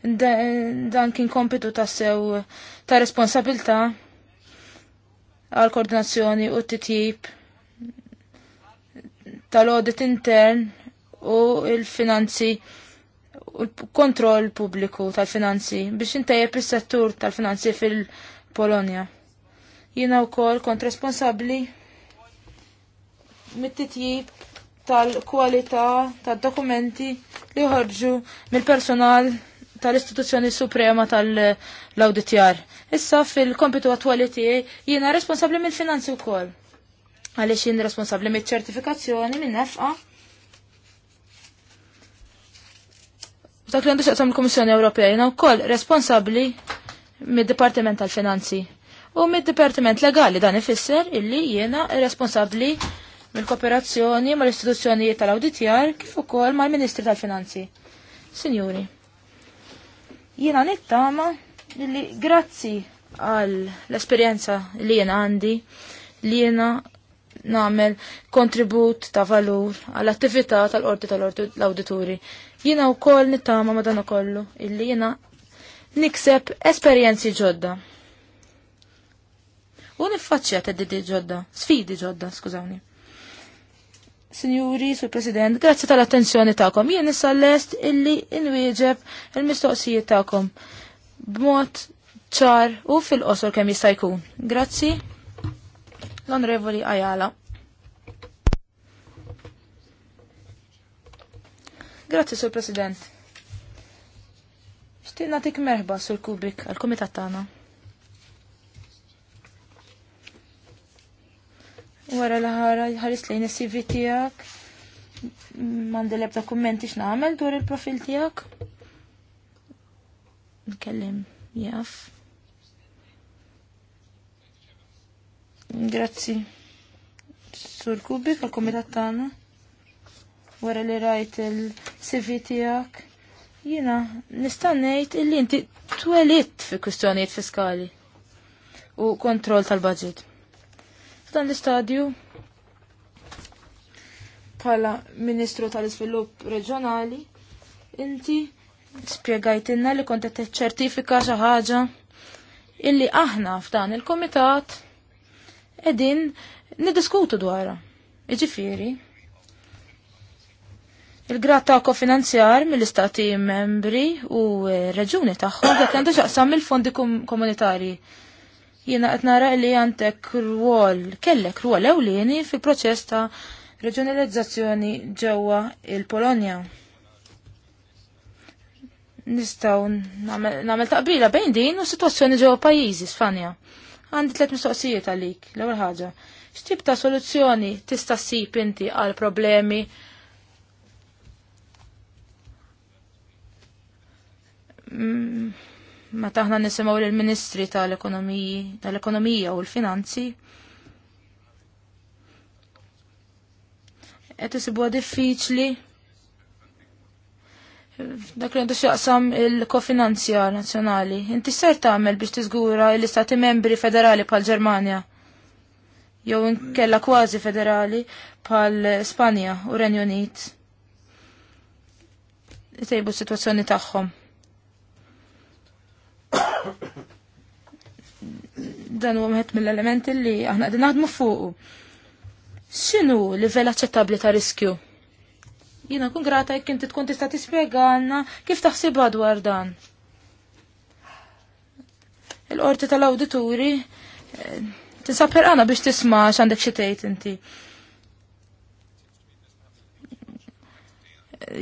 dan kien kompitu tassew ta' responsabilta għal-koordinazzjoni u t-tip tal-audit intern u il-finanzi u l-kontroll pubbliku tal-finanzi biex intejjeb is-settur tal-finanzi fil-Polonja. Jiena wkoll kont responsabbli mit-titjib tal-kwalità tad-dokumenti li ħorġu mill-personal tal-Istituzzjoni Suprema tal-Auditjar. Issa fil-kompitu attwali tiegħi jiena responsabbli mill-finanzi wkoll. Għaliex jien responsabbli mill-ċertifikazzjoni minn nefqa' dak li għandu xaqsam l komissjoni Ewropea jina u koll responsabli mid-Departiment tal-Finanzi u mid-Departiment Legali dan ifisser illi jiena responsabli mill-kooperazzjoni mal-istituzzjonijiet tal-Awditjar kif ukoll mal-Ministri tal-Finanzi. Sinjuri, jiena nittama illi grazzi għall l-esperjenza li jena għandi li jiena nagħmel kontribut ta' valur għall attività tal-qorti tal Jina Jiena wkoll nittama ma dan kollu illi jiena nikseb esperjenzi ġodda. U niffaċċja teddidi ġodda, sfidi ġodda, skużawni. Signuri, Sur President, grazzi tal-attenzjoni ta'kom. Jien issa lest illi inwieġeb il-mistoqsijiet ta'kom b'mod ċar u fil-qosor kemm jista' jkun. Grazzi l-Onorevoli Ayala. Grazzi, Sur President. Xtiqna tik merħba Sur Kubik għal-Komitat tagħna. Wara l-ħara ħaris lejn is-CV tiegħek. Mandi lebda kummenti x'nagħmel dwar il-profil tiegħek. Nkellim jaf. Yeah. Grazzi. Sur Kubi, fa' komitat tagħna. Wara li rajt il-CV tiegħek. Jiena, nista' ngħid illi inti twelit fi kwistjonijiet fiskali u kontroll tal-budget. F'dan l-istadju bħala Ministru tal-Iżvilupp Reġjonali inti spiegajtinna li kont qed xaħġa xi ħaġa illi aħna f'dan il-kumitat edin nidiskutu dwarha. Iġifieri, il-grat ta' kofinanzjar mill-istati membri u reġuni tagħhom jekk għandu xaqsam mill-fondi komunitarji. Jiena qed nara li għandek rwol, kellek rwol ewlieni fil-proċess ta' reġjonalizzazzjoni ġewwa il-Polonja nistaw namel taqbila bejn din u situazzjoni ġewwa pajjiżi Spanja. Għandi tlet mistoqsijiet għalik, l-ewwel ħaġa. X'tib ta' soluzzjoni tista' ssib inti għal problemi ma mm, taħna nisimgħu lill-Ministri tal-Ekonomiji tal-Ekonomija u l-Finanzi. Qed isibuha diffiċli dak li għandu xaqsam il-kofinanzja nazjonali. Inti ser tagħmel biex tiżgura l-istati membri federali pal ġermanja jew kella kważi federali pal Spanja u Renju Unit. Itejbu s-sitwazzjoni tagħhom. Dan huwa wieħed mill-elementi li aħna qegħdin naħdmu fuqu. X'inhu livell aċċettabbli ta' riskju? Jiena nkun grata jekk inti tkun tista' tispjegalna kif taħsibha dwar dan. Il-qorti tal-awdituri eh, tinsab ħerqana biex tisma' x'għandek xi tgħid inti.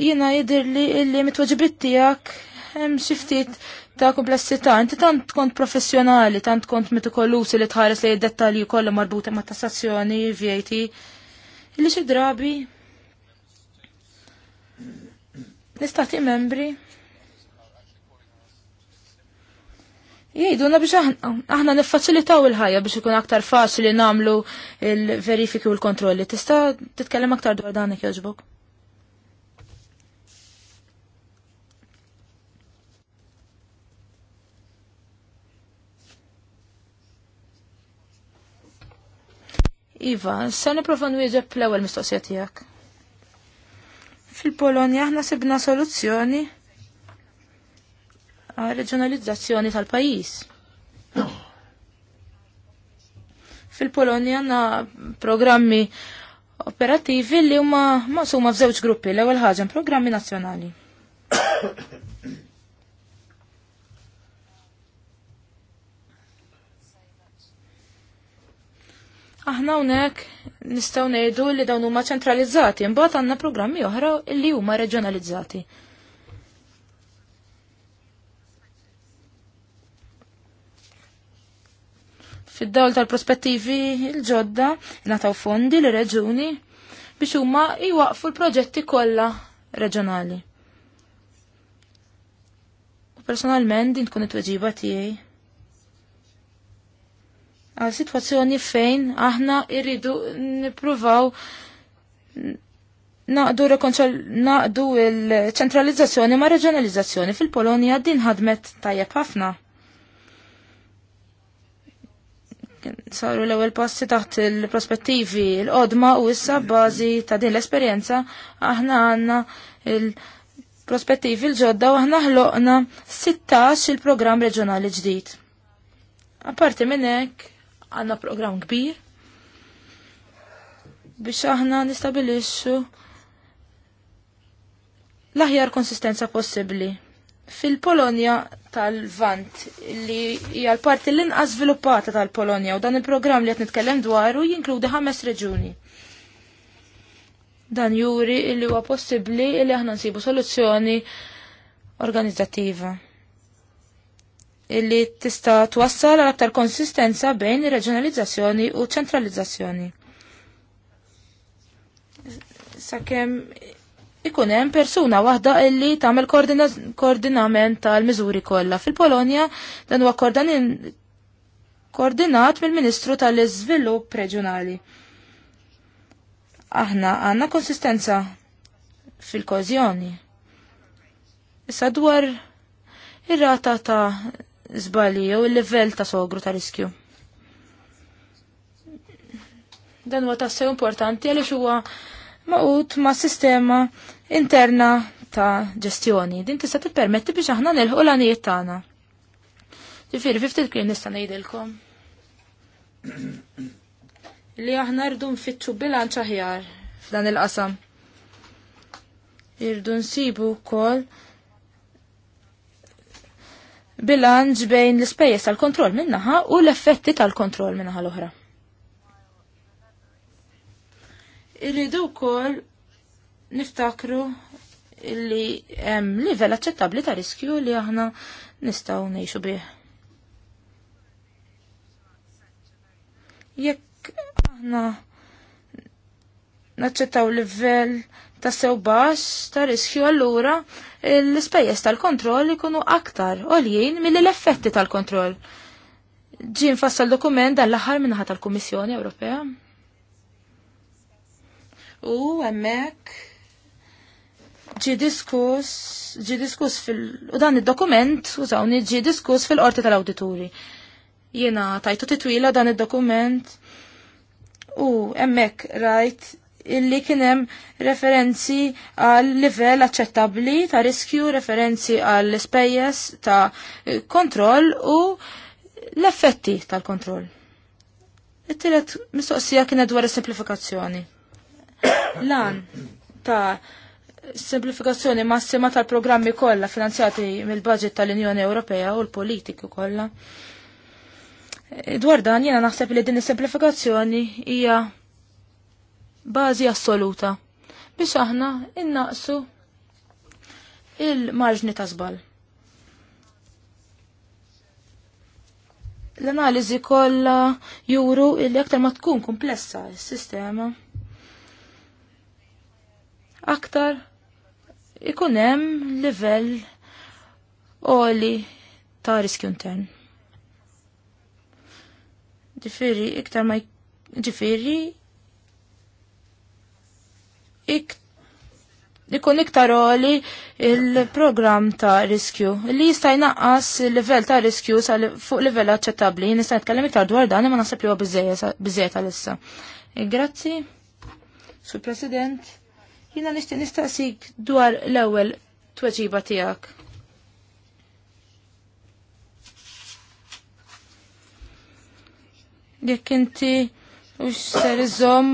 Jiena jidhirli illi mitwaġibit tiegħek hemm xi ftit ta' komplessità. Inti tant kont professjonali, tant kont metikolusi li tħares li d-dettalji kollha marbuta ma' tassazzjoni, vjeti, Illi xi drabi l-istati membri Jgħiduna biex aħna, aħna niffaċilitaw il-ħajja biex ikun aktar faċli namlu il-verifiki u l-kontrolli. Tista' titkellem aktar dwar dan jekk jogħġbok? Iva, se niprofa nwieġeb l-ewwel mistoqsija tiegħek. Fil-Polonja aħna sibna soluzzjoni għal reġjonalizzazzjoni tal-pajis. Fil-Polonja għandna programmi operativi li huma maqsuma f'żewġ gruppi l-ewwel ħaġa programmi nazzjonali. Aħna hawnhekk nistgħu ngħidu li dawn huma ċentralizzati, imbagħad għandna programmi oħra li huma reġjonalizzati. Fid-dawl tal-prospettivi il-ġodda nataw fondi li reġuni biex huma jwaqfu l-proġetti kollha reġjonali. personalment din tkun it-tweġiba tiegħi għal situazzjoni fejn aħna irridu nipruvaw naqdu naqdu il-ċentralizzazzjoni ma' reġjonalizzazzjoni fil-Polonja din ħadmet tajjeb ħafna. Saru l-ewwel passi taħt il-prospettivi l-qodma u issa bażi ta' din l-esperjenza aħna għandna il-prospettivi l-ġodda u aħna ħloqna 16 il-programm reġjonali ġdid. Apparti minn hekk, għanna program kbir biex aħna nistabilixxu l-aħjar konsistenza possibbli. Fil-Polonja tal-Vant li hija l-parti l-inqas sviluppata tal-Polonja u dan il-programm li qed nitkellem dwaru jinkludi ħames reġuni. Dan juri li huwa possibbli li aħna nsibu soluzzjoni organizzattiva illi tista' twassal għal aktar konsistenza bejn ir-reġjonalizzazzjoni u ċentralizzazzjoni. Sakemm ikun hemm persuna waħda illi tagħmel koordinament tal-miżuri kollha. Fil-Polonja dan huwa koordinat mill-Ministru tal-Iżvilupp Reġjonali. Aħna għandna konsistenza fil-kozjoni. Issa dwar ir-rata ta' zbali jew il-livell ta' sogru ta' riskju. Dan huwa tassew importanti għaliex huwa maqut ma' sistema interna ta' ġestjoni. Din tista' tippermetti biex aħna nilħu l-għanijiet tagħna. Ġifieri, fiftit kien nista' ngħidilkom <clears throat> li aħna rdu nfittxu bilanċ aħjar f'dan il-qasam. Irdu nsibu wkoll bilanġ bejn l-ispejjeż tal-kontroll minnaħa u l-effetti tal-kontroll minnaħa l-oħra. Irridu wkoll niftakru li hemm livell aċċettabbli ta' riskju li aħna nistgħu ngħixu bih. Jekk aħna naċċettaw livell ta' sew ta' riskju allura l-ispejjeż tal-kontroll ikunu aktar għoljien mill l-effetti tal-kontroll. Ġi nfassal dokument l aħħar minnaħat tal-Kummissjoni Ewropea. U hemmhekk ġi diskuss ġi diskuss fil u dan id-dokument użawni ġi diskuss fil-qorti tal-awdituri. Jiena tajtu titwila dan id-dokument u hemmhekk rajt illi kienem referenzi għal livell aċċettabli ta' riskju, referenzi għal spejjes ta' kontroll u l-effetti tal-kontroll. It-tielet mistoqsija kienet dwar is-simplifikazzjoni. Lan ta' simplifikazzjoni massima tal-programmi kollha finanzjati mill-budget tal-Unjoni Ewropea u l politiku kollha. Dwar dan jiena naħseb li din is-simplifikazzjoni hija bażi assoluta biex aħna innaqsu il-marġni ta' żball. L-analiżi kollha juru li aktar ma tkun komplessa s-sistema. Aktar ikun hemm livell oli ta' riskju intern. Ġifieri iktar ma ġifieri ikun iktar oli il-programm ta' riskju li jista' jnaqqas il-livell ta' riskju sa fuq livell aċċettabbli. Nista' tkellem iktar dwar dan imma naħseb li huwa biżejjed issa eh, Grazzi, Sur President. Jina nixtieq nistaqsik dwar l-ewwel tweġiba tiegħek. jekk inti u ser iżom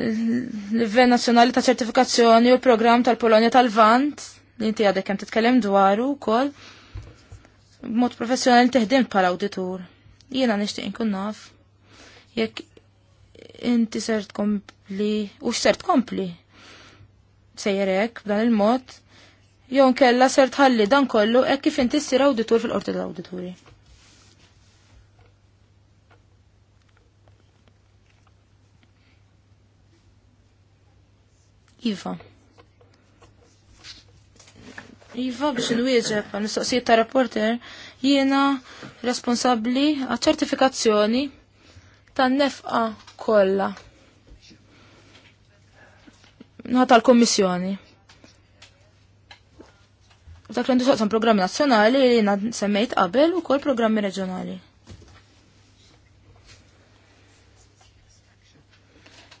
l livell nazzjonali ta' ċertifikazzjoni u l-programm tal-Polonja tal-Vant li inti għadek kem titkellem dwaru wkoll b'mod professjonali teħdim bħala awditur. Jiena nixtieq inkun naf jekk inti ser tkompli u x'ser tkompli Sejjerek b'dan il-mod jew nkella ser tħalli dan kollu hekk kif inti s-sir awditur fil-qorti tal auditori Iva. Iva biex nwieġeb għal mistoqsijiet ta' reporter jiena responsabbli għal ċertifikazzjoni tan-nefqa kollha. Nħa tal-Kommissjoni. Dak li soqsan programmi nazzjonali li jiena semmejt qabel u kol programmi reġjonali.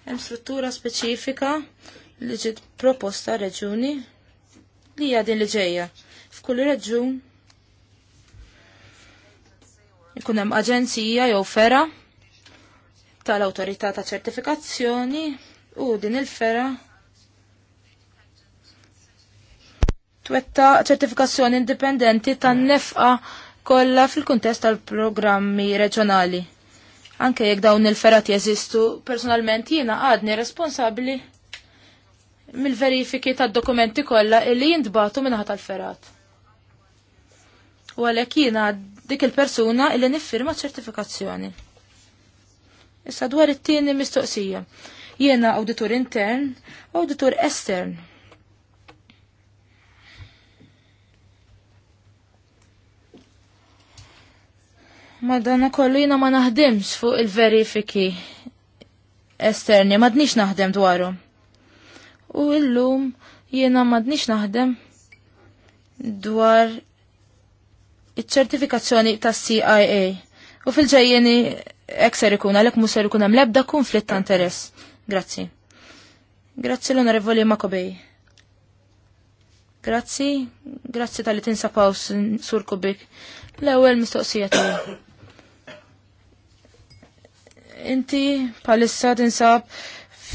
Hemm struttura speċifika li ġiet proposta reġuni li hija din li ġejja. F'kull reġun ikun hemm aġenzija jew fera tal-awtorità ta' ċertifikazzjoni u din il-fera twetta ċertifikazzjoni indipendenti tan-nefqa kollha fil-kuntest tal-programmi reġjonali. Anke jekk dawn il-ferat jeżistu, personalment jiena għadni responsabbli mill-verifiki tad dokumenti kollha li jindbatu minħat tal-ferat. U għalhekk jiena dik il-persuna li niffirma ċertifikazzjoni. Issa dwar it-tieni mistoqsija. Jiena awditur intern, awditur estern. Madonna kollina ma naħdimx fuq il-verifiki esterni, madnix naħdem dwarhom u illum jiena madnix naħdem dwar iċ-ċertifikazzjoni ta' CIA u fil-ġejjeni ekser ikun għalek muser ikun hemm konflitt ta' interess. Grazzi. Grazzi l-onorevoli Makobej. Grazzi, grazzi tal-li tinsa paws sur kubik. L-ewel mistoqsija tiegħi. Inti palissa tinsab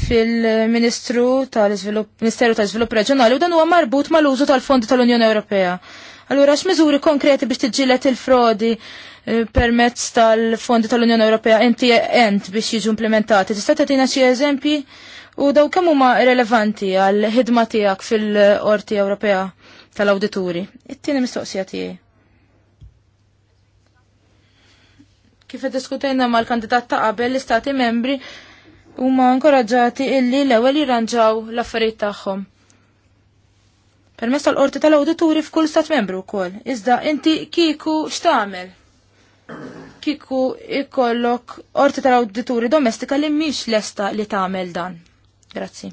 fil-Ministru tal-Iżvilupp Ministeru tal-Iżvilupp Reġjonali u dan huwa marbut mal-użu tal-Fondi tal-Unjoni Ewropea. Allura x'miżuri konkreti biex tiġilet il-frodi eh, permezz tal-Fondi tal-Unjoni Ewropea inti ent biex jiġu implementati. Tista' tagħtina xi eżempji u daw kemm huma relevanti għal ħidma tiegħek fil-Qorti Ewropea tal-Awdituri. It-tieni mistoqsija tiegħi. Kif diskutejna mal-kandidat ta' qabel l-istati membri huma nkoraġġati illi l-ewwel jirranġaw l-affarijiet tagħhom. Permess tal-qorti tal-awdituri f'kull stat membru wkoll. Iżda inti kieku x'tagħmel? Kieku ikollok qorti tal-awdituri domestika li mhix lesta li tagħmel dan. Grazzi.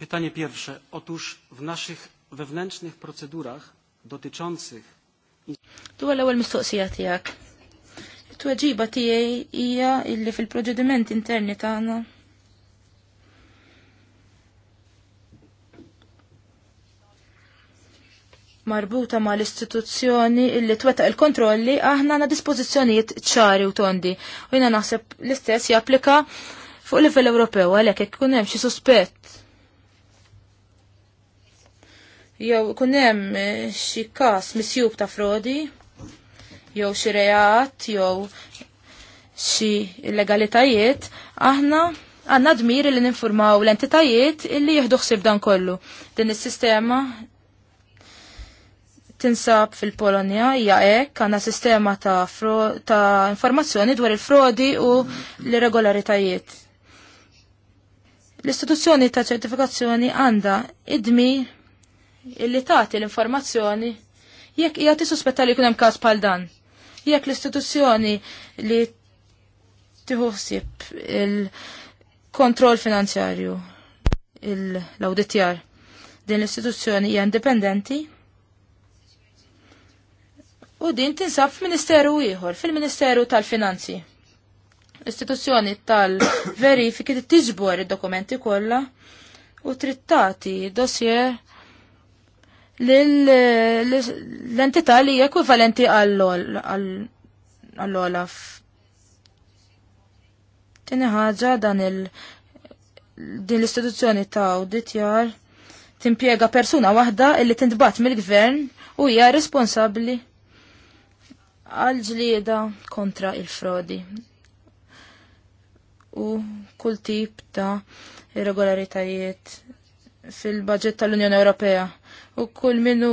Pytanie pierwsze. Otóż w naszych wewnętrznych procedurach dotyczących Tu għal ewwel mistoqsija tiegħek. It-tweġiba tiegħi hija illi fil proġediment interni tagħna marbuta ma l-istituzzjoni illi twetta il-kontrolli aħna għandna dispożizzjonijiet ċari u tondi. U jina naħseb l-istess japplika fuq livell Ewropew għalhekk jekk ikun hemm xi suspett jew kunem hemm eh, xi każ misjub ta' frodi jew xi reat jew xi illegalitajiet, aħna għandna dmir li ninformaw l-entitajiet illi jieħdu ħsieb dan kollu. Din is-sistema tinsab fil-Polonja hija hekk għandna sistema ta', fro, ta informazzjoni dwar il-frodi u l-irregolaritajiet. L-istituzzjoni ta' ċertifikazzjoni għandha id-dmir illi tagħti l-informazzjoni jekk hija tissuspetta li jkun hemm każ bħal dan. Jekk l-istituzzjoni li tiħuħsib il-kontroll finanzjarju l-auditjar din l-istituzzjoni hija indipendenti u din tinsab f'ministeru ieħor, fil-Ministeru tal-Finanzi. L-istituzzjoni tal-verifiki <coughs> tiġbor id-dokumenti kollha u trittati dossier l-entità li hija ekwivalenti għall-Olaf. Tini ħaġa dan il din l-istituzzjoni ta' auditjar timpiega persuna waħda illi tintbat mill-gvern u hija responsabbli għal ġlieda kontra il-frodi u kull tip ta' irregolaritajiet fil-budget tal-Unjoni Ewropea u kull minnu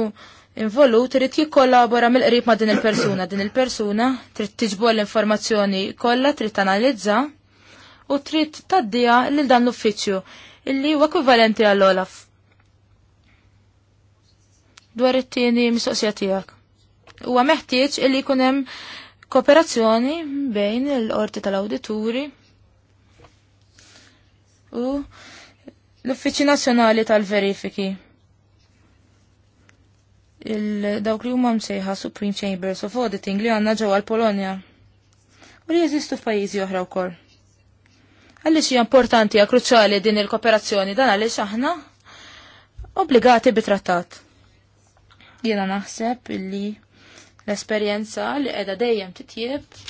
involut irid jikkollabora mill-qrib ma' din il-persuna. Din il-persuna trid tiġbu l-informazzjoni kollha, trid tanalizza u trid taddija lil dan l-uffiċċju illi huwa ekwivalenti għall-Olaf. Dwar it-tieni mistoqsija tiegħek. Huwa meħtieġ illi jkun hemm kooperazzjoni bejn l-qorti tal-awdituri u l-Uffiċċju Nazzjonali tal-Verifiki il-dawk li huma msejħa Supreme Chambers of Auditing li għandna ġewwa l-Polonja. U li jeżistu f'pajjiżi oħra wkoll. Għaliex hija importanti hija kruċjali din il-kooperazzjoni dan għaliex aħna obbligati bit-trattat. Jiena naħseb illi l-esperjenza li qiegħda dejjem titjieb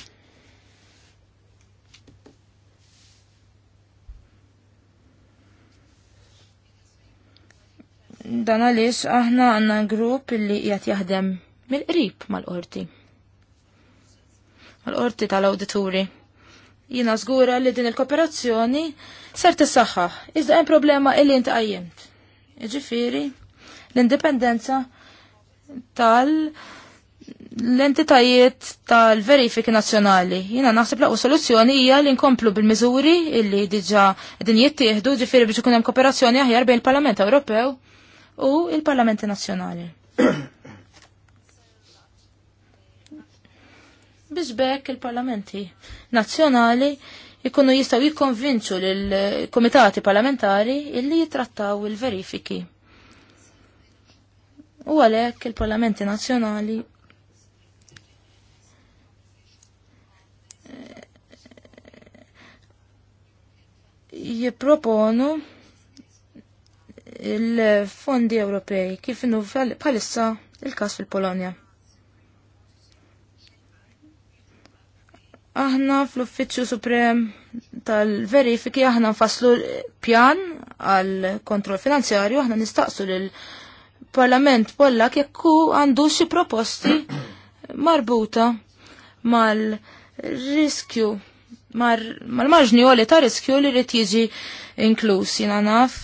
Dan għaliex aħna għandna grupp illi qiegħed jaħdem mill-qrib mal-qorti. Mal-qorti tal-awdituri. Jiena żgura li din il-kooperazzjoni ser tissaħħaħ, iżda hemm problema illi inti għajjent. Jiġifieri l-indipendenza tal- l-entitajiet tal-verifiki nazzjonali. Jina naħseb laqgħu soluzzjoni hija li nkomplu bil-miżuri illi diġà din jittieħdu ġifieri biex ikun hemm kooperazzjoni aħjar bejn il-Parlament Ewropew u il-Parlamenti Nazzjonali. <coughs> Bizbek bekk il-Parlamenti Nazzjonali ikunu jistaw jikkonvinċu l-komitati parlamentari illi jitrattaw il-verifiki. U għalek il-Parlamenti Nazzjonali jiproponu il-fondi Ewropej kif innu bħalissa il-każ fil-Polonja. Aħna fl-Uffiċċju Suprem tal-verifiki aħna nfasslu pjan għal kontroll finanzjarju aħna nistaqsu l parlament Pollak jekku għandu xi proposti marbuta mal-riskju mal-marġni mal, għoli ta' riskju li rrit jiġi inkluż jina naf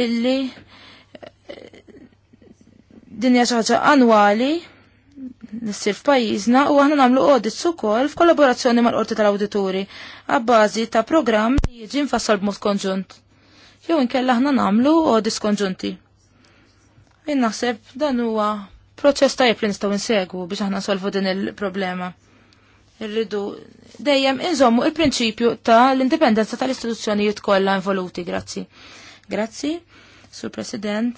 illi dinja ħaġa annwali nissir f'pajjiżna u aħna nagħmlu audits ukoll f'kollaborazzjoni mal-qorti tal-awdituri għabbażi ta' programm li jiġi nfassal b'mod konġunt. Jew inkella aħna nagħmlu audits konġunti. Jien naħseb dan huwa proċess tajjeb li nistgħu insegwu biex aħna nsolvu din il-problema. Irridu dejjem inżommu il-prinċipju ta' l-indipendenza tal-istituzzjonijiet kollha involuti, grazzi. Grazzi, Sur President.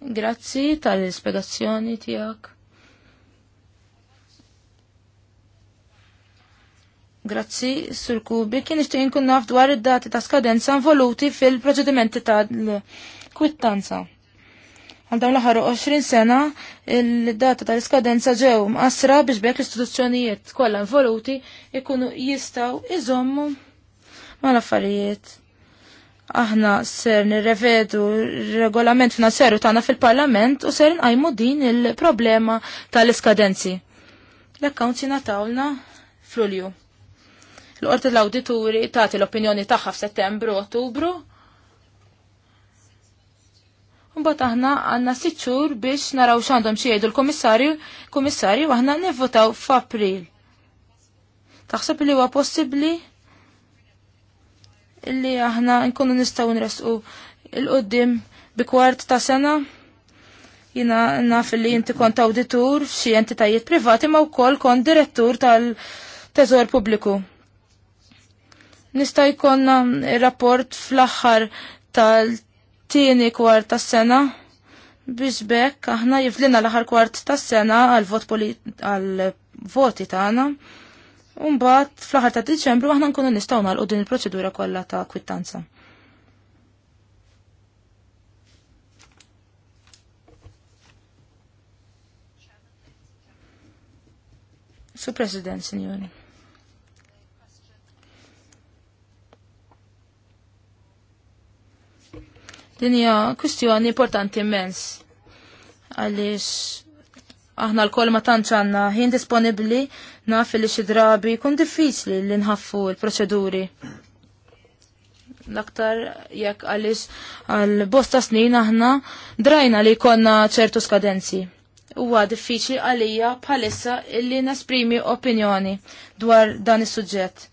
Grazzi tal-spiegazzjoni tijak. Grazzi, Sur Kubi. Kien ixtieq nkun naf dwar id-dati ta' skadenza involuti fil-proċedimenti ta' l-kwittanza. Għal dawn l-aħħar 20 sena, il-data tal-iskadenza ġew mqasra biex bekk l-istituzzjonijiet kollha involuti jkunu jistgħu iżommu mal-affarijiet aħna ser nirrevedu regolament seru tagħna fil-Parlament u ser nqajmu din il-problema tal-iskadenzi. L-accounts jingħatawlna f'Lulju. L-qorti l-awdituri tagħti l-opinjoni tagħha f'Settembru u Ottubru. Mbagħad aħna għandna sitt xhur biex naraw x'għandhom xi jgħidu l-Kummissarju, Kummissarju aħna nivvotaw f'April. Taħseb li huwa possibbli? illi aħna nkunu nistaw nresqu il-qoddim bi kwart ta' sena. Jina naf li jinti kont auditur f'xi entitajiet privati ma' wkoll kont direttur tal-teżor pubbliku. Nista' jkollna rapport fl-aħħar tal-tieni kwart ta' sena biex bekk aħna jiflina l-aħħar kwart ta' sena għal voti tagħna. Ta Umbat, fl-ħar ta' Diċembru aħna nkunu nistgħu nagħlqu din il-proċedura kollha ta' kwittanza. Su President, Signori. Din hija kwistjoni importanti immens Għalix, aħna l-koll ma tantx għandna ħin disponibbli naf li xi drabi jkun diffiċli li nħaffu l-proċeduri. L-aktar jekk għaliex għall bosta snin aħna drajna li jkollna ċertu skadenzi. Huwa diffiċli għalija bħalissa illi nesprimi opinjoni dwar dan is-suġġett.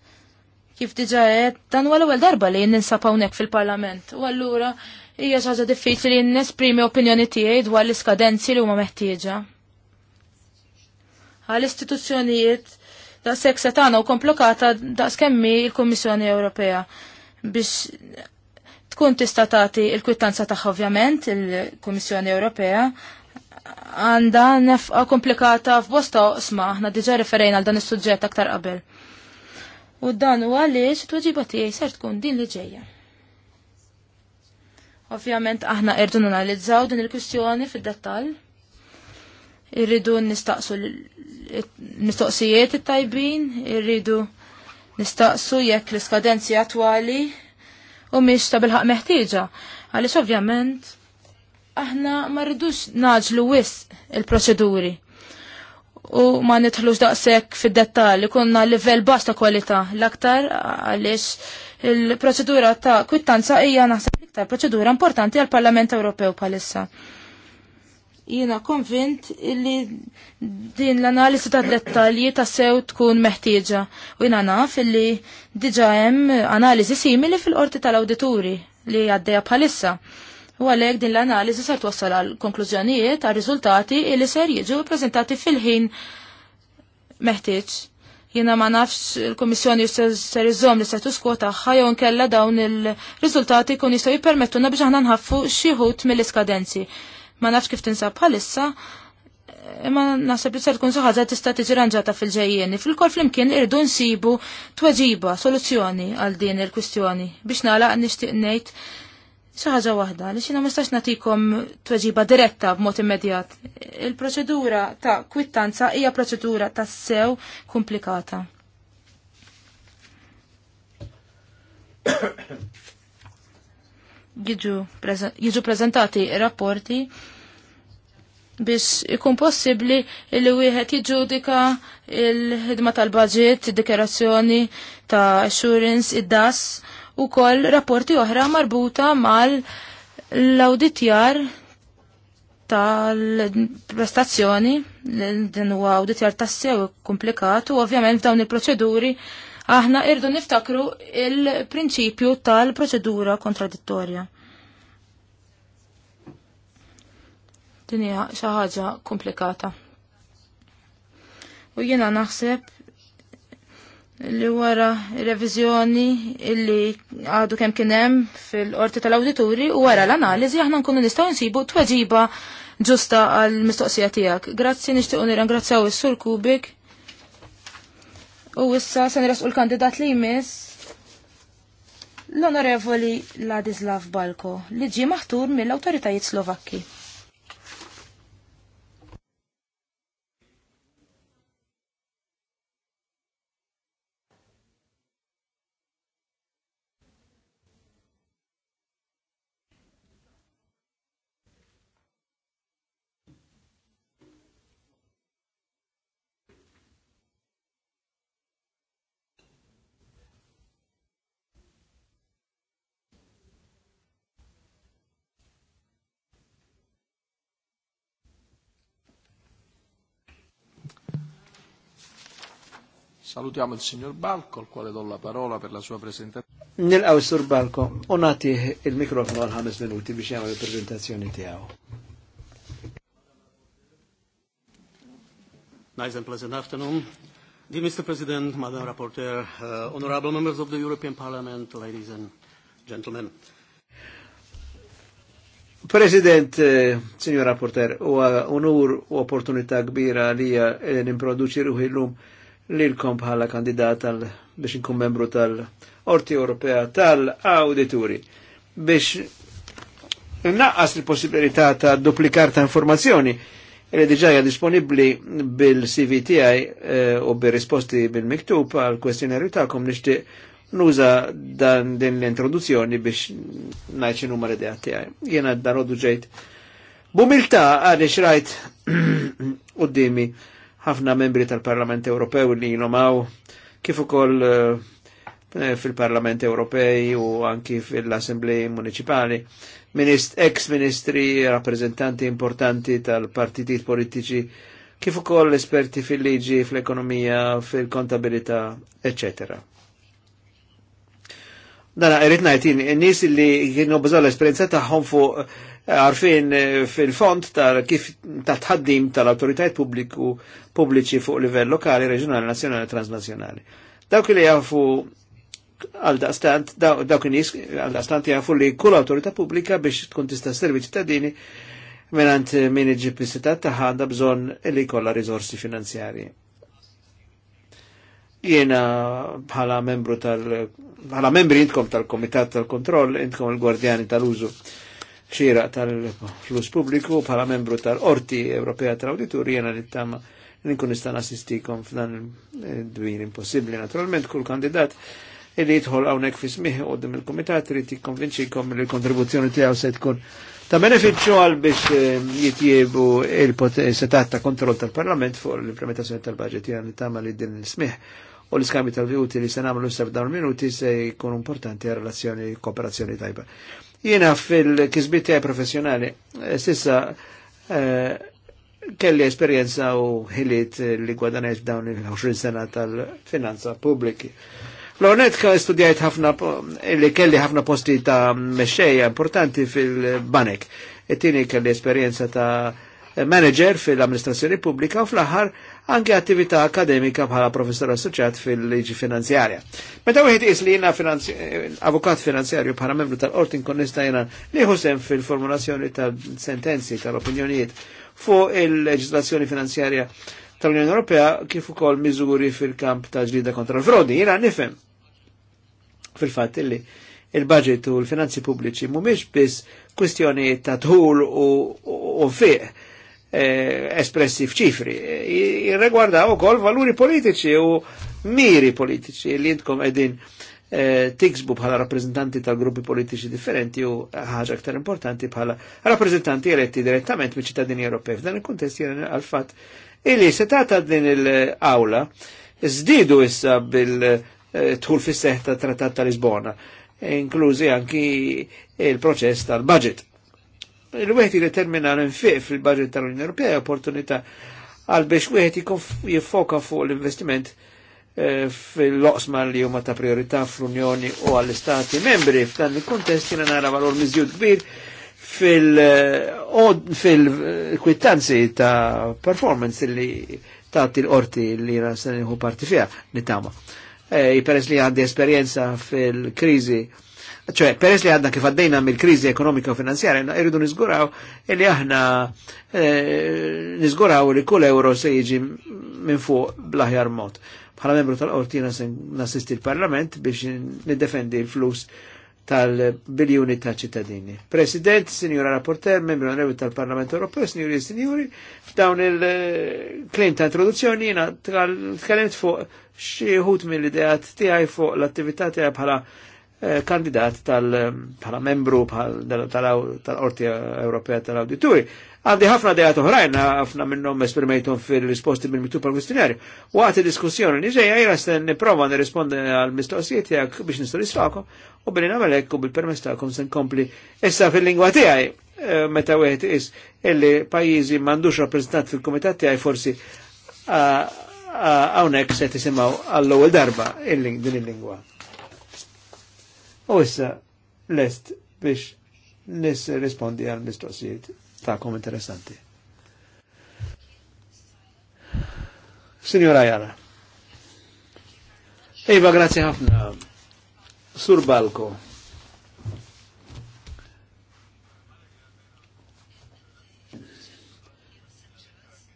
Kif diġa qed dan huwa l-ewwel darba li ninsab hawnhekk fil-Parlament. U allura hija xi ħaġa diffiċli li nesprimi opinjoni tiegħi dwar l-iskadenzi li huma meħtieġa għal istituzzjonijiet da' seksa tagħna u komplokata da' skemmi il-Kummissjoni Ewropea biex tkun tista' tagħti l-kwittanza tagħha ovvjament il-Kummissjoni Ewropea għandha nefqa komplikata f'bosta oqsma aħna diġà referejna għal dan is-suġġett aktar qabel. U dan huwa għaliex it-tweġiba tiegħi ser tkun din li ġejja. Ovvjament aħna qerdu nanalizzaw din il-kwistjoni fid-dettall irridu nistaqsu mistoqsijiet it-tajbin, irridu nistaqsu jekk l-iskadenzi attwali u miex ta' bilħaq meħtieġa. Għaliex ovvjament aħna ma rridux naġlu wis il-proċeduri u ma nitħlux daqshekk fid-dettall ikunna livell basta ta' kwalità l-aktar għaliex il-proċedura ta' kwittanza hija naħseb l-iktar proċedura importanti għall-Parlament Ewropew bħalissa. Jiena konvint illi din l-analiżi ta' dettalji ta' sew tkun meħtieġa u jiena naf illi diġa hemm analiżi simili fil-qorti tal-awdituri li għaddejja bħalissa. U għalhekk din l-analiżi ser wassal għal konklużjonijiet għal riżultati illi ser jiġu ppreżentati fil-ħin meħtieġ jina ma nafx il-Komissjoni ser iżom li ser quo tagħha jew nkella dawn il-riżultati kun jistgħu jippermettuna biex aħna nħaffu xi mill-iskadenzi ma nafx kif tinsab bħalissa, imma naħseb li ser tkun soħħaġa tista' tiġi ranġata fil ġejjien Fil-kol flimkien irdu nsibu tweġiba, soluzzjoni għal din il-kwistjoni biex nagħlaq nixtieq ngħid xi ħaġa waħda li xina ma nistax nagħtikom tweġiba diretta b'mod immedjat. Il-proċedura ta' kwittanza hija proċedura ta' sew komplikata. <coughs> <coughs> <coughs> jiġu prezentati rapporti biex ikun possibli li wieħed jiġġudika il-ħidma tal-budget, id-dikerazzjoni ta' assurance, id-das u koll rapporti oħra marbuta mal l-auditjar tal-prestazzjoni, din huwa auditjar tassew komplikat u ovvjament f'dawn il-proċeduri Aħna irdu niftakru il-prinċipju tal-proċedura kontradittorja. Din hija xi ħaġa komplikata. U jiena naħseb li wara revizjoni illi għadu kem kienem fil-qorti tal-awdituri u wara l-analizi aħna nkunu nistaw nsibu tweġiba ġusta għal-mistoqsija tijak. Grazzi nishtiqu nirangrazzaw is-sur Kubik U issa se nresqu l-kandidat li jmiss l-Onorevoli Ladislav Balko li ġie maħtur mill-awtoritajiet Slovakki. Salutiamo il signor Balco, al quale do la parola per la sua presentazione. Nilqaw signor Balco, unati il microfono al Hames minuti biex jgħamil presentazioni di tiegħu. Nice and pleasant afternoon. Dear Mr. President, Madam Rapporteur, uh, honorable members of the European Parliament, ladies and gentlemen. President, eh, signor Rapporteur, ho un'opportunità uh, u opportunità kbira li uh, nimproduċi ruħi l-lum lilkom bħala kandidat tal biex nkun membru tal-Orti Ewropea tal-Awdituri biex naqqas il-possibilità ta' duplikar ta' informazzjoni li diġaja disponibli bil cvti eh, u bil-risposti bil-miktub għal kwestjonarju ta'kom nixtieq nuża dan din l-introduzzjoni biex najċi huma l-idea tiegħi. Jiena oddu ġejt. Bumilta għadix rajt <clears throat> qudiemi ħafna membri tal-Parlament Ewropew li jinomaw kif ukoll eh, eh, fil-Parlament Ewropej u anki fil-Assemblej Municipali, minist, ex-ministri, rappresentanti importanti tal-partitit politiċi, kif ukoll esperti fil-liġi, fil-ekonomija, fil-kontabilità, eccetera. Dana, irrit najtin, n-nis li kienu bżol l-esperienza taħħom fuq għarfin eh, fil-font tal kif ta' tħaddim tal autoritajt pubbliku pubbliċi fuq livell lokali, reġjonali, nazjonali, transnazzjonali. Dawk li jafu għal dastant dawk nies għal dastant jafu li kull autorita pubblika biex tkun tista' servi ċittadini menant min iġipisita ta' ħanda bżonn li kolla rizorsi finanzjarji. Jiena bħala membru tal bħala membri intkom tal-Komitat tal-Kontroll, intkom il-Gwardjani tal-Użu. tal komitat tal kontroll intkom il gwardjani tal użu tal il gwardjani tal użu xira tal-flus pubbliku bħala membru tal-Orti Ewropea tal-Awdituri jena nittama nkun nista' nassistikom f'dan dwin impossibli impossibbli. Naturalment kull kandidat illi jidħol hawnhekk fi smih dim il-kumitat irid jikkonvinċikom li l-kontribuzzjoni tiegħu se tkun ta' benefiċċju għal biex ehm, jitjiebu il-setat ta' kontroll tal-Parlament fuq l-implementazzjoni tal-budget jgħan li din il-smih u l iskambi tal-vjuti li se nagħmlu issa f'dawn minuti se jkun importanti għal relazzjoni kooperazzjoni tajba. Jiena fil-kizbit professjonali eh, s'issa eh, kelli esperjenza u ħiliet li gwadanajt dawn il-20 sena tal-finanza publiki. L-onet studijajt ħafna, li kelli ħafna posti ta' mexxejja importanti fil-banek. Ittini e kelli esperienza ta' manager fil-amministrazzjoni pubblika u fl-aħħar anke attività akademika bħala professor assoċjat fil-liġi finanzjarja. Meta wieħed is li jiena eh, avukat finanzjarju bħala membru tal-qorti nkonista jiena nieħu sem fil-formulazzjoni tal-sentenzi tal-opinjonijiet fuq il-leġislazzjoni finanzjarja tal-Unjoni Ewropea kif ukoll miżuri fil-kamp ta' ġlida kontra l-frodi. Jiena nifhem fil-fatt illi il-budget u l-finanzi pubbliċi mhumiex biss kwistjoni ta' tħul u, u, u fiq Eh, espressi f'ċifri. Jirregwardaw ukoll valuri politiċi u miri politiċi li jintkom edin eh, tiksbu bħala rappresentanti tal-gruppi politiċi differenti u ħaġa aktar importanti bħala rappresentanti eletti direttament mill ċittadini Ewropej. F'dan il-kuntest jiren għal-fat illi setata din il-awla zdidu issa bil-tħul fis seħta trattat tal-Lisbona, inklużi anki il-proċess tal-budget il-wieħed termina l-infiq fil-budget tal-Unjoni Ewropea opportunità għal biex wieħed jiffoka fuq l-investiment eh, fil-loqsma li huma ta' priorità fl-Unjoni u għall-Istati membri. F'dan il kuntest jiena nara valur miżjud kbir eh, fil-kwittanzi ta' performance li tagħti l-qorti li jiena se parti fiha nitama. Eh, peress li għandi esperjenza fil-kriżi ċoħe, peres li għadna kif għaddejna mill-krizi ekonomika u finanzjarja, irridu nizguraw li aħna eh, nizguraw li kull euro se jiġi minn fuq blaħjar mod. Bħala membru tal-qorti nasisti l-parlament biex nidefendi l-flus tal-biljuni ta' ċittadini. President, Signora Rapporter, Membru onorevoli tal-Parlament Ewropew, Signori e Signori, f'dawn il-klim ta' introduzzjoni jina tkellimt fuq xi mill-ideat tiegħi fuq l-attività tiegħi bħala Eh, kandidat tal eh, membru tal-Orti Ewropea tal-Awdituri. Għandi ħafna dejat uħrajn, ħafna minnom esprimejtom fil-risposti minn mitu pal kustinari Waqt il-diskussjoni nġeja, jira sten niprofa nirrispondi għal-mistoqsijiet jgħak biex nistorissfakom u billi namelek u bil-permess tagħkom sen kompli issa fil-lingwa tiegħi. Eh, meta wieħed is illi pajjiżi m'għandux rappreżentant fil-kumitat tiegħi forsi hawnhekk se tisimgħu għall-ewwel darba din il-lingwa. U issa lest biex nis rispondi għal mistoqsijiet ta'kom interessanti. Signora Jara. Iva, grazie ħafna. Sur Balko.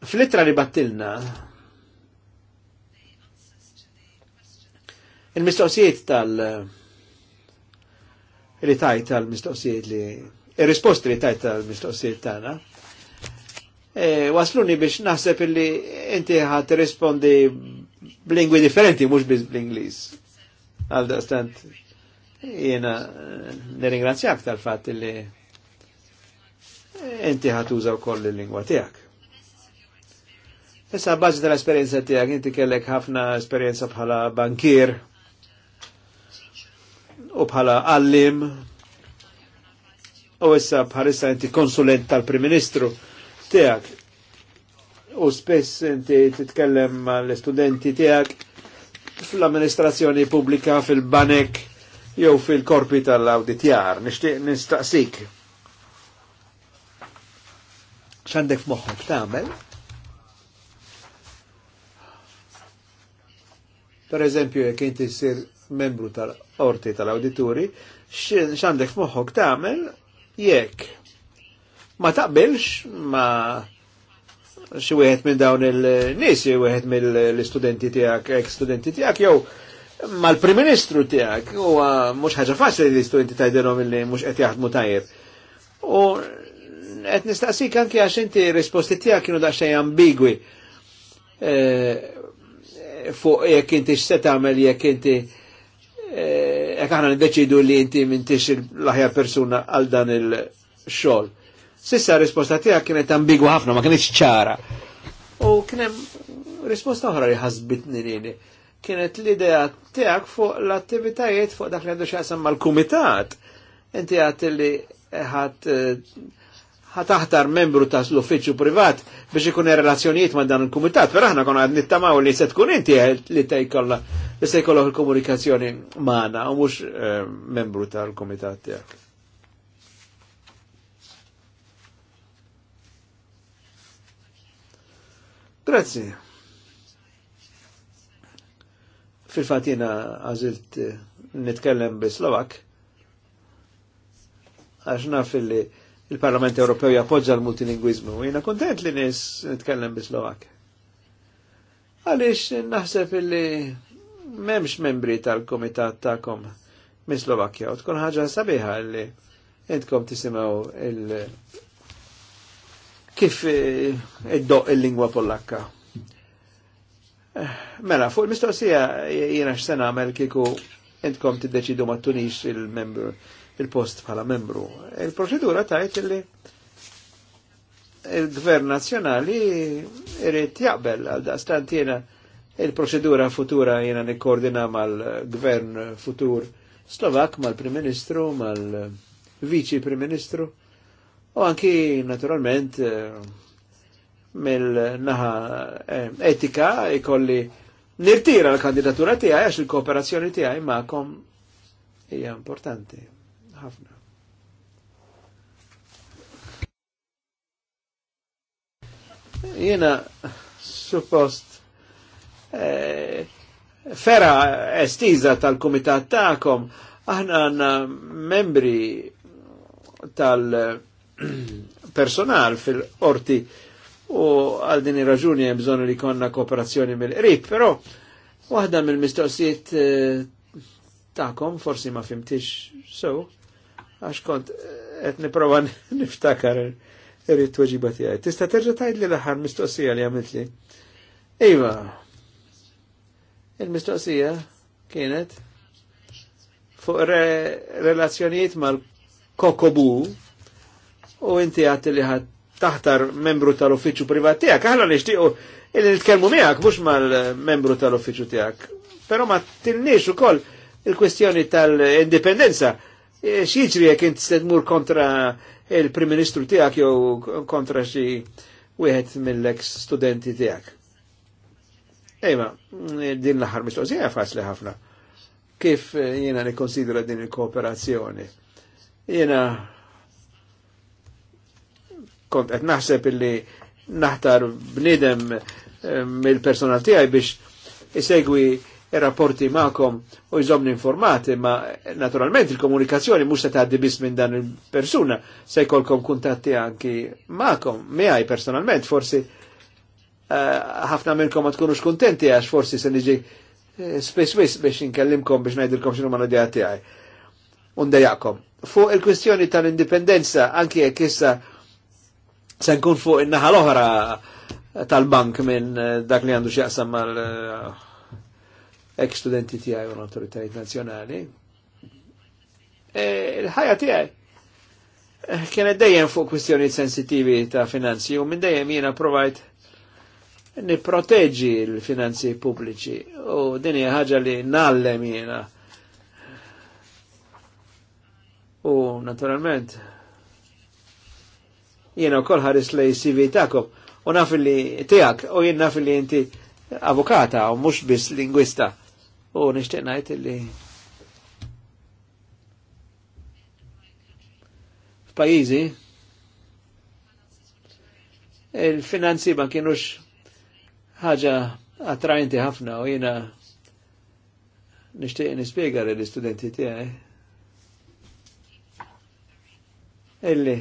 Flittra li battilna, il-mistoqsijiet tal- uh, li e tajt għal-mistoqsijiet li, il-risposti li tajt għal-mistoqsijiet tagħna. E, wasluni biex naħseb li inti ħat rispondi b'lingwi differenti, mux biz bl-Inglis. Għal-dastant, jena neringrazzjak tal-fat li inti ħat użaw koll il-lingwa tijak. Issa bazi tal-esperienza tijak, inti kellek ħafna esperienza bħala bankier, u bħala għallim u issa bħalissa inti konsulent tal-Prim Ministru tijak U spess inti titkellem mal-studenti tiegħek fl-amministrazzjoni pubblika fil-banek jew fil-korpi tal-awditjar. Nixtieq nistaqsik. X'għandek f'moħħok tagħmel? Per eżempju, jek inti sir membru tal-orti tal-awdituri x'għandek f'moħħok tagħmel jekk ma taqbilx ma xi wieħed minn dawn il-nies, xi wieħed mill-istudenti tiegħek, ek-studenti tiegħek jew mal-Prim Ministru tiegħek huwa mhux ħaġa faċli li l-istudenti tgħidilhom illi mhux qed jaħdmu tajjeb. U qed nistaqsik anke għax inti risposti tiegħek kienu daqsxejn ambigwi eh, fuq jekk inti x'se tagħmel jekk inti jek eh, aħna ndeċidu li inti mintix l-aħjar persuna għal dan il-xol. Sissa risposta tiegħek kienet ambigwa ħafna, ma kienet ċara. U kien hemm risposta oħra li ħasbitni lili. Kienet l-idea tiegħek fuq l-attivitajiet fuq dak li għandu xaqsam mal-kumitat. Inti għat li ħat eh, ħataħtar membru ta' l-uffiċċju privat biex ikun relazzjonijiet ma' dan il-kumitat, per aħna konna għad nittamaw li se tkun inti li tajkolla issa jkollok il-komunikazzjoni maħna u mux eh, membru tal-komitat tijak. Grazzi. Fil-fat jena għazilt eh, nitkellem bi Slovak, għax naf li il-Parlament Ewropew jappoġġa l-multilingwizmu, jena kontent li nis nitkellem bi Slovak. Għalix naħseb li memx membri tal-komitat ta'kom minn Slovakkja u tkun ħaġa sabiħa li intkom tisimaw il- kif eh, id il-lingwa pollakka. Eh, mela, fuq il-mistoqsija jiena x-sena għamel kiku intkom t-deċidu ma tunix il-membru, il-post bħala membru. Il-proċedura tajt li il-gvern nazjonali irrit jaqbel għal daqstant Il-proċedura futura jena nikkoordina mal-gvern futur Slovak, mal-Prim Ministru, mal vici Prim Ministru u anki naturalment eh, mill-naħa eh, etika ikolli nirtira l-kandidatura tiegħi għax il-kooperazzjoni tiegħi ma'kom hija importanti ħafna. Jiena suppost Eh, fera estiza tal-komitat ta'kom, aħna għanna membri tal-personal <clears throat> fil-orti u għal din raġuni hemm bżonn li konna kooperazzjoni mill-qrib, però waħda mill-mistoqsijiet eh, ta'kom forsi ma fimtix so, għax kont eh, qed niprova <laughs> niftakar irrid tweġiba tiegħi. Tista' terġa' tgħidli l-aħħar mistoqsija li għamiltli. Iva, Il-mistoqsija kienet fuq re relazzjonijiet mal-kokobu u inti għat li għat taħtar membru tal-uffiċu privat tijak, aħna nishtiqu illi nitkelmu miegħek mhux mal-membru tal-uffiċu tijak. Però ma tilniex ukoll il-kwestjoni tal-indipendenza. E, Xieġri jekk inti sedmur kontra il-Prim Ministru tijak jew kontra xi wieħed mill-ex studenti tijak. Ejma, din l-ħar mistoqsija faċli ħafna. Kif eh, jena nikonsidra din il-kooperazzjoni? Jena kont qed naħseb illi naħtar bnidem eh, mill-personal tiegħi biex isegwi rapporti ma'kom u jżomni informati, ma naturalment il-komunikazzjoni mhux se tgħaddi biss minn dan il-persuna, se jkollkom kuntatti anki ma'kom, miegħi personalment, forsi Eh, ħafna minnkom ma tkunux kontenti għax forsi se niġi eh, space wis biex nkellimkom biex najdilkom xinu ma nadja Unde Undejakom. Fuq il-kwistjoni tal-indipendenza, anki jekk issa se nkun fuq il-naħal oħra tal-bank minn eh, dak li għandu xieqsam mal ex studenti tiegħi u l-autoritajiet nazzjonali. Il-ħajja tiegħi kienet dejjem fuq kwistjoni sensitivi ta' finanzi u minn dejjem jiena provajt niproteġi l-finanzi pubbliċi u din hija ħaġa li nallem jiena. U naturalment jiena wkoll ħaris lej CV takom u naf li tiegħek u jien naf li inti avukata u mhux biss lingwista u nixtieq ngħid li f'pajjiżi il-finanzi ma kienux ħaġa attrajnti ħafna u jina nishtiq nispiega l istudenti tiegħi. Illi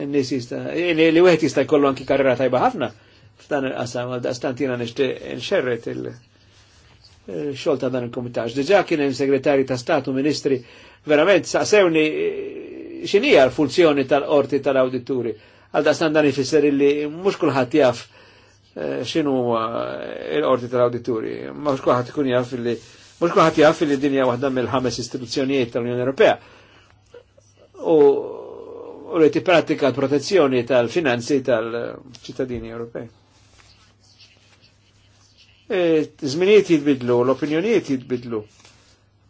n-nis jista, li wieħed jista' jkollu anki karriera tajba ħafna f'dan il-qasam għal daqstantina nixtieq nxerret il-xogħol ta' dan il-kumitax. Diġà kien hemm segretari ta' Statu Ministri verament saqsewni x'inhija l-funzjoni tal-qorti tal-awdituri. tal qorti tal awdituri tal Għal dasnan dan ifisser illi mux kullħat jaf eh, xinu eh, l-ordi tal-auditori, mux kullħat kun jaff illi mux kullħat jaff illi dinja wahda mill-ħames istituzzjonijiet tal-Unjoni Ewropea. U li ti pratika protezzjoni tal-finanzi tal-ċittadini Ewropej. Zminijiet e, jitbidlu, l-opinjonijiet jitbidlu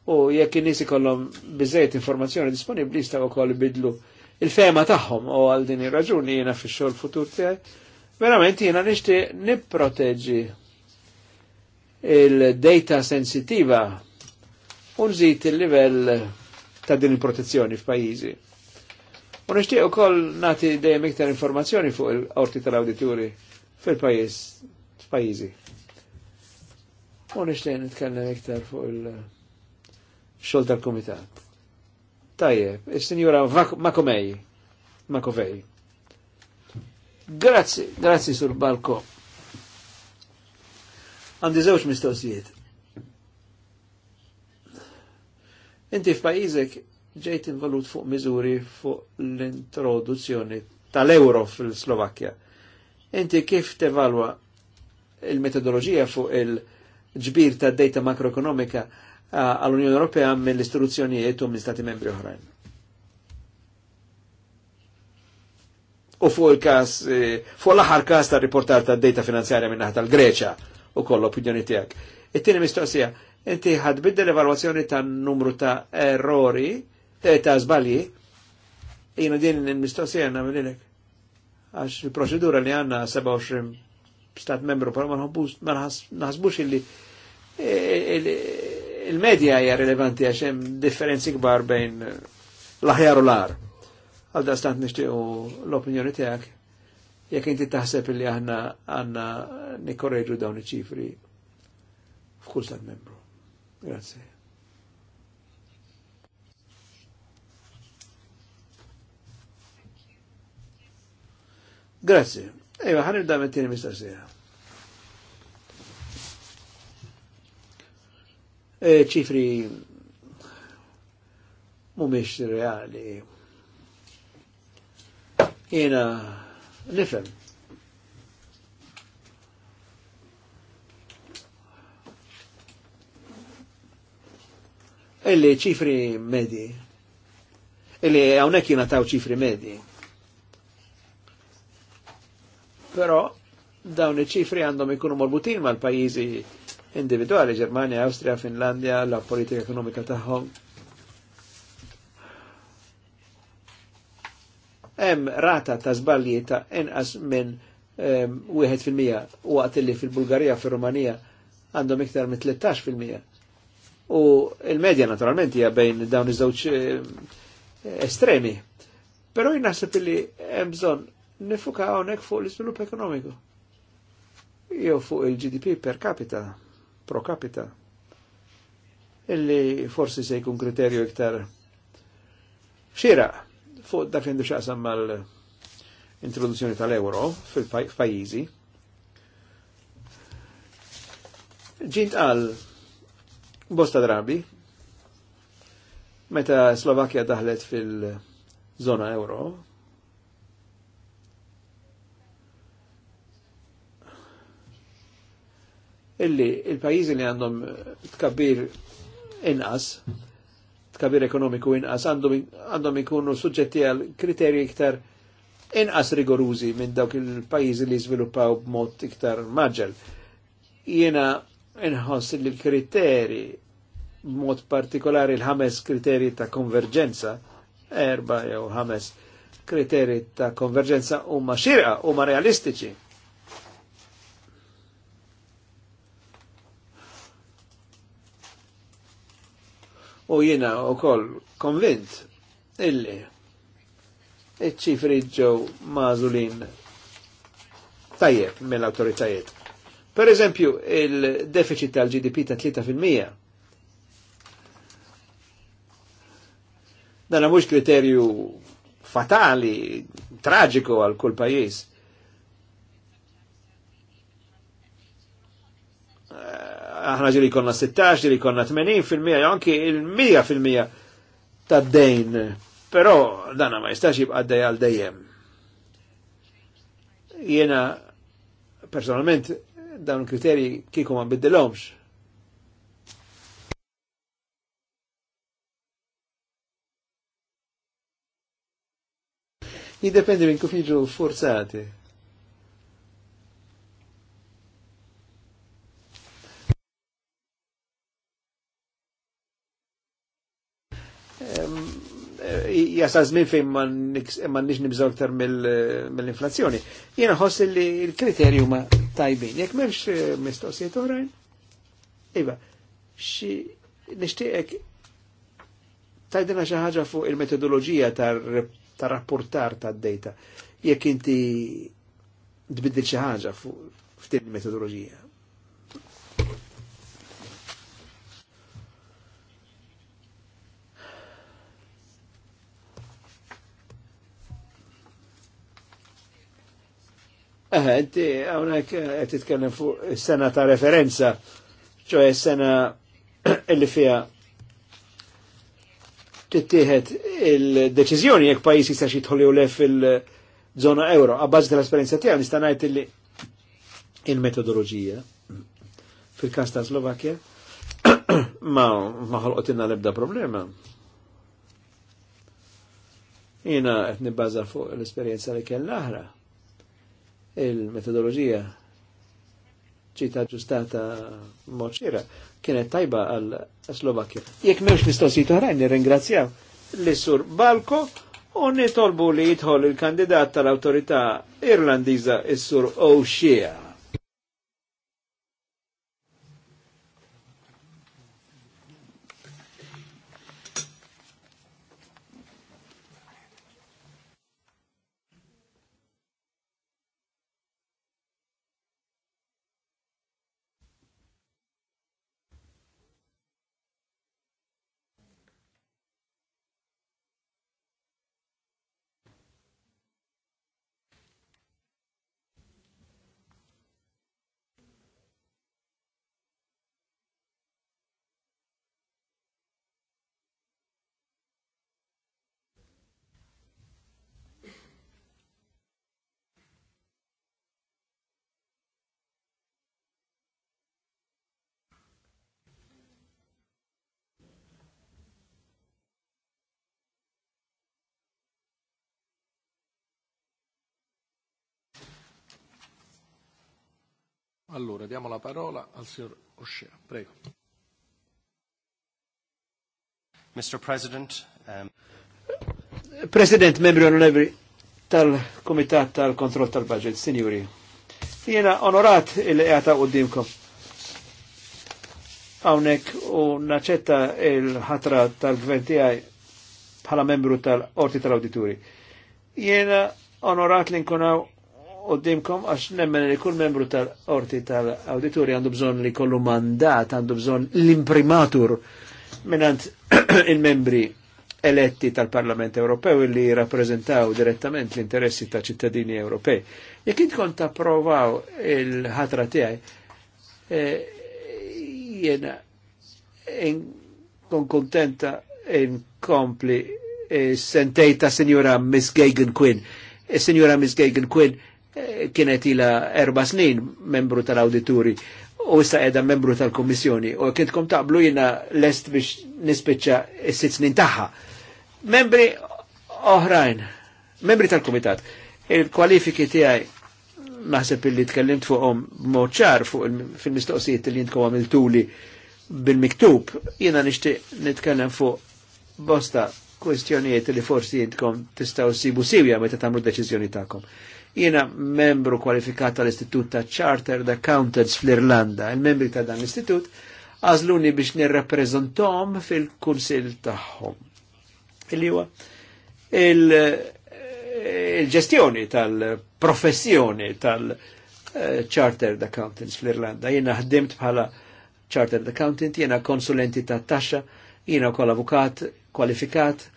u jekk in kollom bizzejt informazzjoni informazzjoni disponibbli u wkoll ibidlu il-fema taħħom u għal din ir-raġuni jiena fix-xogħol futur tiegħi verament jiena nixtieq nipproteġġi il-data sensitiva u nżid il-livell ta' din il-protezzjoni f'pajjiżi. U nixtieq ukoll nagħti dejjem iktar informazzjoni fuq il-qorti tal-awdituri fil-pajjiż f'pajjiżi. U nixtieq nitkellem iktar fuq il-xogħol tal-kumitat. Tajjeb, il-Sinjura Makomej. Makovej. Grazzi, grazzi sur Balko. Għandi zewġ mistoqsijiet. Inti f'pajjiżek ġejt involut fuq miżuri fuq l-introduzzjoni tal-euro fil-Slovakkja. Inti kif tevalwa il-metodologija fuq il-ġbir ta' data makroekonomika Eh, għall-Unjoni Ewropea mill-istituzzjonijiet u mill-Stati membri oħrajn. U fuq il-kas, eh, fuq l-aħħar kas ta' riportar ta' data finanzjarja minn minnaħ tal greċja u koll opinjoni tiegħek. It-tieni mistoqsija, inti l evalwazzjoni ta' numru ta' errori, eh, ta' żbalji, jiena din il-mistoqsija namililek. Għax il-proċedura li għanna 27 stat membru, pero ma naħsbux illi il-medja hija rilevanti għax hemm differenzi kbar bejn l-aħjar u l-ar. Għal da stant nixtiequ l-opinjoni tiegħek jekk inti taħseb li aħna għandna nikkorreġu dawn iċ-ċifri f'kull stat membru. Grazie. Grazie. Ejwa, ħan il-dam it-tieni E, ċifri mumiex reali. Jena nifem. Illi ċifri medi. Illi għawnek jina taw ċifri medi. però dawn iċ-ċifri għandhom ikunu morbutin mal-pajizi individuali, Germania, Austria, Finlandja, la politika ekonomika tagħhom. Hemm rata ta' żbalji ta' inqas minn ehm, wieħed fil-mija waqt li fil-Bulgarija fir-Rumanija għandhom iktar minn 13 fil-mija. U il-medja naturalment hija bejn dawn iż-żewġ ehm, estremi. Però jnaħseb li hemm bżonn nifuka hawnhekk fuq l-iżvilupp ekonomiku jew fuq il-GDP per capita pro capita illi forsi se jkun kriterju iktar xira fuq dak li xaqsam mal-introduzzjoni tal-euro fil-pajizi. Ġint għal bosta drabi meta Slovakia daħlet fil-zona euro illi il-pajizi li għandhom eh, tkabir inqas, tkabir ekonomiku inqas, għandhom ikunu suġġetti għal kriteri iktar inqas rigorużi minn dawk il-pajizi li sviluppaw b'mod iktar maġġel. Jiena inħoss li l-kriteri b'mod partikolari l-ħames kriteri ta' konverġenza, erba jew ħames kriteri ta' konverġenza huma xirqa, huma realistiċi u jina u koll konvint illi iċ-ċifri mażulin tajjeb mill-autoritajiet. Per eżempju, il-deficit tal-GDP ta' 3%. Dan mhux kriterju fatali, traġiku għal kull pajis. aħna ġiri konna 16, ġiri konna 80%, fil-mija, anki il-100% ta' dejn. Pero dana ma jistax jibqa' dej għal dejjem. Jena personalment dawn kriteri kieku ma biddilomx. Jidependi minn kufiġu forzati. jasal żmien fejn ma nix nibżaw aktar mill-inflazzjoni. Jiena ħoss li l-kriterju ma tajbin. Jekk m'hemmx eh, mistoqsijiet uħrajn? Iba, xi nixtieqek tajdina xi ħaġa fuq il metodologija tar-rapportar tad-data. Jekk inti tbiddil xi ħaġa fuq f'din metodologija. Inti għonek għet eh, titkellem fuq sena ta' referenza, ċoħe sena <clears throat> illi fija tittieħed il-deċizjoni jekk pajis jistax jitħolli u lef il-zona euro. Għabbażi tal-esperienza tiegħu nista' ngħid illi il-metodoloġija fil-każ ta' Slovakkja <clears throat> ma ma ħolqotilna l-ebda problema. Jiena qed nibbaża fuq l-esperjenza li kell l-aħra il-metodologija ċita ġustata moċira kienet tajba għal Slovakia. Jek mewx mistoqsijiet oħrajn nirringrazzjaw l-Sur Balko u nitolbu li jitħol il-kandidat tal autorita irlandiza, il sur O'Shea. Allora, diamo la parola al signor Oscea. Prego. Mr. President. Um... President, membri onorevoli tal-Komitat tal-Kontroll tal-Budget, signori. Jena onorat il eata u dimkom. Għawnek u naċetta il-ħatra tal-gvern tijaj bħala membru tal-Orti tal-Auditori. Jena onorat li qoddimkom għax nemmen li kull membru tal-orti tal-auditori għandu bżon li kollu mandat, għandu bżon l-imprimatur minnant <clears throat> il-membri eletti tal-Parlament Ewropew li rappresentaw direttament l-interessi ta' ċittadini Ewropej. Jek intkom eh, eh, ta' provaw il-ħatra tijaj, jena kon kontenta in inkompli sentejta Signora Miss Gagan Quinn. Eh, Signora Miss Gagan Quinn kienet ila erba snin membru tal-awdituri u issa edha membru tal-Kommissjoni u kientkom taqblu jina lest biex nispiċċa s-sitt snin taħħa. Membri oħrajn, membri tal-Komitat, il-kwalifiki tiegħi naħseb illi tkellimt fuqhom mod ċar fuq fil-mistoqsijiet li jintkom għamiltuli bil-miktub, jina nixtieq nitkellem fuq bosta kwestjonijiet li forsi jintkom tistgħu sibu sibja meta tagħmlu deċiżjoni tagħkom. Jiena membru kwalifikat tal-Istitut ta' Chartered Accountants fl-Irlanda. Il-membri ta' dan l-Istitut għazluni biex nirrappreżentom fil-kunsil tagħhom. Il huwa il-ġestjoni il ġestjoni tal tal-Chartered Accountants fl-Irlanda. Jiena ħdimt bħala Chartered Accountant, jiena konsulenti ta' taxxa, jiena kol avukat kwalifikat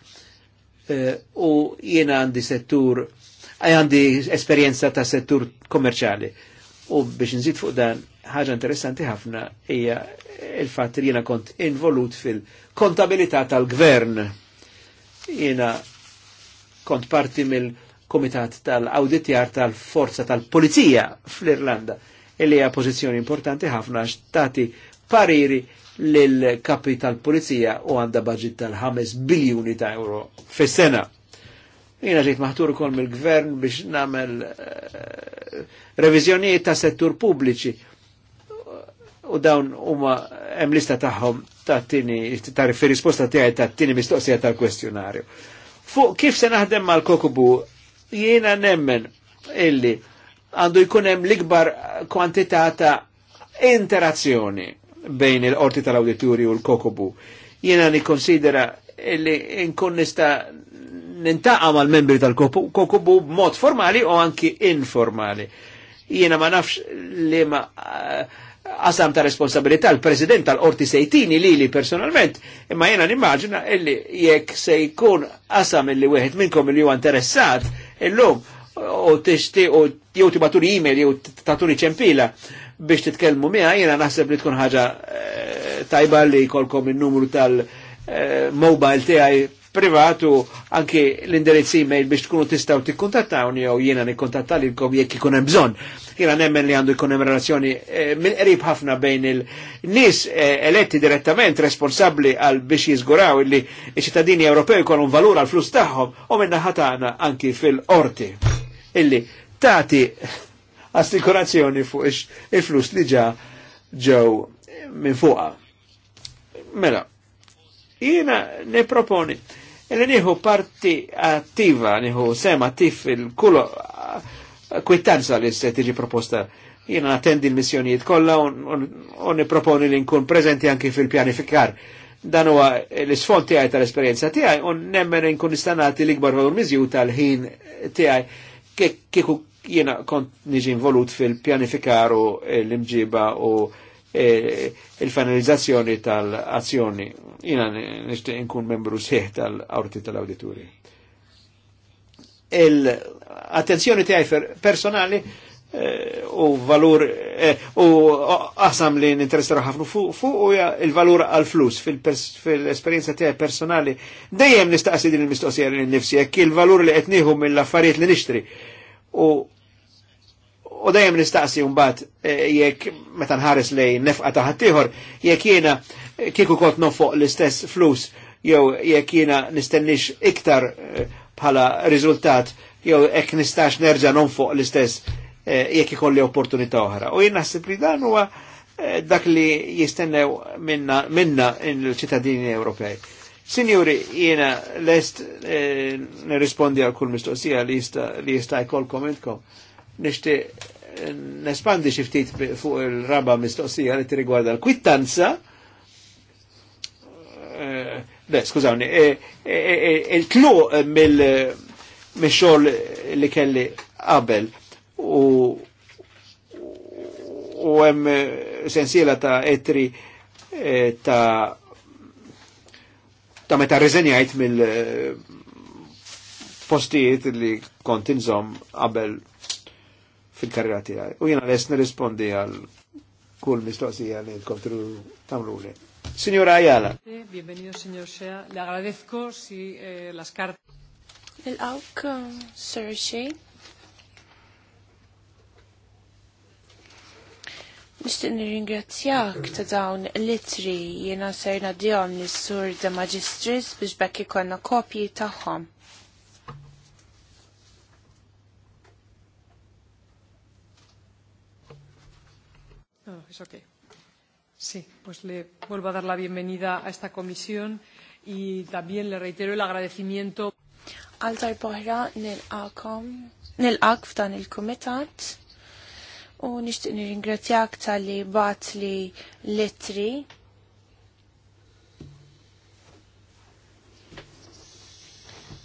eh, u jiena għandi settur għandi esperienza ta' settur kommerċali. U biex nżid fuq dan, ħaġa interessanti ħafna hija il-fatt li jiena kont involut fil-kontabilità tal-gvern. Jiena kont parti mill-Komitat tal-Auditjar tal-Forza tal-Polizija fl-Irlanda, illi e hija pożizzjoni importanti ħafna għax tagħti pariri lil kapi tal-Polizija u għandha budget tal-5 biljuni ta' euro fis-sena. Jina ġejt maħtur kol mil gvern biex namel eh, revizjoniet ta' settur publiċi. U dawn huma hemm lista tagħhom ta' tini ta' risposta tiegħi ta' tini mistoqsija tal-kwestjonarju. Fuq kif se naħdem mal-kokubu jiena nemmen illi għandu jkun hemm l-ikbar kwantità ta' interazzjoni bejn il orti tal-awditurju u l-kokubu. Jiena nikkonsidera illi nkun nista' nintaqa mal-membri tal-kokubu b'mod formali u anki informali. Jiena ma nafx li ma eh, asam ta' responsabilità l-President tal-Orti Sejtini li li personalment, imma jena nimmaġina illi jekk se jkun qasam illi wieħed minnkom illi huwa interessat illum u tixti u jew tibaturi e-mail jew taturi ċempila biex titkellmu miha jena naħseb li tkun ħaġa eh, tajba li jkollkom il numru tal-mobile eh, tiegħi privatu anke l-indirizz mail biex tkunu tistaw tikkuntattawni jew jiena nikkuntatta lilkom jekk ikun hemm bżonn. Jiena nemmen li għandu jkun hemm relazzjoni eh, minn qrib ħafna bejn il-nies eh, eletti direttament responsabbli għal biex jiżguraw illi ċ-ċittadini Ewropew jkollhom valur għal flus tagħhom u minna ħatana anki fil-qorti illi tati <laughs> assikurazzjoni fuq il-flus li ġa ġew minn fuqa. Mela, jiena ne proponi Illi niħu parti attiva, niħu sem attiv il-kull kwittanza li se tiġi proposta. Jiena attendi l-missjonijiet kollha u niproponi li nkun prezenti anki fil-pjanifikar dan huwa l-isfond tiegħi tal-esperjenza tiegħi u nemmen nkun istanati l-ikbar valur miżju tal-ħin tiegħi kieku jiena kont niġi involut fil pjanifikar u l-imġiba u E, il-finalizzazzjoni tal-azzjoni. Jina nishtiq nkun membru seħ tal-awrti tal-awdituri. Il-attenzjoni tiegħi personali e, u valur e, u qasam li ninteressara ħafna fuq u il-valur għal-flus fil-esperienza tiegħi personali dejjem nistaqsi din il-mistoqsija lil nifsi jekk il-valur li qed mill-affarijiet li nixtri U dejjem nistaqsi mbagħad eh, jekk meta nħares lej nefqa ta' ħaddieħor, jekk jiena eh, kieku kont nofoq l-istess flus jew jekk jiena nistennix iktar eh, bħala riżultat jew hekk nistax nerġa' nonfoq l-istess jekk ikolli opportunità oħra. U jiena naħseb li dan huwa dak li jistennew minna, minna l ċittadini Ewropej. Sinjuri, jiena lest nirrispondi għal kull mistoqsija li jista' jkollkom intkom nishti nespandi xiftit fuq il-raba mistoqsija li t-rigwarda l-kwittanza. Eh, le, skużawni, eh, eh, il-tlu mill-xol li kelli qabel u u hemm sensiela ta' etri ta' ta' meta rizenjajt mill-postijiet li kont inżom qabel fil-karriera tiegħi. U jiena lest nirrispondi għal kull mistoqsija li kontru tamluli. Signora Ayala. Bienvenido, signor Shea. Le agradezco si eh, las cartas. El auk, Sir Shea. Nishtiq nirringrazzjak ta' dawn l litri jiena serna dihom lis-sur de Magistris biex bekk ikollna kopji tagħhom. eso qué? Sí, pues le vuelvo a dar la bienvenida a esta comisión y también le reitero el agradecimiento. Altar poħra nil-akom, nil-ak f'dan il-komitat u nishtiq nirringrazzjak tal-li bat li litri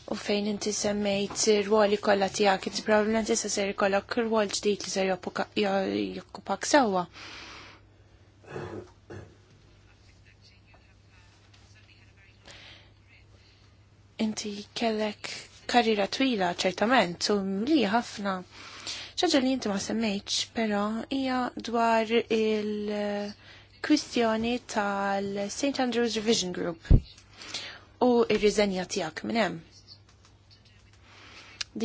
u fejn inti semmejt ir-ruoli kollha tiegħek, inti probablement issa ser ikollok ir-rwol ġdid li ser jokkupak sewwa. Inti kellek karriera twila ċertament u li ħafna. ċaġa li inti ma semmejċ, pero hija dwar il-kwistjoni tal-St. Andrews Revision Group u ir-riżenja tiegħek minn hemm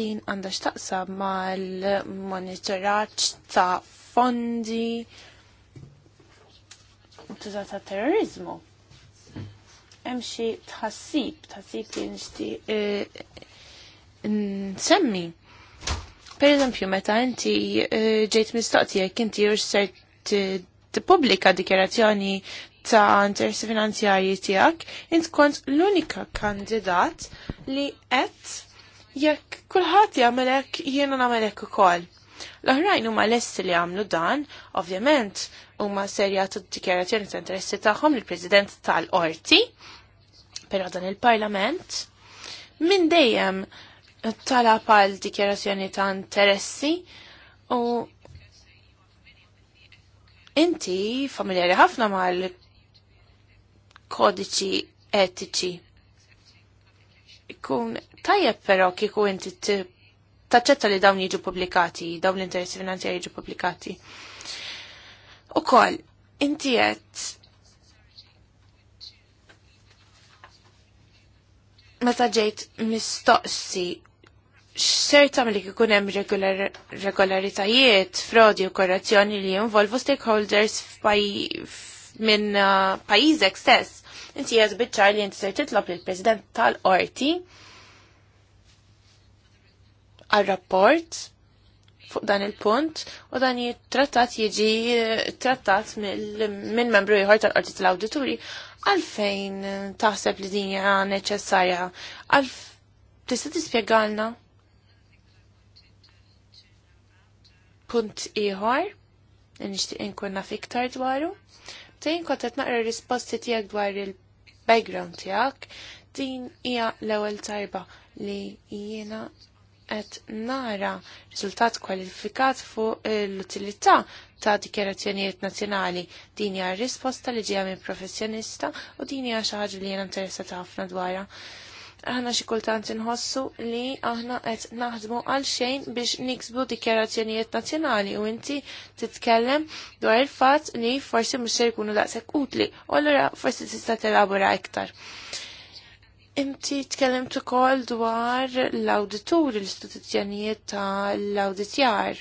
din għandha x'taqsam mal-monitoraġġ ta' fondi tuża ta' terrorizmu. Hemm xi tħassib, tħassib li nixti eh, nsemmi. Per eżempju, meta inti eh, ġejt mistoqti jekk inti ser tippubblika dikjerazzjoni ta' interessi finanzjarji tiegħek, int kont l-unika kandidat li qed jekk kulħadd jagħmel hekk jiena nagħmel ukoll. L-oħrajn huma lesti li għamlu dan, ovvjament, huma serjatu dikjarazzjoni ta' interessi tagħhom lill-President tal-Qorti, però dan il-Parlament minn dejjem talab għal dikjarazzjoni ta' interessi u inti familjari ħafna mal kodiċi etiċi. Ikun tajjeb però kieku inti taċċetta li dawn jiġu pubblikati, dawn l-interessi finanzjari jiġu pubblikati. U kol, inti meta ġejt mistoqsi x'ser tagħmel ikun hemm regolaritajiet, frodi u korrazzjoni li jinvolvu stakeholders minn uh, pajizek stess. Inti qed biċċar li inti ser titlob lill-President tal-qorti għal-rapport fuq dan il-punt u dan jittrattat jiġi eh, trattat minn membru jħor tal-qorti tal-awdituri għalfejn taħseb li din hija neċessarja għal tista' tispjegalna punt ieħor li nixtieq inkun naf iktar dwaru. Tejn kont qed naqra risposti tiegħek dwar il-background tiegħek din hija l-ewwel tarba li jiena qed nara riżultat kwalifikat fuq l-utilità ta' dikjerazzjonijiet nazzjonali. Din hija risposta li ġejja minn professjonista u din hija xi ħaġa li jiena interessata ħafna dwarha. Aħna xi kultant inħossu li aħna qed naħdmu għal xejn biex niksbu dikjerazzjonijiet nazzjonali u inti titkellem dwar il-fatt li forsi mhux se jkunu daqshekk utli, u allura forsi tista' telabora iktar. Inti tkellem ukoll dwar l-awditur l-istituzzjonijiet tal-awditjar.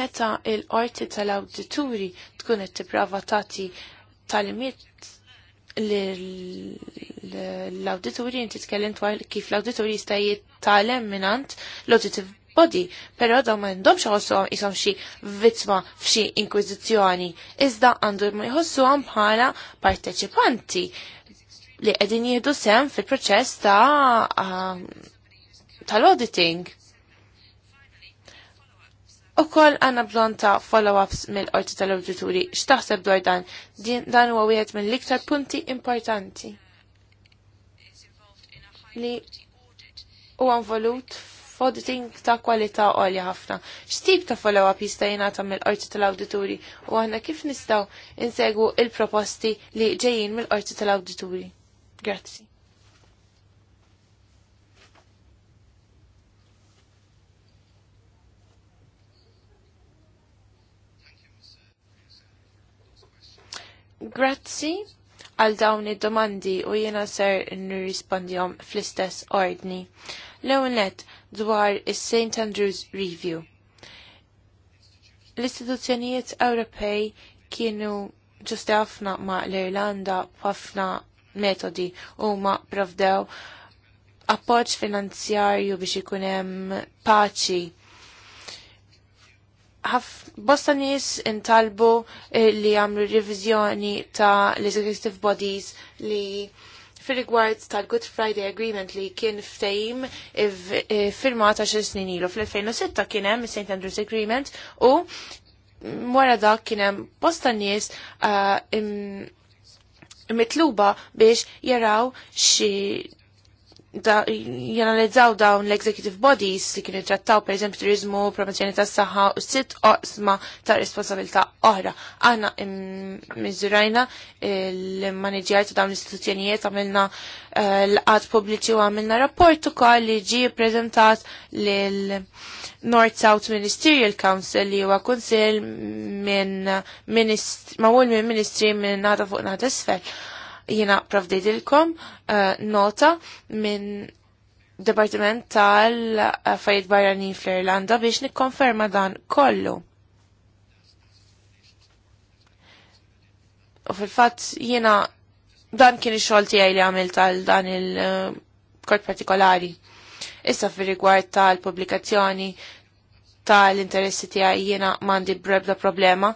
Meta il-qorti tal-awdituri tkun qed tipprova tagħti imiet l-awdituri inti tkellem dwar kif l-awdituri jista' jitgħallem minant l auditiv body, pero daw ma jendomx għossom jisom xi vittma f'xi inkwizizjoni, iżda għandu ma jħossuhom bħala parteċipanti li qegħdin jieħdu sem fil-proċess ta' ah, tal-auditing. U koll għanna bżon ta' follow-ups mill-qorti tal-auditori, x'taħseb dwar dan? Dan huwa wieħed mill-iktar punti importanti li huwa volut auditing ta' kwalità għolja ħafna. X'tip ta' follow-up jista' jingħata mill-qorti tal-awdituri u aħna kif nistgħu insegwu il-proposti li ġejjin mill-qorti tal-awdituri. Grazzi. Grazzi għal dawn id-domandi u jiena ser nirrispondihom fl-istess ordni. L-ewwel dwar is st Andrews Review. L-istituzzjonijiet Ewropej kienu ġusti ħafna ma' l-Irlanda b'ħafna metodi u ma' provdew appoġġ finanzjarju biex ikun hemm paċi bosta nies intalbu li għamlu revizjoni ta' l-executive bodies li fir rigward tal-Good Friday Agreement li kien ftejim e, firmat 10 snin ilu. Fl-2006 kien hemm St. Andrews Agreement u mwara dak kien hemm bosta nies uh, mitluba biex jaraw xi da, janalizzaw dawn l-executive bodies li kienu trattaw per eżempju turizmu, promozjoni tas saħħa u sitt oqsma ta' responsabilità oħra. Aħna miżurajna l-manager ta' dawn l istituzjonijiet għamilna eh, l-qad pubbliċi u għamilna rapport ukoll li ġie prezentat l- North South Ministerial Council li huwa kunsill minn ma' minn ministri minn Nata fuq nata isfel Jiena pravdejdilkom uh, eh, nota minn Departiment tal-Affarijiet Barranin fl-Irlanda biex nikkonferma dan kollu. U fil-fatt jiena dan kien ix-xogħol tiegħi li għamil tal dan il-kort eh, partikolari. Issa fir rigward tal-pubblikazzjoni l interessi tiegħi jiena m'għandi brebda problema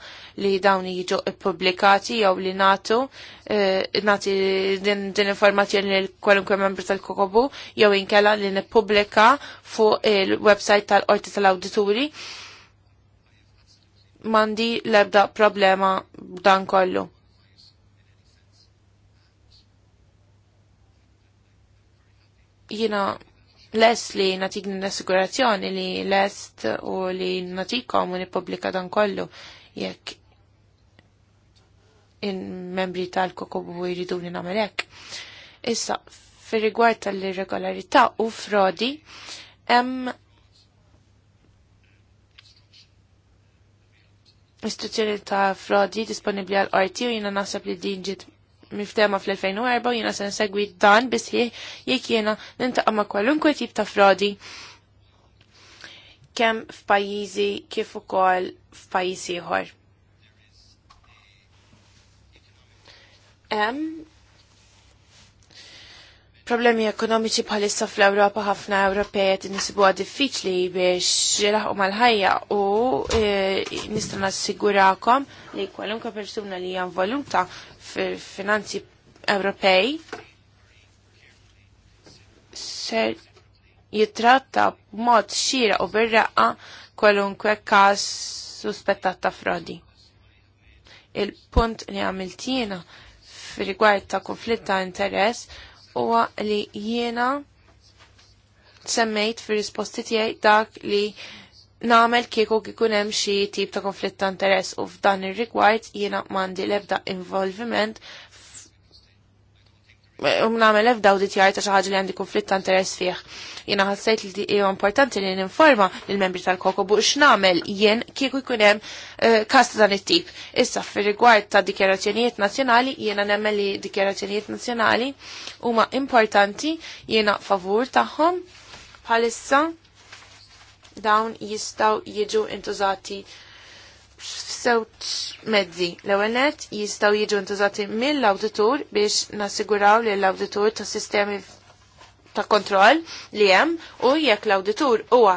li dawn jiġu ippubblikati jew li natu eh, nati din, din informazzjoni lil kwalunkwe membru tal-Kokobu jew inkella li nippubblika fuq il-website tal-Qorti tal-Awdituri m'għandi l-ebda problema dan kollu. Jiena lest li natik n-assigurazzjoni li lest u li natikom u nipublika dan kollu jekk il-membri tal-kokobu jridu li namelek. Issa, fir rigward tal-irregolarità u frodi, hemm istituzjoni ta' frodi disponibli għal qorti u jina naħseb li din ġiet miftema fl-2004 jiena se nsegwi dan bis jek jiena nintaqa' ma' kwalunkwe tip ta' frodi kemm f'pajjiżi kif ukoll f'pajjiż ieħor problemi ekonomiċi bħalissa fl-Ewropa ħafna Ewropej qed inisibuha diffiċli biex jilħaqu mal-ħajja u e, nista' nassigurakom li kwalunkwe persuna li hija involuta fil-finanzi Ewropej ser jitratta b'mod xira u bir-raqqa kwalunkwe każ suspettat ta' frodi. Il-punt li għamiltina fil-rigward ta' konflitt ta' interess huwa li jiena semmejt fi risposti tiegħi dak li namel kieku kikun hemm xi tip ta' konflitt ta' interess u f'dan ir-rigward jiena m'għandi l-ebda involviment u namel ef u ditjar ta' xaħġa li għandi konflitt ta' interess fih. Jena ħassajt li hija importanti li ninforma l membri tal-koko bu x'namel jien kieku jkun hemm eh, ta' dan it-tip. Issa fir-rigward ta' dikjarazzjonijiet nazzjonali, jiena nemmel li dikjarazzjonijiet nazzjonali huma importanti jena favur tagħhom bħalissa dawn jistaw jiġu intużati f'sewċ mezzi. L-ewenet jistaw jiġu ntużati mill-auditur biex nassiguraw li l-auditur ta' sistemi ta' kontroll li hemm u jekk l-auditur huwa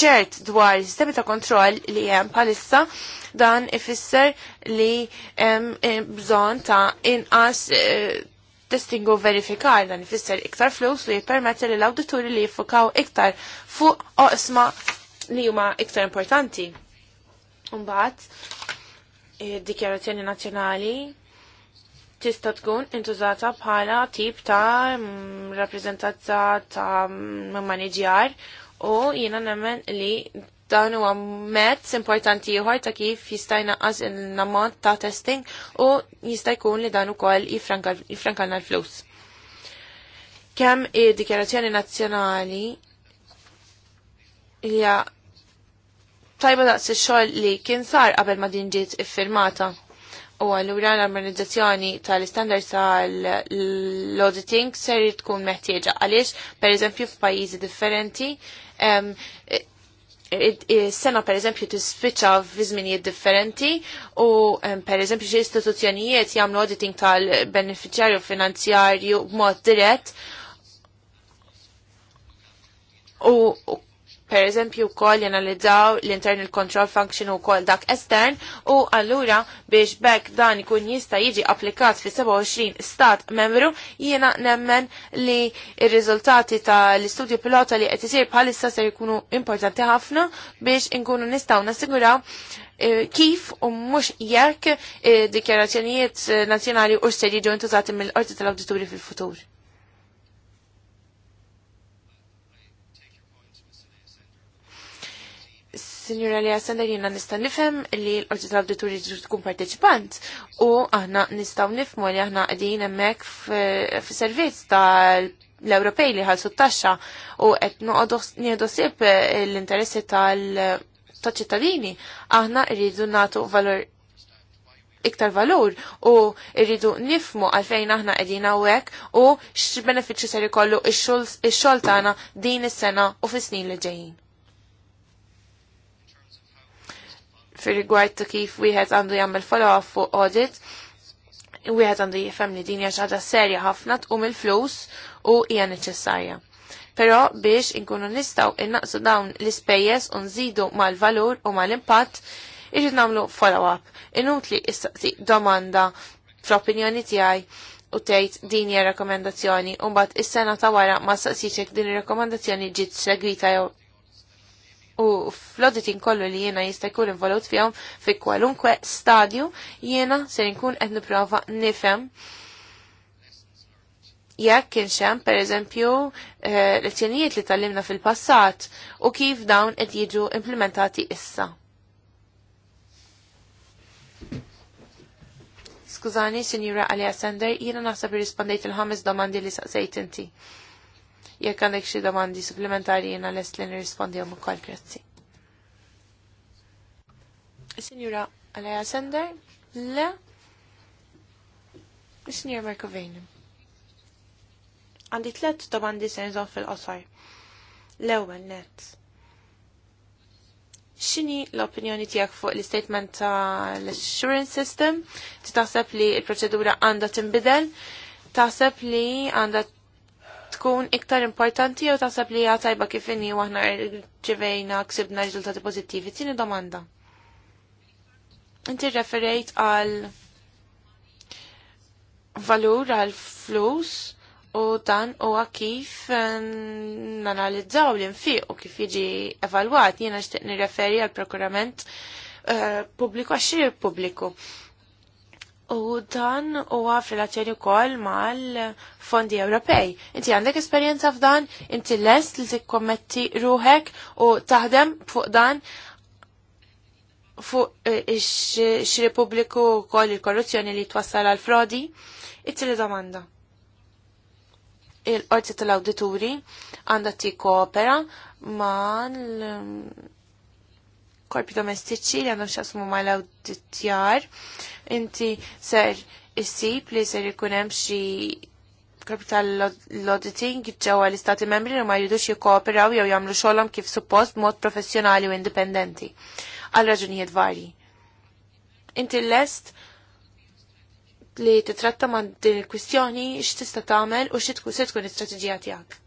ċert dwar sistemi ta' kontroll li hemm bħalissa dan ifisser li hemm eh, bżonn ta' inqas eh, testingu verifikar dan ifisser iktar flus li jippermetti li l-awdituri li jiffukaw iktar fuq oqsma li huma iktar importanti. Mbagħad eh, dikjarazzjoni nazzjonali tista' tkun intużata bħala tip ta' mm, rappreżentanza ta' mm, maniġjar u jiena nemmen li dan huwa mezz importanti ieħor ta' kif jista' jnaqqas il-namont ta' testing u jista' jkun li dan ukoll jifrankalna l-flus. Kemm id-dikjarazzjoni eh, nazzjonali hija tajba daqs il-xol li kien sar qabel ma din ġiet iffirmata. U għallura l-armonizzazzjoni tal-standard tal-auditing ser tkun meħtieġa għaliex, per eżempju, f'pajjiżi differenti, sena per eżempju tispiċċa f'izminijiet differenti u per eżempju xi istituzzjonijiet jagħmlu auditing tal-beneficjarju finanzjarju b'mod dirett u per eżempju koll jenalizzaw l-internal control function u koll dak estern u allura biex bekk dan ikun jista jiġi applikat fi 27 stat membru jiena nemmen li il-rizultati ta' l-istudju pilota li qed isir bħalissa se jkunu importanti ħafna biex inkunu nistaw nassiguraw eh, kif u mux jekk eh, dikjarazzjonijiet eh, nazjonali u ser ġo intużati mill-qorti tal-awdituri fil-futur. Signora Lea Sander jina nista nifem li l-Orti tal-Awdituri tkun partecipant u aħna nistaw nifmu li aħna għedin emmek f-servizz tal-Ewropej li ħalsu t-taxxa u għed noqodu sib eh, l-interessi tal-ċittadini. Aħna rridu natu valur iktar valur u rridu nifmu għalfejn aħna qegħdin għawek u x'benefiċċju ser ikollu ix-xogħol tagħna din is-sena u fis-snin li ġejjin. fir rigward ta' kif wieħed għandu jagħmel follow-up fuq audit, wieħed għandu jifhem li din hija xi ħaġa serja ħafna tqum il-flus u hija neċessarja. Però biex inkunu nistgħu innaqsu dawn l-ispejjeż u nżidu mal-valur u mal-impatt, irrid nagħmlu follow-up. Inutli istaqsi domanda fl-opinjoni tiegħi u tgħid din hija rakkomandazzjoni u mbagħad is-sena ta' wara ma staqsitek din ir-rakkomandazzjoni ġiet segwita jew u fl-auditing kollu li jiena jista' jkun involut fihom fi kwalunkwe stadju jiena se nkun qed nipprova nifhem jekk kien xem pereżempju eh, lezzjonijiet li tallimna fil-passat u kif dawn qed jiġu implementati issa. Skużani, Sinjura Alia Sender, jiena naħseb irrispondejt il-ħames domandi li saqsejt inti. Jekk għandek xi domandi supplementari jiena lest li nirrispondihom ukoll grazzi. Signora Alea Sender, le, Signor Markovejn. Għandi tlet domandi se nżomm fil-qosor. L-ewwel net xini l-opinjoni tijak fuq l-statement ta' l-assurance system? Ti taħseb li il-proċedura għanda timbidel? Taħseb li għanda tkun iktar importanti jew taħseb li hija tajba kif inni u aħna ġivejna ksibna riżultati pożittivi. Tieni domanda. Inti referejt għal valur għal flus u dan huwa kif nanalizzaw l-infiq u kif jiġi evalwat jiena xtieq nirreferi għal prokurament eh, pubbliku għax pubbliku. U dan huwa f'relazzjoni wkoll mal-fondi Ewropej. Inti għandek esperjenza f'dan, inti lest li tikkommetti ruħek u taħdem fuq dan fuq eh, x-Republiku pubbliku wkoll il-korruzzjoni li twassal għal frodi. Itti li domanda. Il-qorti tal-awdituri għandha tikkopera mal korpi domestiċi li għandhom xasmu mal-awditjar, inti ser issib li ser ikun hemm xi korpi tal-auditing ġewwa l-istati membri li ma jridux jikkooperaw jew jagħmlu xogħolhom kif suppost b'mod professjonali u indipendenti għal raġunijiet varji. Inti l lest li titratta ma' din il-kwistjoni x'tista' tagħmel u xi tkun se tkun l-istrateġija tiegħek.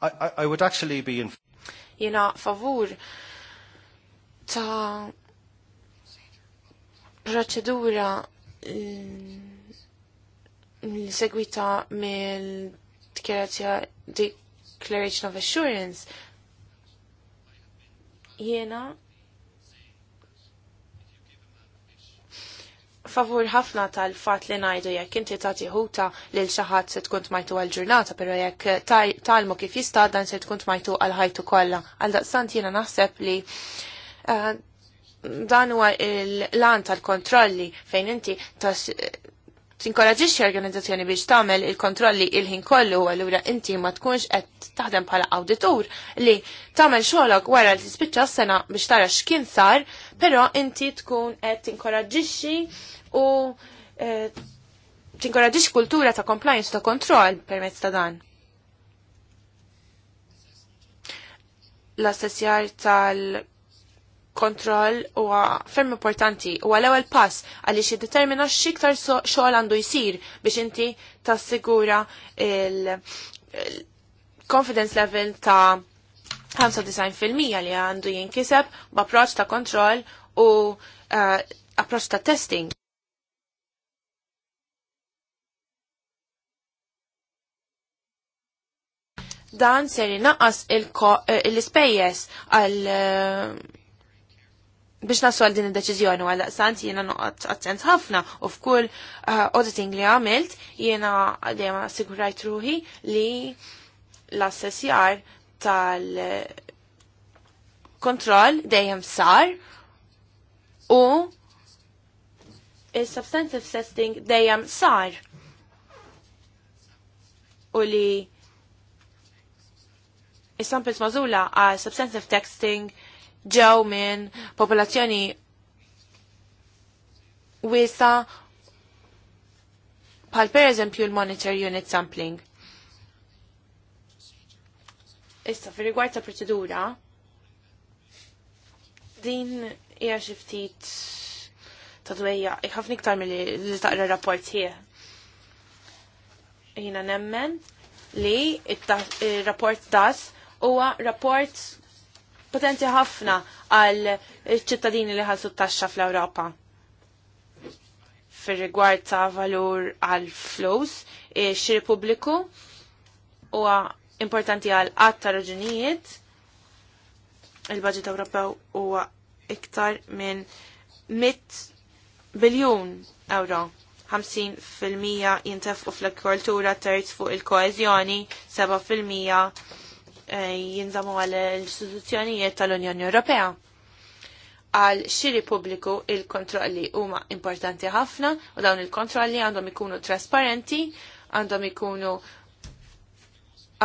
I, I, I would actually be in... Jena favur ta' proċedura li segwita mill-Declaration of Assurance jena favur ħafna tal-fat li najdu jekk inti tagħti ħuta lil xi ħadd se tkun tmajtu għall-ġurnata, però jekk talmu kif jista' dan se tkun tmajtu għal ħajtu kollha. Għal daqstant jiena naħseb li eh, dan huwa l-lan tal-kontrolli fejn inti tinkoraġixxi organizzazzjoni biex tagħmel il-kontrolli il-ħin kollu allura inti ma tkunx qed taħdem bħala awditur li tagħmel xogħlok wara li tispiċċa s-sena biex tara x'kien sar, però inti tkun qed tinkoraġixxi u eh, tinkoraġix kultura ta' compliance ta' kontroll permezz ta' dan. L-assessjar tal kontroll huwa ferm importanti u għal ewwel pass għaliex determina x'iktar xogħol għandu jsir biex inti tassigura il-confidence level ta' 95% li għandu jinkiseb b'approċċ ta' kontroll u eh, approċċ ta' testing. dan ser inaqqas eh, l-ispejjeż għal eh, biex nasu għal din id-deċiżjoni għal sant jiena noqgħod attent ħafna u f'kull eh, auditing li għamilt jiena dejjem assigurajt ruħi li l-assessjar tal kontroll dejjem sar u il-substantive testing dejjem sar u li is-samples mażula għal substantive texting ġew minn popolazzjoni wiesa bħal per eżempju l-monitor unit sampling. Issa, fi rigward ta' procedura, din hija xi ftit ta' dwejja, ħafna iktar milli taqra rapport tiegħek. Jiena nemmen li il-rapport das huwa rapport potenti ħafna għal ċittadini li ħassu taxxa fl-Ewropa fir-rigward ta' valur għal flus xiri pubbliku huwa importanti għal qatt ta' raġunijiet il-budget Ewropew huwa iktar minn 100 biljun euro. 50% jintefqu fl-agrikoltura terz fuq il-koezjoni, 7% Eh, jinżamu għal l-istituzzjonijiet tal-Unjoni Ewropea. Għal xiri pubbliku il-kontrolli huma importanti ħafna u dawn il-kontrolli għandhom ikunu trasparenti, għandhom ikunu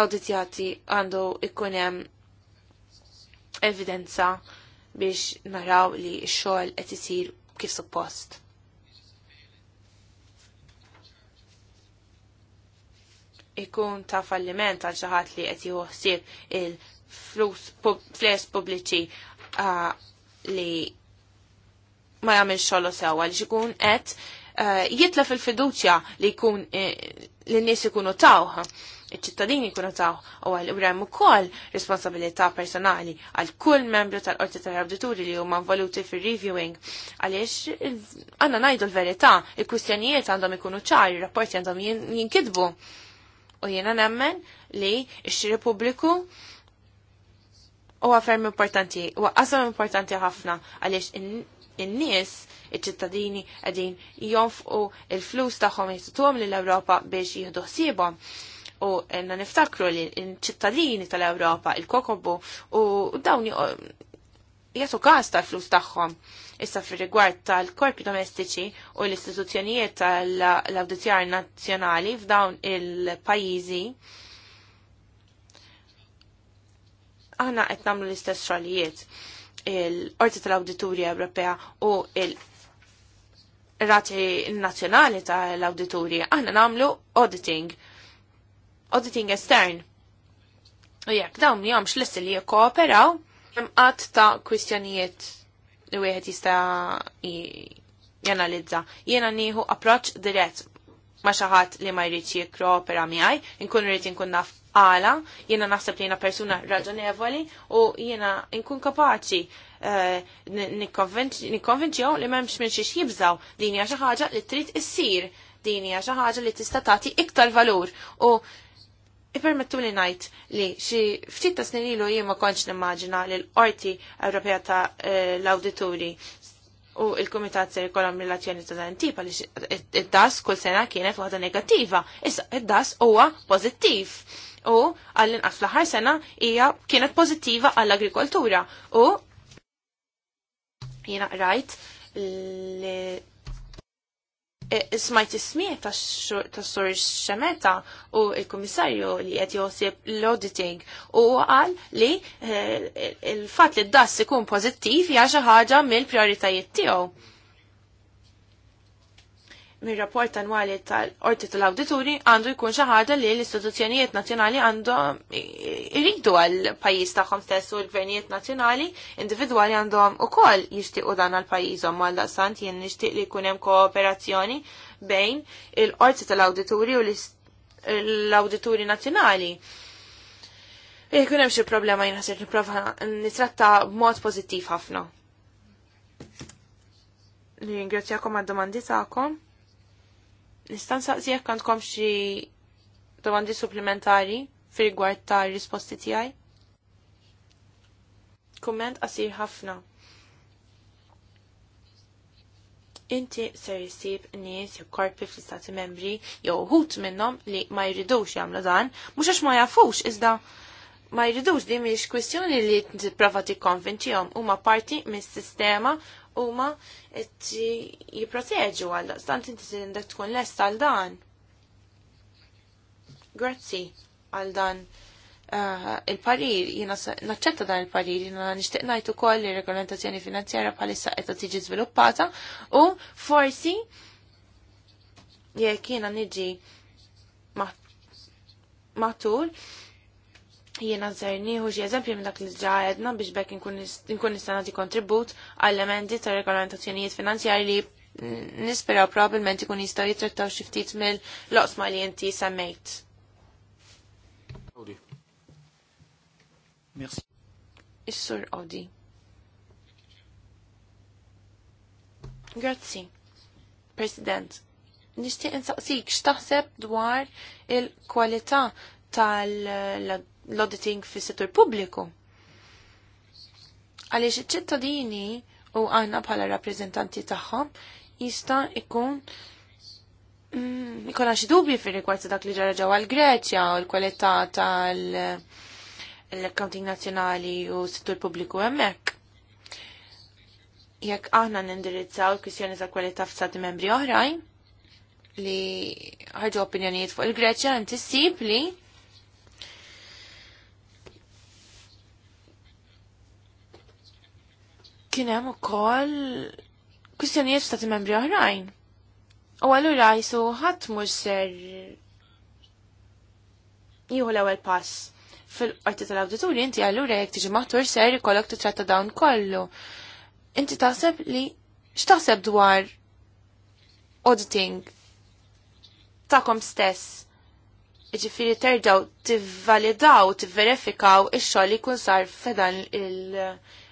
auditjati għandu ikun hemm evidenza biex naraw li x-xogħol qed isir kif suppost. ikun ta' falliment għal xi ħadd li qed jieħu il-flus fles pubbliċi ah, li ma jagħmel xogħol sewwa li ikun qed eh, jitla fil-fiduċja li jkun eh, li n-nies ikunu tawħ iċ-ċittadini jkunu taw u għal għremmu ukoll responsabilità personali għal kull membru tal-qorti tal rabdituri li huma voluti fir-reviewing għaliex għandna ngħidu l-verità, il kustjanijiet għandhom ikunu ċari, ir-rapporti għandhom jinkidbu. U jiena nemmen li x-xiri pubbliku huwa ferm importanti, u għasam importanti ħafna għaliex in-nies iċ-ċittadini qegħdin jonfqu il-flus tagħhom jittuhom lill-Ewropa biex jieħdu ħsiebhom. U enna niftakru li l-ċittadini tal-Ewropa, il-kokobu, u dawni jagħtu każ tal-flus tagħhom. Issa fir rigward tal-korpi domestiċi u l-istituzzjonijiet tal-Awditjar Nazzjonali f'dawn il-pajjiżi aħna qed nagħmlu l-istess xogħlijiet il-Qorti tal-Awditurja Ewropea u il- rati nazjonali tal-awditori, aħna namlu auditing, auditing estern. U jekk dawn jomx l-istil jikkooperaw, imqat ta' kwistjonijiet li wieħed jista' janalizza. Jiena nieħu approċċ dirett ma xi ħadd li ma jridx opera miegħi, inkun rrid inkun naf għala, jiena naħseb li jiena persuna raġonevoli u jiena nkun kapaċi eh, nikkonvinċjaw li m'hemmx minn xiex jibżaw din hija xi ħaġa li trid issir din hija xi ħaġa li tista' tagħti iktar valur u Ipermettu li najt li xi ftit ta' snin ilu jien ma kontx nimmaġina li l-Qorti Ewropea ta' eh, l-Awdituri u il-Kumitat se jkollhom relazzjoni ta' dan tipa li id-das kull sena kienet waħda negattiva, issa id-das huwa pożittiv u għall-inqas fl-aħħar sena hija kienet pożittiva għall-agrikoltura u jiena rajt li smajt ismie ta' sur xemeta u il-komissarju li qed josib l-auditing u għal li eh, il-fat li d-dass ikun pozittiv hija xi ħaġa mill-prioritajiet tiegħu mir-rapport annwali tal-Qorti tal-Awdituri għandu jkun xi ħaġa li l-istituzzjonijiet nazzjonali għandhom iridu għal pajjiż tagħhom stess u l-gvernijiet nazzjonali individwali għandhom ukoll jixtiequ dan għal pajjiżhom għal daqsant jien nixtieq li jkun hemm kooperazzjoni bejn il-Qorti tal-Awdituri u l-Awdituri Nazzjonali. Jkun hemm problema jinħasir niprofa nitratta b'mod pożittiv ħafna. Ringrazzjakom għad-domandi tagħkom. Nistan saqsi għandkom xi domandi supplementari fir rigward ta' risposti tiegħi. Kumment qasir ħafna. Inti ser jisib nies jew korpi fl-istati membri jew ħut minnhom li ma jridux jagħmlu dan, mhux għax ma jafux iżda ma jridux di mhix kwistjoni li tipprova tikkonvinċihom huma parti mis sistema huma qed jipproteġu għal stant inti tindek tkun lest għal dan. Grazzi għal dan eh, il-parir, jina naċċetta dan il-parir, jina nishtiq najt ukoll li regolamentazzjoni finanzjera bħalissa qed tiġi żviluppata u forsi jekk jiena niġi matul jiena zerniħu xi eżempju minn dak li ġa biex bekk nkun nistana ti kontribut għall emendi ta' regolamentazzjonijiet finanzjari li nisperaw probabbilment ikun jistaw jitrattaw xi ftit mill-loqsma li inti semmejt. Is-sur Odi. Grazzi. President, nixtieq insaqsik x'taħseb dwar il-kwalità tal l-auditing fis settur pubbliku. Għaliex iċ-ċittadini u għanna bħala rappreżentanti tagħhom jista' ikun mm, ikun għax dubji fir rigward dak li ġara ġewwa l-Greċja u l-kwalità tal-accounting nazzjonali u settur pubbliku hemmhekk. Jekk aħna nindirizzaw kwistjoni ta' kwalità f'Sati membri oħrajn li ħarġu opinjonijiet fuq il-Greċja, ntissib li Kien hemm ukoll kwistjonijiet ta' membri oħrajn. U allura jsu ħadd mhux ser jieħu l-ewwel pass fil-qorti tal-awdituri inti allura jekk tiġi maħtur ser ikollok titratta dawn kollu. Inti taħseb li x'taħseb dwar auditing takom stess. iġifieri terġaw tivvalidaw, tivverifikaw ix-xogħol li jkun sar f'dan il-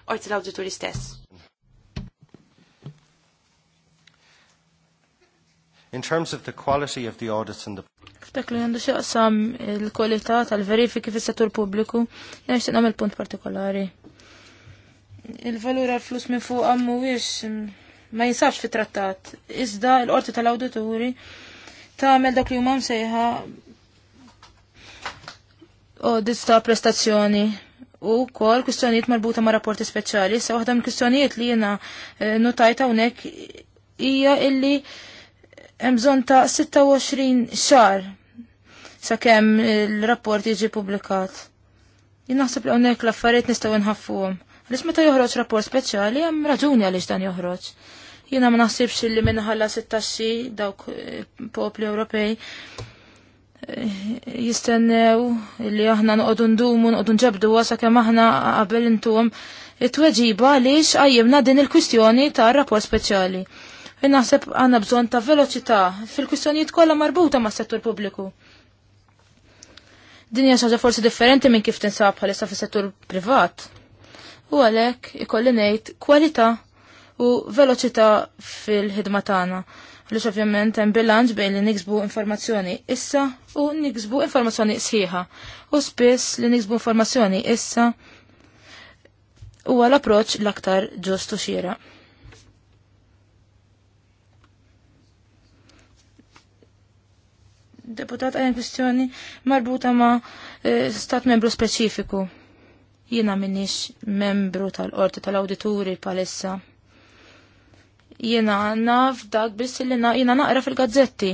orti l-auditori stess. In terms of the quality of the audits and the F'dak li għandu xaqsam il-kwalità tal-verifiki fis-settur pubbliku, jena xtieq nagħmel punt partikolari. Il-valur għal-flus minn fuq mhuwiex ma jinsabx fit-trattat. Iżda l-qorti tal-awdituri tagħmel dak li huma msejħa audits ta' prestazzjoni u kol kustjoniet marbuta ma' rapporti speċjali. Sa' waħda mill kustjonijiet li jena eh, notajta unek hija illi hemm ta' 26 xar sa' kem il-rapport jiġi publikat. Jien naħseb li hawnhekk l-affarijiet nistgħu Għalix Għaliex meta joħroġ rapport speċjali hemm raġuni għaliex dan joħroġ. Jiena ma naħsibx li minħalla 16 dawk eh, popli Ewropej jistennew li aħna noqogħdu ndumu noqogħdu nġabdu għasa kem aħna qabel intuhom it-tweġiba għaliex għajjimna din il-kwistjoni ta' rapport speċjali. Naħseb għandna bżonn ta' veloċità fil-kwistjonijiet kollha marbuta mas settur pubbliku. Din hija xaġa forsi differenti minn kif tinsab bħalissa fis-settur privat. U għalhekk ikolli ngħid kwalità u veloċità fil-ħidma tagħna plus ovvjament hemm bilanċ bejn li niksbu informazzjoni issa u niksbu informazzjoni sħiħa. U spiss li niksbu informazzjoni issa huwa l-approċċ l-aktar ġust u xira. Deputat għajn kwistjoni marbuta ma eh, stat membru speċifiku jina minnix membru tal-qorti tal-awdituri palissa. Jiena naf dak biss li jiena naqra fil-gazzetti.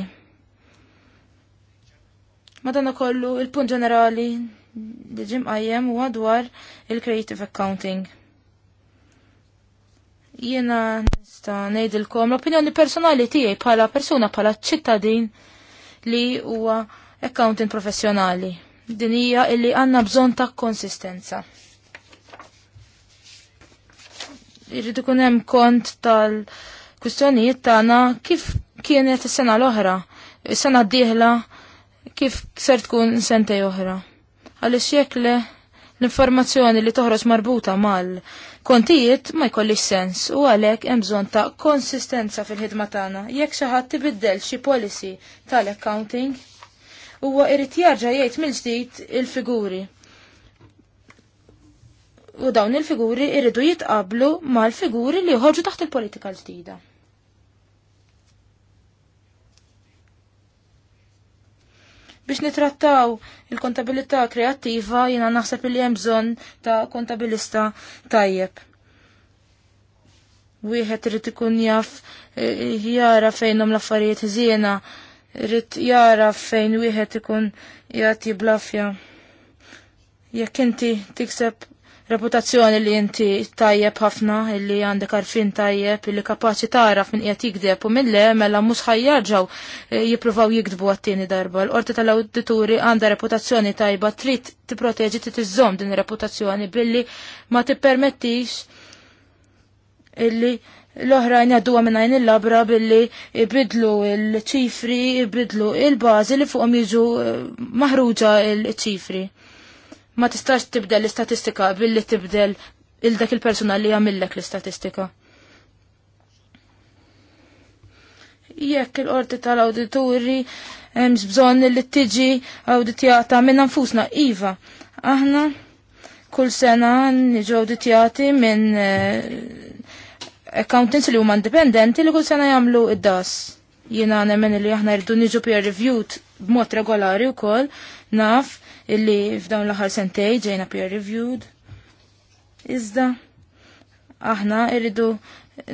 Madana kollu il-punt ġenerali li ġim qajjem huwa dwar il-creative accounting. Jiena nista' ngħidilkom l-opinjoni personali tiegħi bħala persuna bħala ċittadin li huwa accounting professjonali. Din hija illi għandna bżonn ta' konsistenza Irridu ikun hemm kont tal kustjonijiet tagħna kif kienet is-sena l-oħra, is-sena d-dieħla kif ser tkun sentej oħra. Għaliex jekk le l-informazzjoni li toħroġ marbuta mal-kontijiet ma jkollix sens u għalhekk hemm bżonn ta' konsistenza fil-ħidma tagħna. Jekk xi ħadd tibiddel xi policy tal-accounting, huwa irid jarġa' jgħid mill-ġdid il-figuri. U dawn il-figuri irridu jitqablu mal-figuri li joħorġu taħt il-politika l-ġdida. Biex nitrattaw il-kontabilità kreattiva jina naħseb li hemm bżonn ta' kontabilista tajjeb. Wieħed irid ikun jaf e, jara fejnhom l-affarijiet ħżiena, irid jara fejn wieħed ikun jagħti blafja. Jekk inti tikseb reputazzjoni li inti tajjeb ħafna, illi għandek arfin tajjeb, illi kapaċi taraf minn qiegħed jikdeb u minn le mela mhux ħajjarġaw eh, jippruvaw jikdbu għat-tieni darba. L-qorti tal-awdituri għandha reputazzjoni tajba trid tipproteġi trid iżżomm din ir-reputazzjoni billi ma tippermettix illi l-oħrajn għaddu minn għajn il-labra billi ibidlu il-ċifri, ibidlu il-bazi li fuqom jiġu eh, maħruġa il-ċifri. il ċifri Ma tistax tibdel l-istatistika billi tibdel il-dak il persona li għamillek l-istatistika. Jekk il-qorti tal-awditurri hemm bżonn li tiġi awditjata minn nfusna iva. Aħna kull sena niġu awditjati minn eh, accountants li huma indipendenti li kull sena jagħmlu id-das jina minn li aħna rridu niġu peer reviewed b'mod regolari wkoll naf illi f'dawn l-aħħar sentej ġejna peer reviewed. Iżda aħna irridu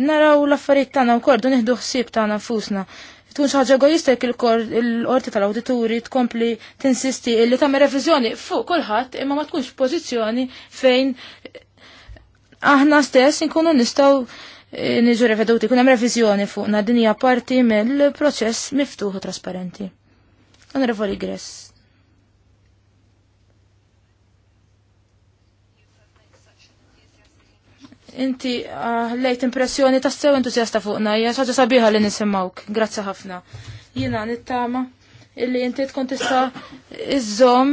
naraw l-affarijiet tagħna wkoll du nieħdu ħsieb tagħna nfusna. Tkun xi ħaġa egoistek il-qorti tal-awdituri tkompli tinsisti illi tagħmel reviżjoni fuq kulħadd imma ma tkunx pożizzjoni fejn aħna stess inkunu nistgħu eh, niġu reveduti, kun hemm reviżjoni fuqna din hija parti mill-proċess miftuħ u trasparenti. Onorevoli Gress. Inti ah, lejt impressjoni ta' sew entuzjasta fuqna, hija ħaġa sabiħa li nisimgħuk. Grazzi ħafna. Jiena nittama illi inti tkun tista' iżżomm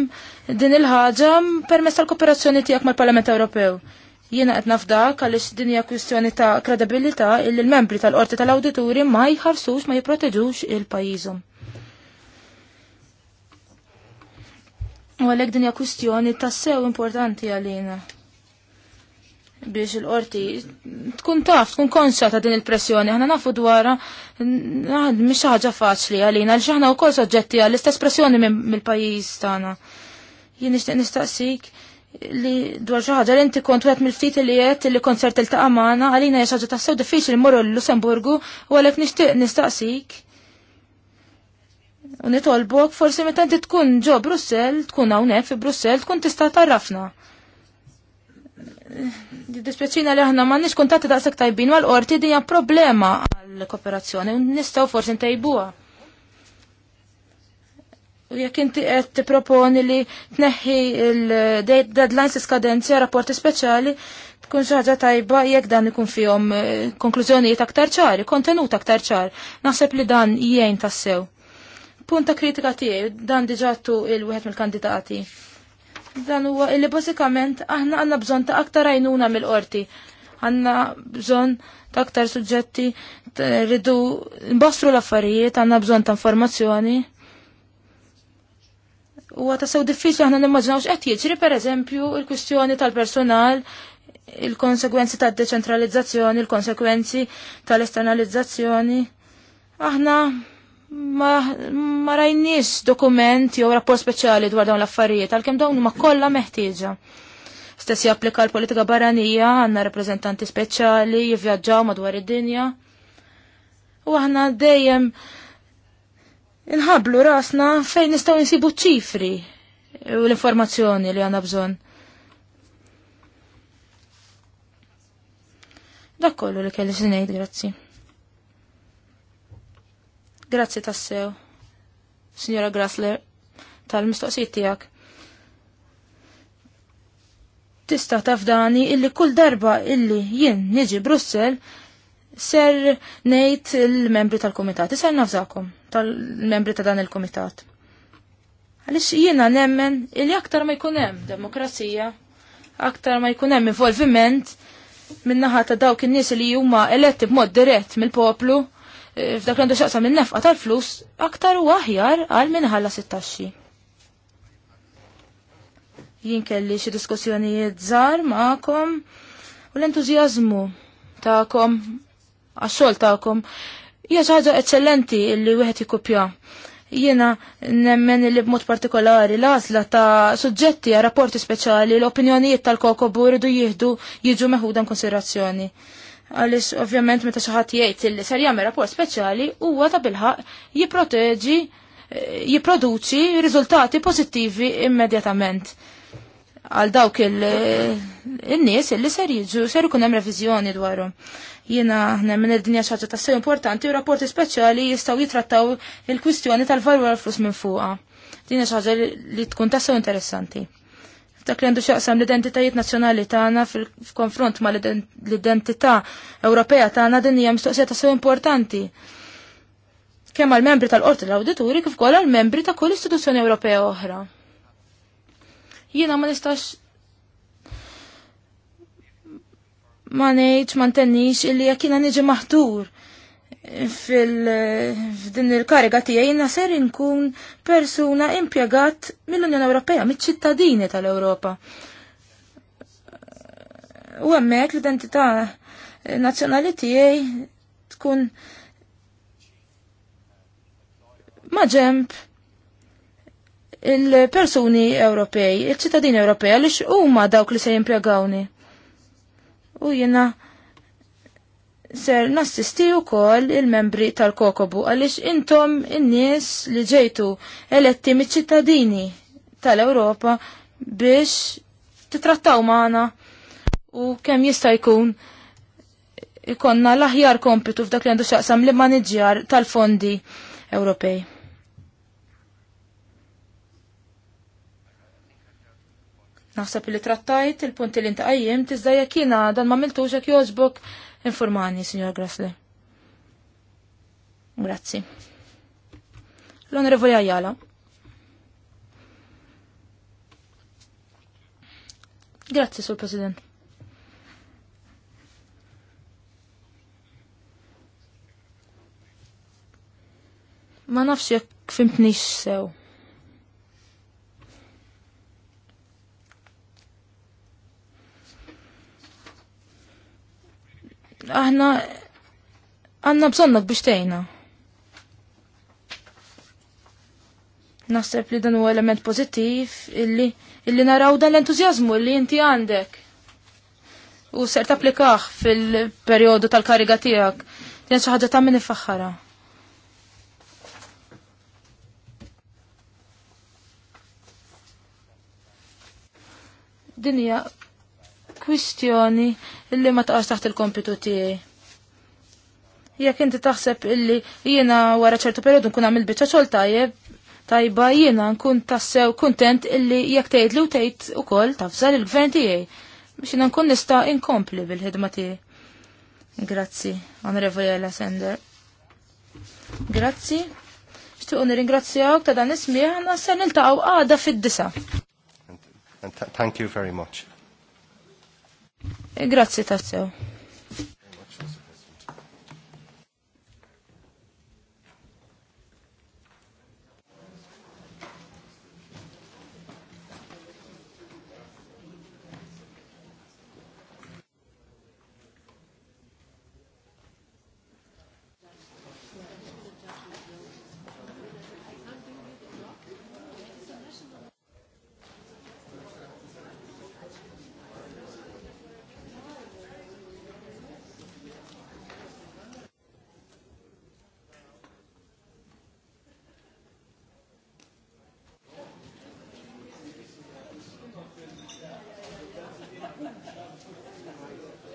din il-ħaġa permezz tal-kooperazzjoni tiegħek mal-Parlament Ewropew jiena qed nafdak għaliex din hija kwistjoni ta' kredibilità illi l-membri tal-qorti tal-awdituri ma jħarsux ma jipproteġux il-pajjiżhom. U għalhekk din hija kwistjoni ta' sew importanti għalina biex il-qorti tkun taf, tkun konxa ta' din il-pressjoni, ħana nafu dwarha mhix ħaġa faċli għalina għal xaħna wkoll soġġetti għal istess pressjoni mill-pajjiż tagħna. Jien nixtieq nistaqsik li dwar xi ħaġa li inti kont wieħed mill-ftit li qed li konsert il tiltaqa' magħna għalina hija ħaġa tassew diffiċli mmorru l-Lussemburgu u għalhekk nixtieq nistaqsik. U nitolbok forsi meta inti tkun ġo Brussell, tkun hawnhekk fi Brussell, tkun tista' tarrafna Dispjaċina li aħna ma nix kontatti daqsek tajbin għal qorti dinja problema għal kooperazzjoni, nistaw forsi ntajbuha. U jekk inti qed tipproponi li tneħħi il-deadlines iskadenzja rapporti speċjali, tkun xi ħaġa tajba jekk dan ikun fihom eh, konklużjonijiet aktar ċari, kontenut aktar ċar. Naħseb li dan jgħin tassew. Punta kritika tiegħi dan diġattu il-wieħed mill-kandidati dan huwa illi basikament aħna għanna bżon ta' aktar għajnuna mill-qorti. Għanna bżon ta' aktar suġġetti, rridu nbostru l-affarijiet, għanna bżon ta' informazzjoni. U ta' sew diffiċli aħna nimmaġnawx qed jiġri pereżempju il-kwistjoni tal-personal, il-konsekwenzi tad-deċentralizzazzjoni, il-konsekwenzi tal-esternalizzazzjoni. Aħna ma, ma rajnis dokument jew rapport speċjali dwar dawn l-affarijiet, għalkemm dawn huma kollha meħtieġa. Stess japplika l-politika barranija, għandna rappreżentanti speċjali jivvjaġġaw madwar id-dinja. U aħna dejjem inħablu rasna fejn nistgħu nsibu ċifri u l-informazzjoni li għandna bżonn. Dak kollu li kelli xinejt, grazzi. Grazzi tassew, Signora Grassler, tal-mistoqsijiet tiegħek. Tista tafdani illi kull darba illi jien niġi Brussel ser nejt il-membri tal-komitat, Isser nafzakom tal-membri ta' dan il-komitat. Għalix jiena nemmen illi aktar ma jkunem demokrazija, aktar ma jkunem involviment minnaħat ta' dawk in-nies li huma eletti b'mod dirett mill-poplu, f'dak l-għandu xaqsa minn nefqa tal-flus aktar u aħjar għal minn ħalla sittaxxi. Jien kelli xi diskussjonijiet żgħar magħkom u l-entużjażmu tagħkom għax-xogħol tagħkom hija xi ħaġa eċċellenti li wieħed jikkupja. Jiena nemmen li b'mod partikolari l-għażla ta' suġġetti għal rapporti speċjali l-opinjonijiet tal-kokobu jridu jieħdu jiġu meħuda konsiderazzjoni. konsiderazzjoni Għalis, ovvjament, meta xaħat jgħid li ser jagħmel rapport speċjali huwa ta' bilħaq jipproteġi eh, jipproduċi riżultati pożittivi immedjatament għal dawk il-nies illi ser jiġu, ser ikun hemm reviżjoni dwarhom. Jiena nemmen id-dinja xaġa ta' sew importanti u rapporti speċjali jistgħu jitrattaw il-kwistjoni tal-valur għal flus minn fuqha. Dinja xaġa li tkun ta' sew interessanti dak li għandu xaqsam l-identitajiet nazzjonali tagħna fil-konfront ma l-identità Ewropea tagħna din hija mistoqsija ta' sew importanti. Kemm għal membri tal-Qorti tal-Awdituri kif ukoll għal membri ta' kull istituzzjoni Ewropea oħra. Jiena ma nistax ma ngħidx ma ntennix illi jekk jiena niġi maħtur fil-din il-kariga tiegħi jina ser inkun persuna impjegat mill-Unjoni Ewropea, miċ-ċittadini tal-Ewropa. U hemmhekk l-identità nazzjonali tiegħi tkun ma' il-persuni Ewropej, il-ċittadini Ewropej, u huma dawk li se jimpjegawni. U jiena ser nassisti u kol il-membri tal-kokobu għalix intom in-nies li ġejtu eletti mit-ċittadini tal-Europa biex titrattaw maħna u kem jista' jkun ikonna l-aħjar kompitu f'dak li għandu xaqsam li maniġjar tal-fondi Ewropej. Naħseb li trattajt il-punti li intaqajjem tiżda jekk dan ma miltux jekk informani, signor Grassley. Grazie. Lonorevole Ayala. Grazie, Grazzi, Sur President. Ma nafx jekk fimtnix sew. aħna għanna bżonnak biex tejna. Naħseb li dan huwa element pozittiv illi illi naraw dan l-entużjażmu li inti għandek. U ser tapplikaħ fil-perjodu tal-kariga tiegħek. Din xi ta' min ifaħħara. Din hija kwistjoni illi ma taqax taħt il-kompitu tiegħi. Jekk inti taħseb illi jiena wara ċertu periodu nkun għamil biċċa xogħol tajjeb, tajba jiena nkun tassew kuntent illi jekk tgħid li u tgħid ukoll tafżal il-gvern tiegħi biex jiena nkun nista' inkompli bil-ħidma tiegħi. Grazzi, Onorevoli Sender. Grazzi. Xtiqu nirringrazzjawk ta' dan ismiħ, għanna s-sen il-taqaw għada fid-disa. Thank you very much. Grazzi tassew.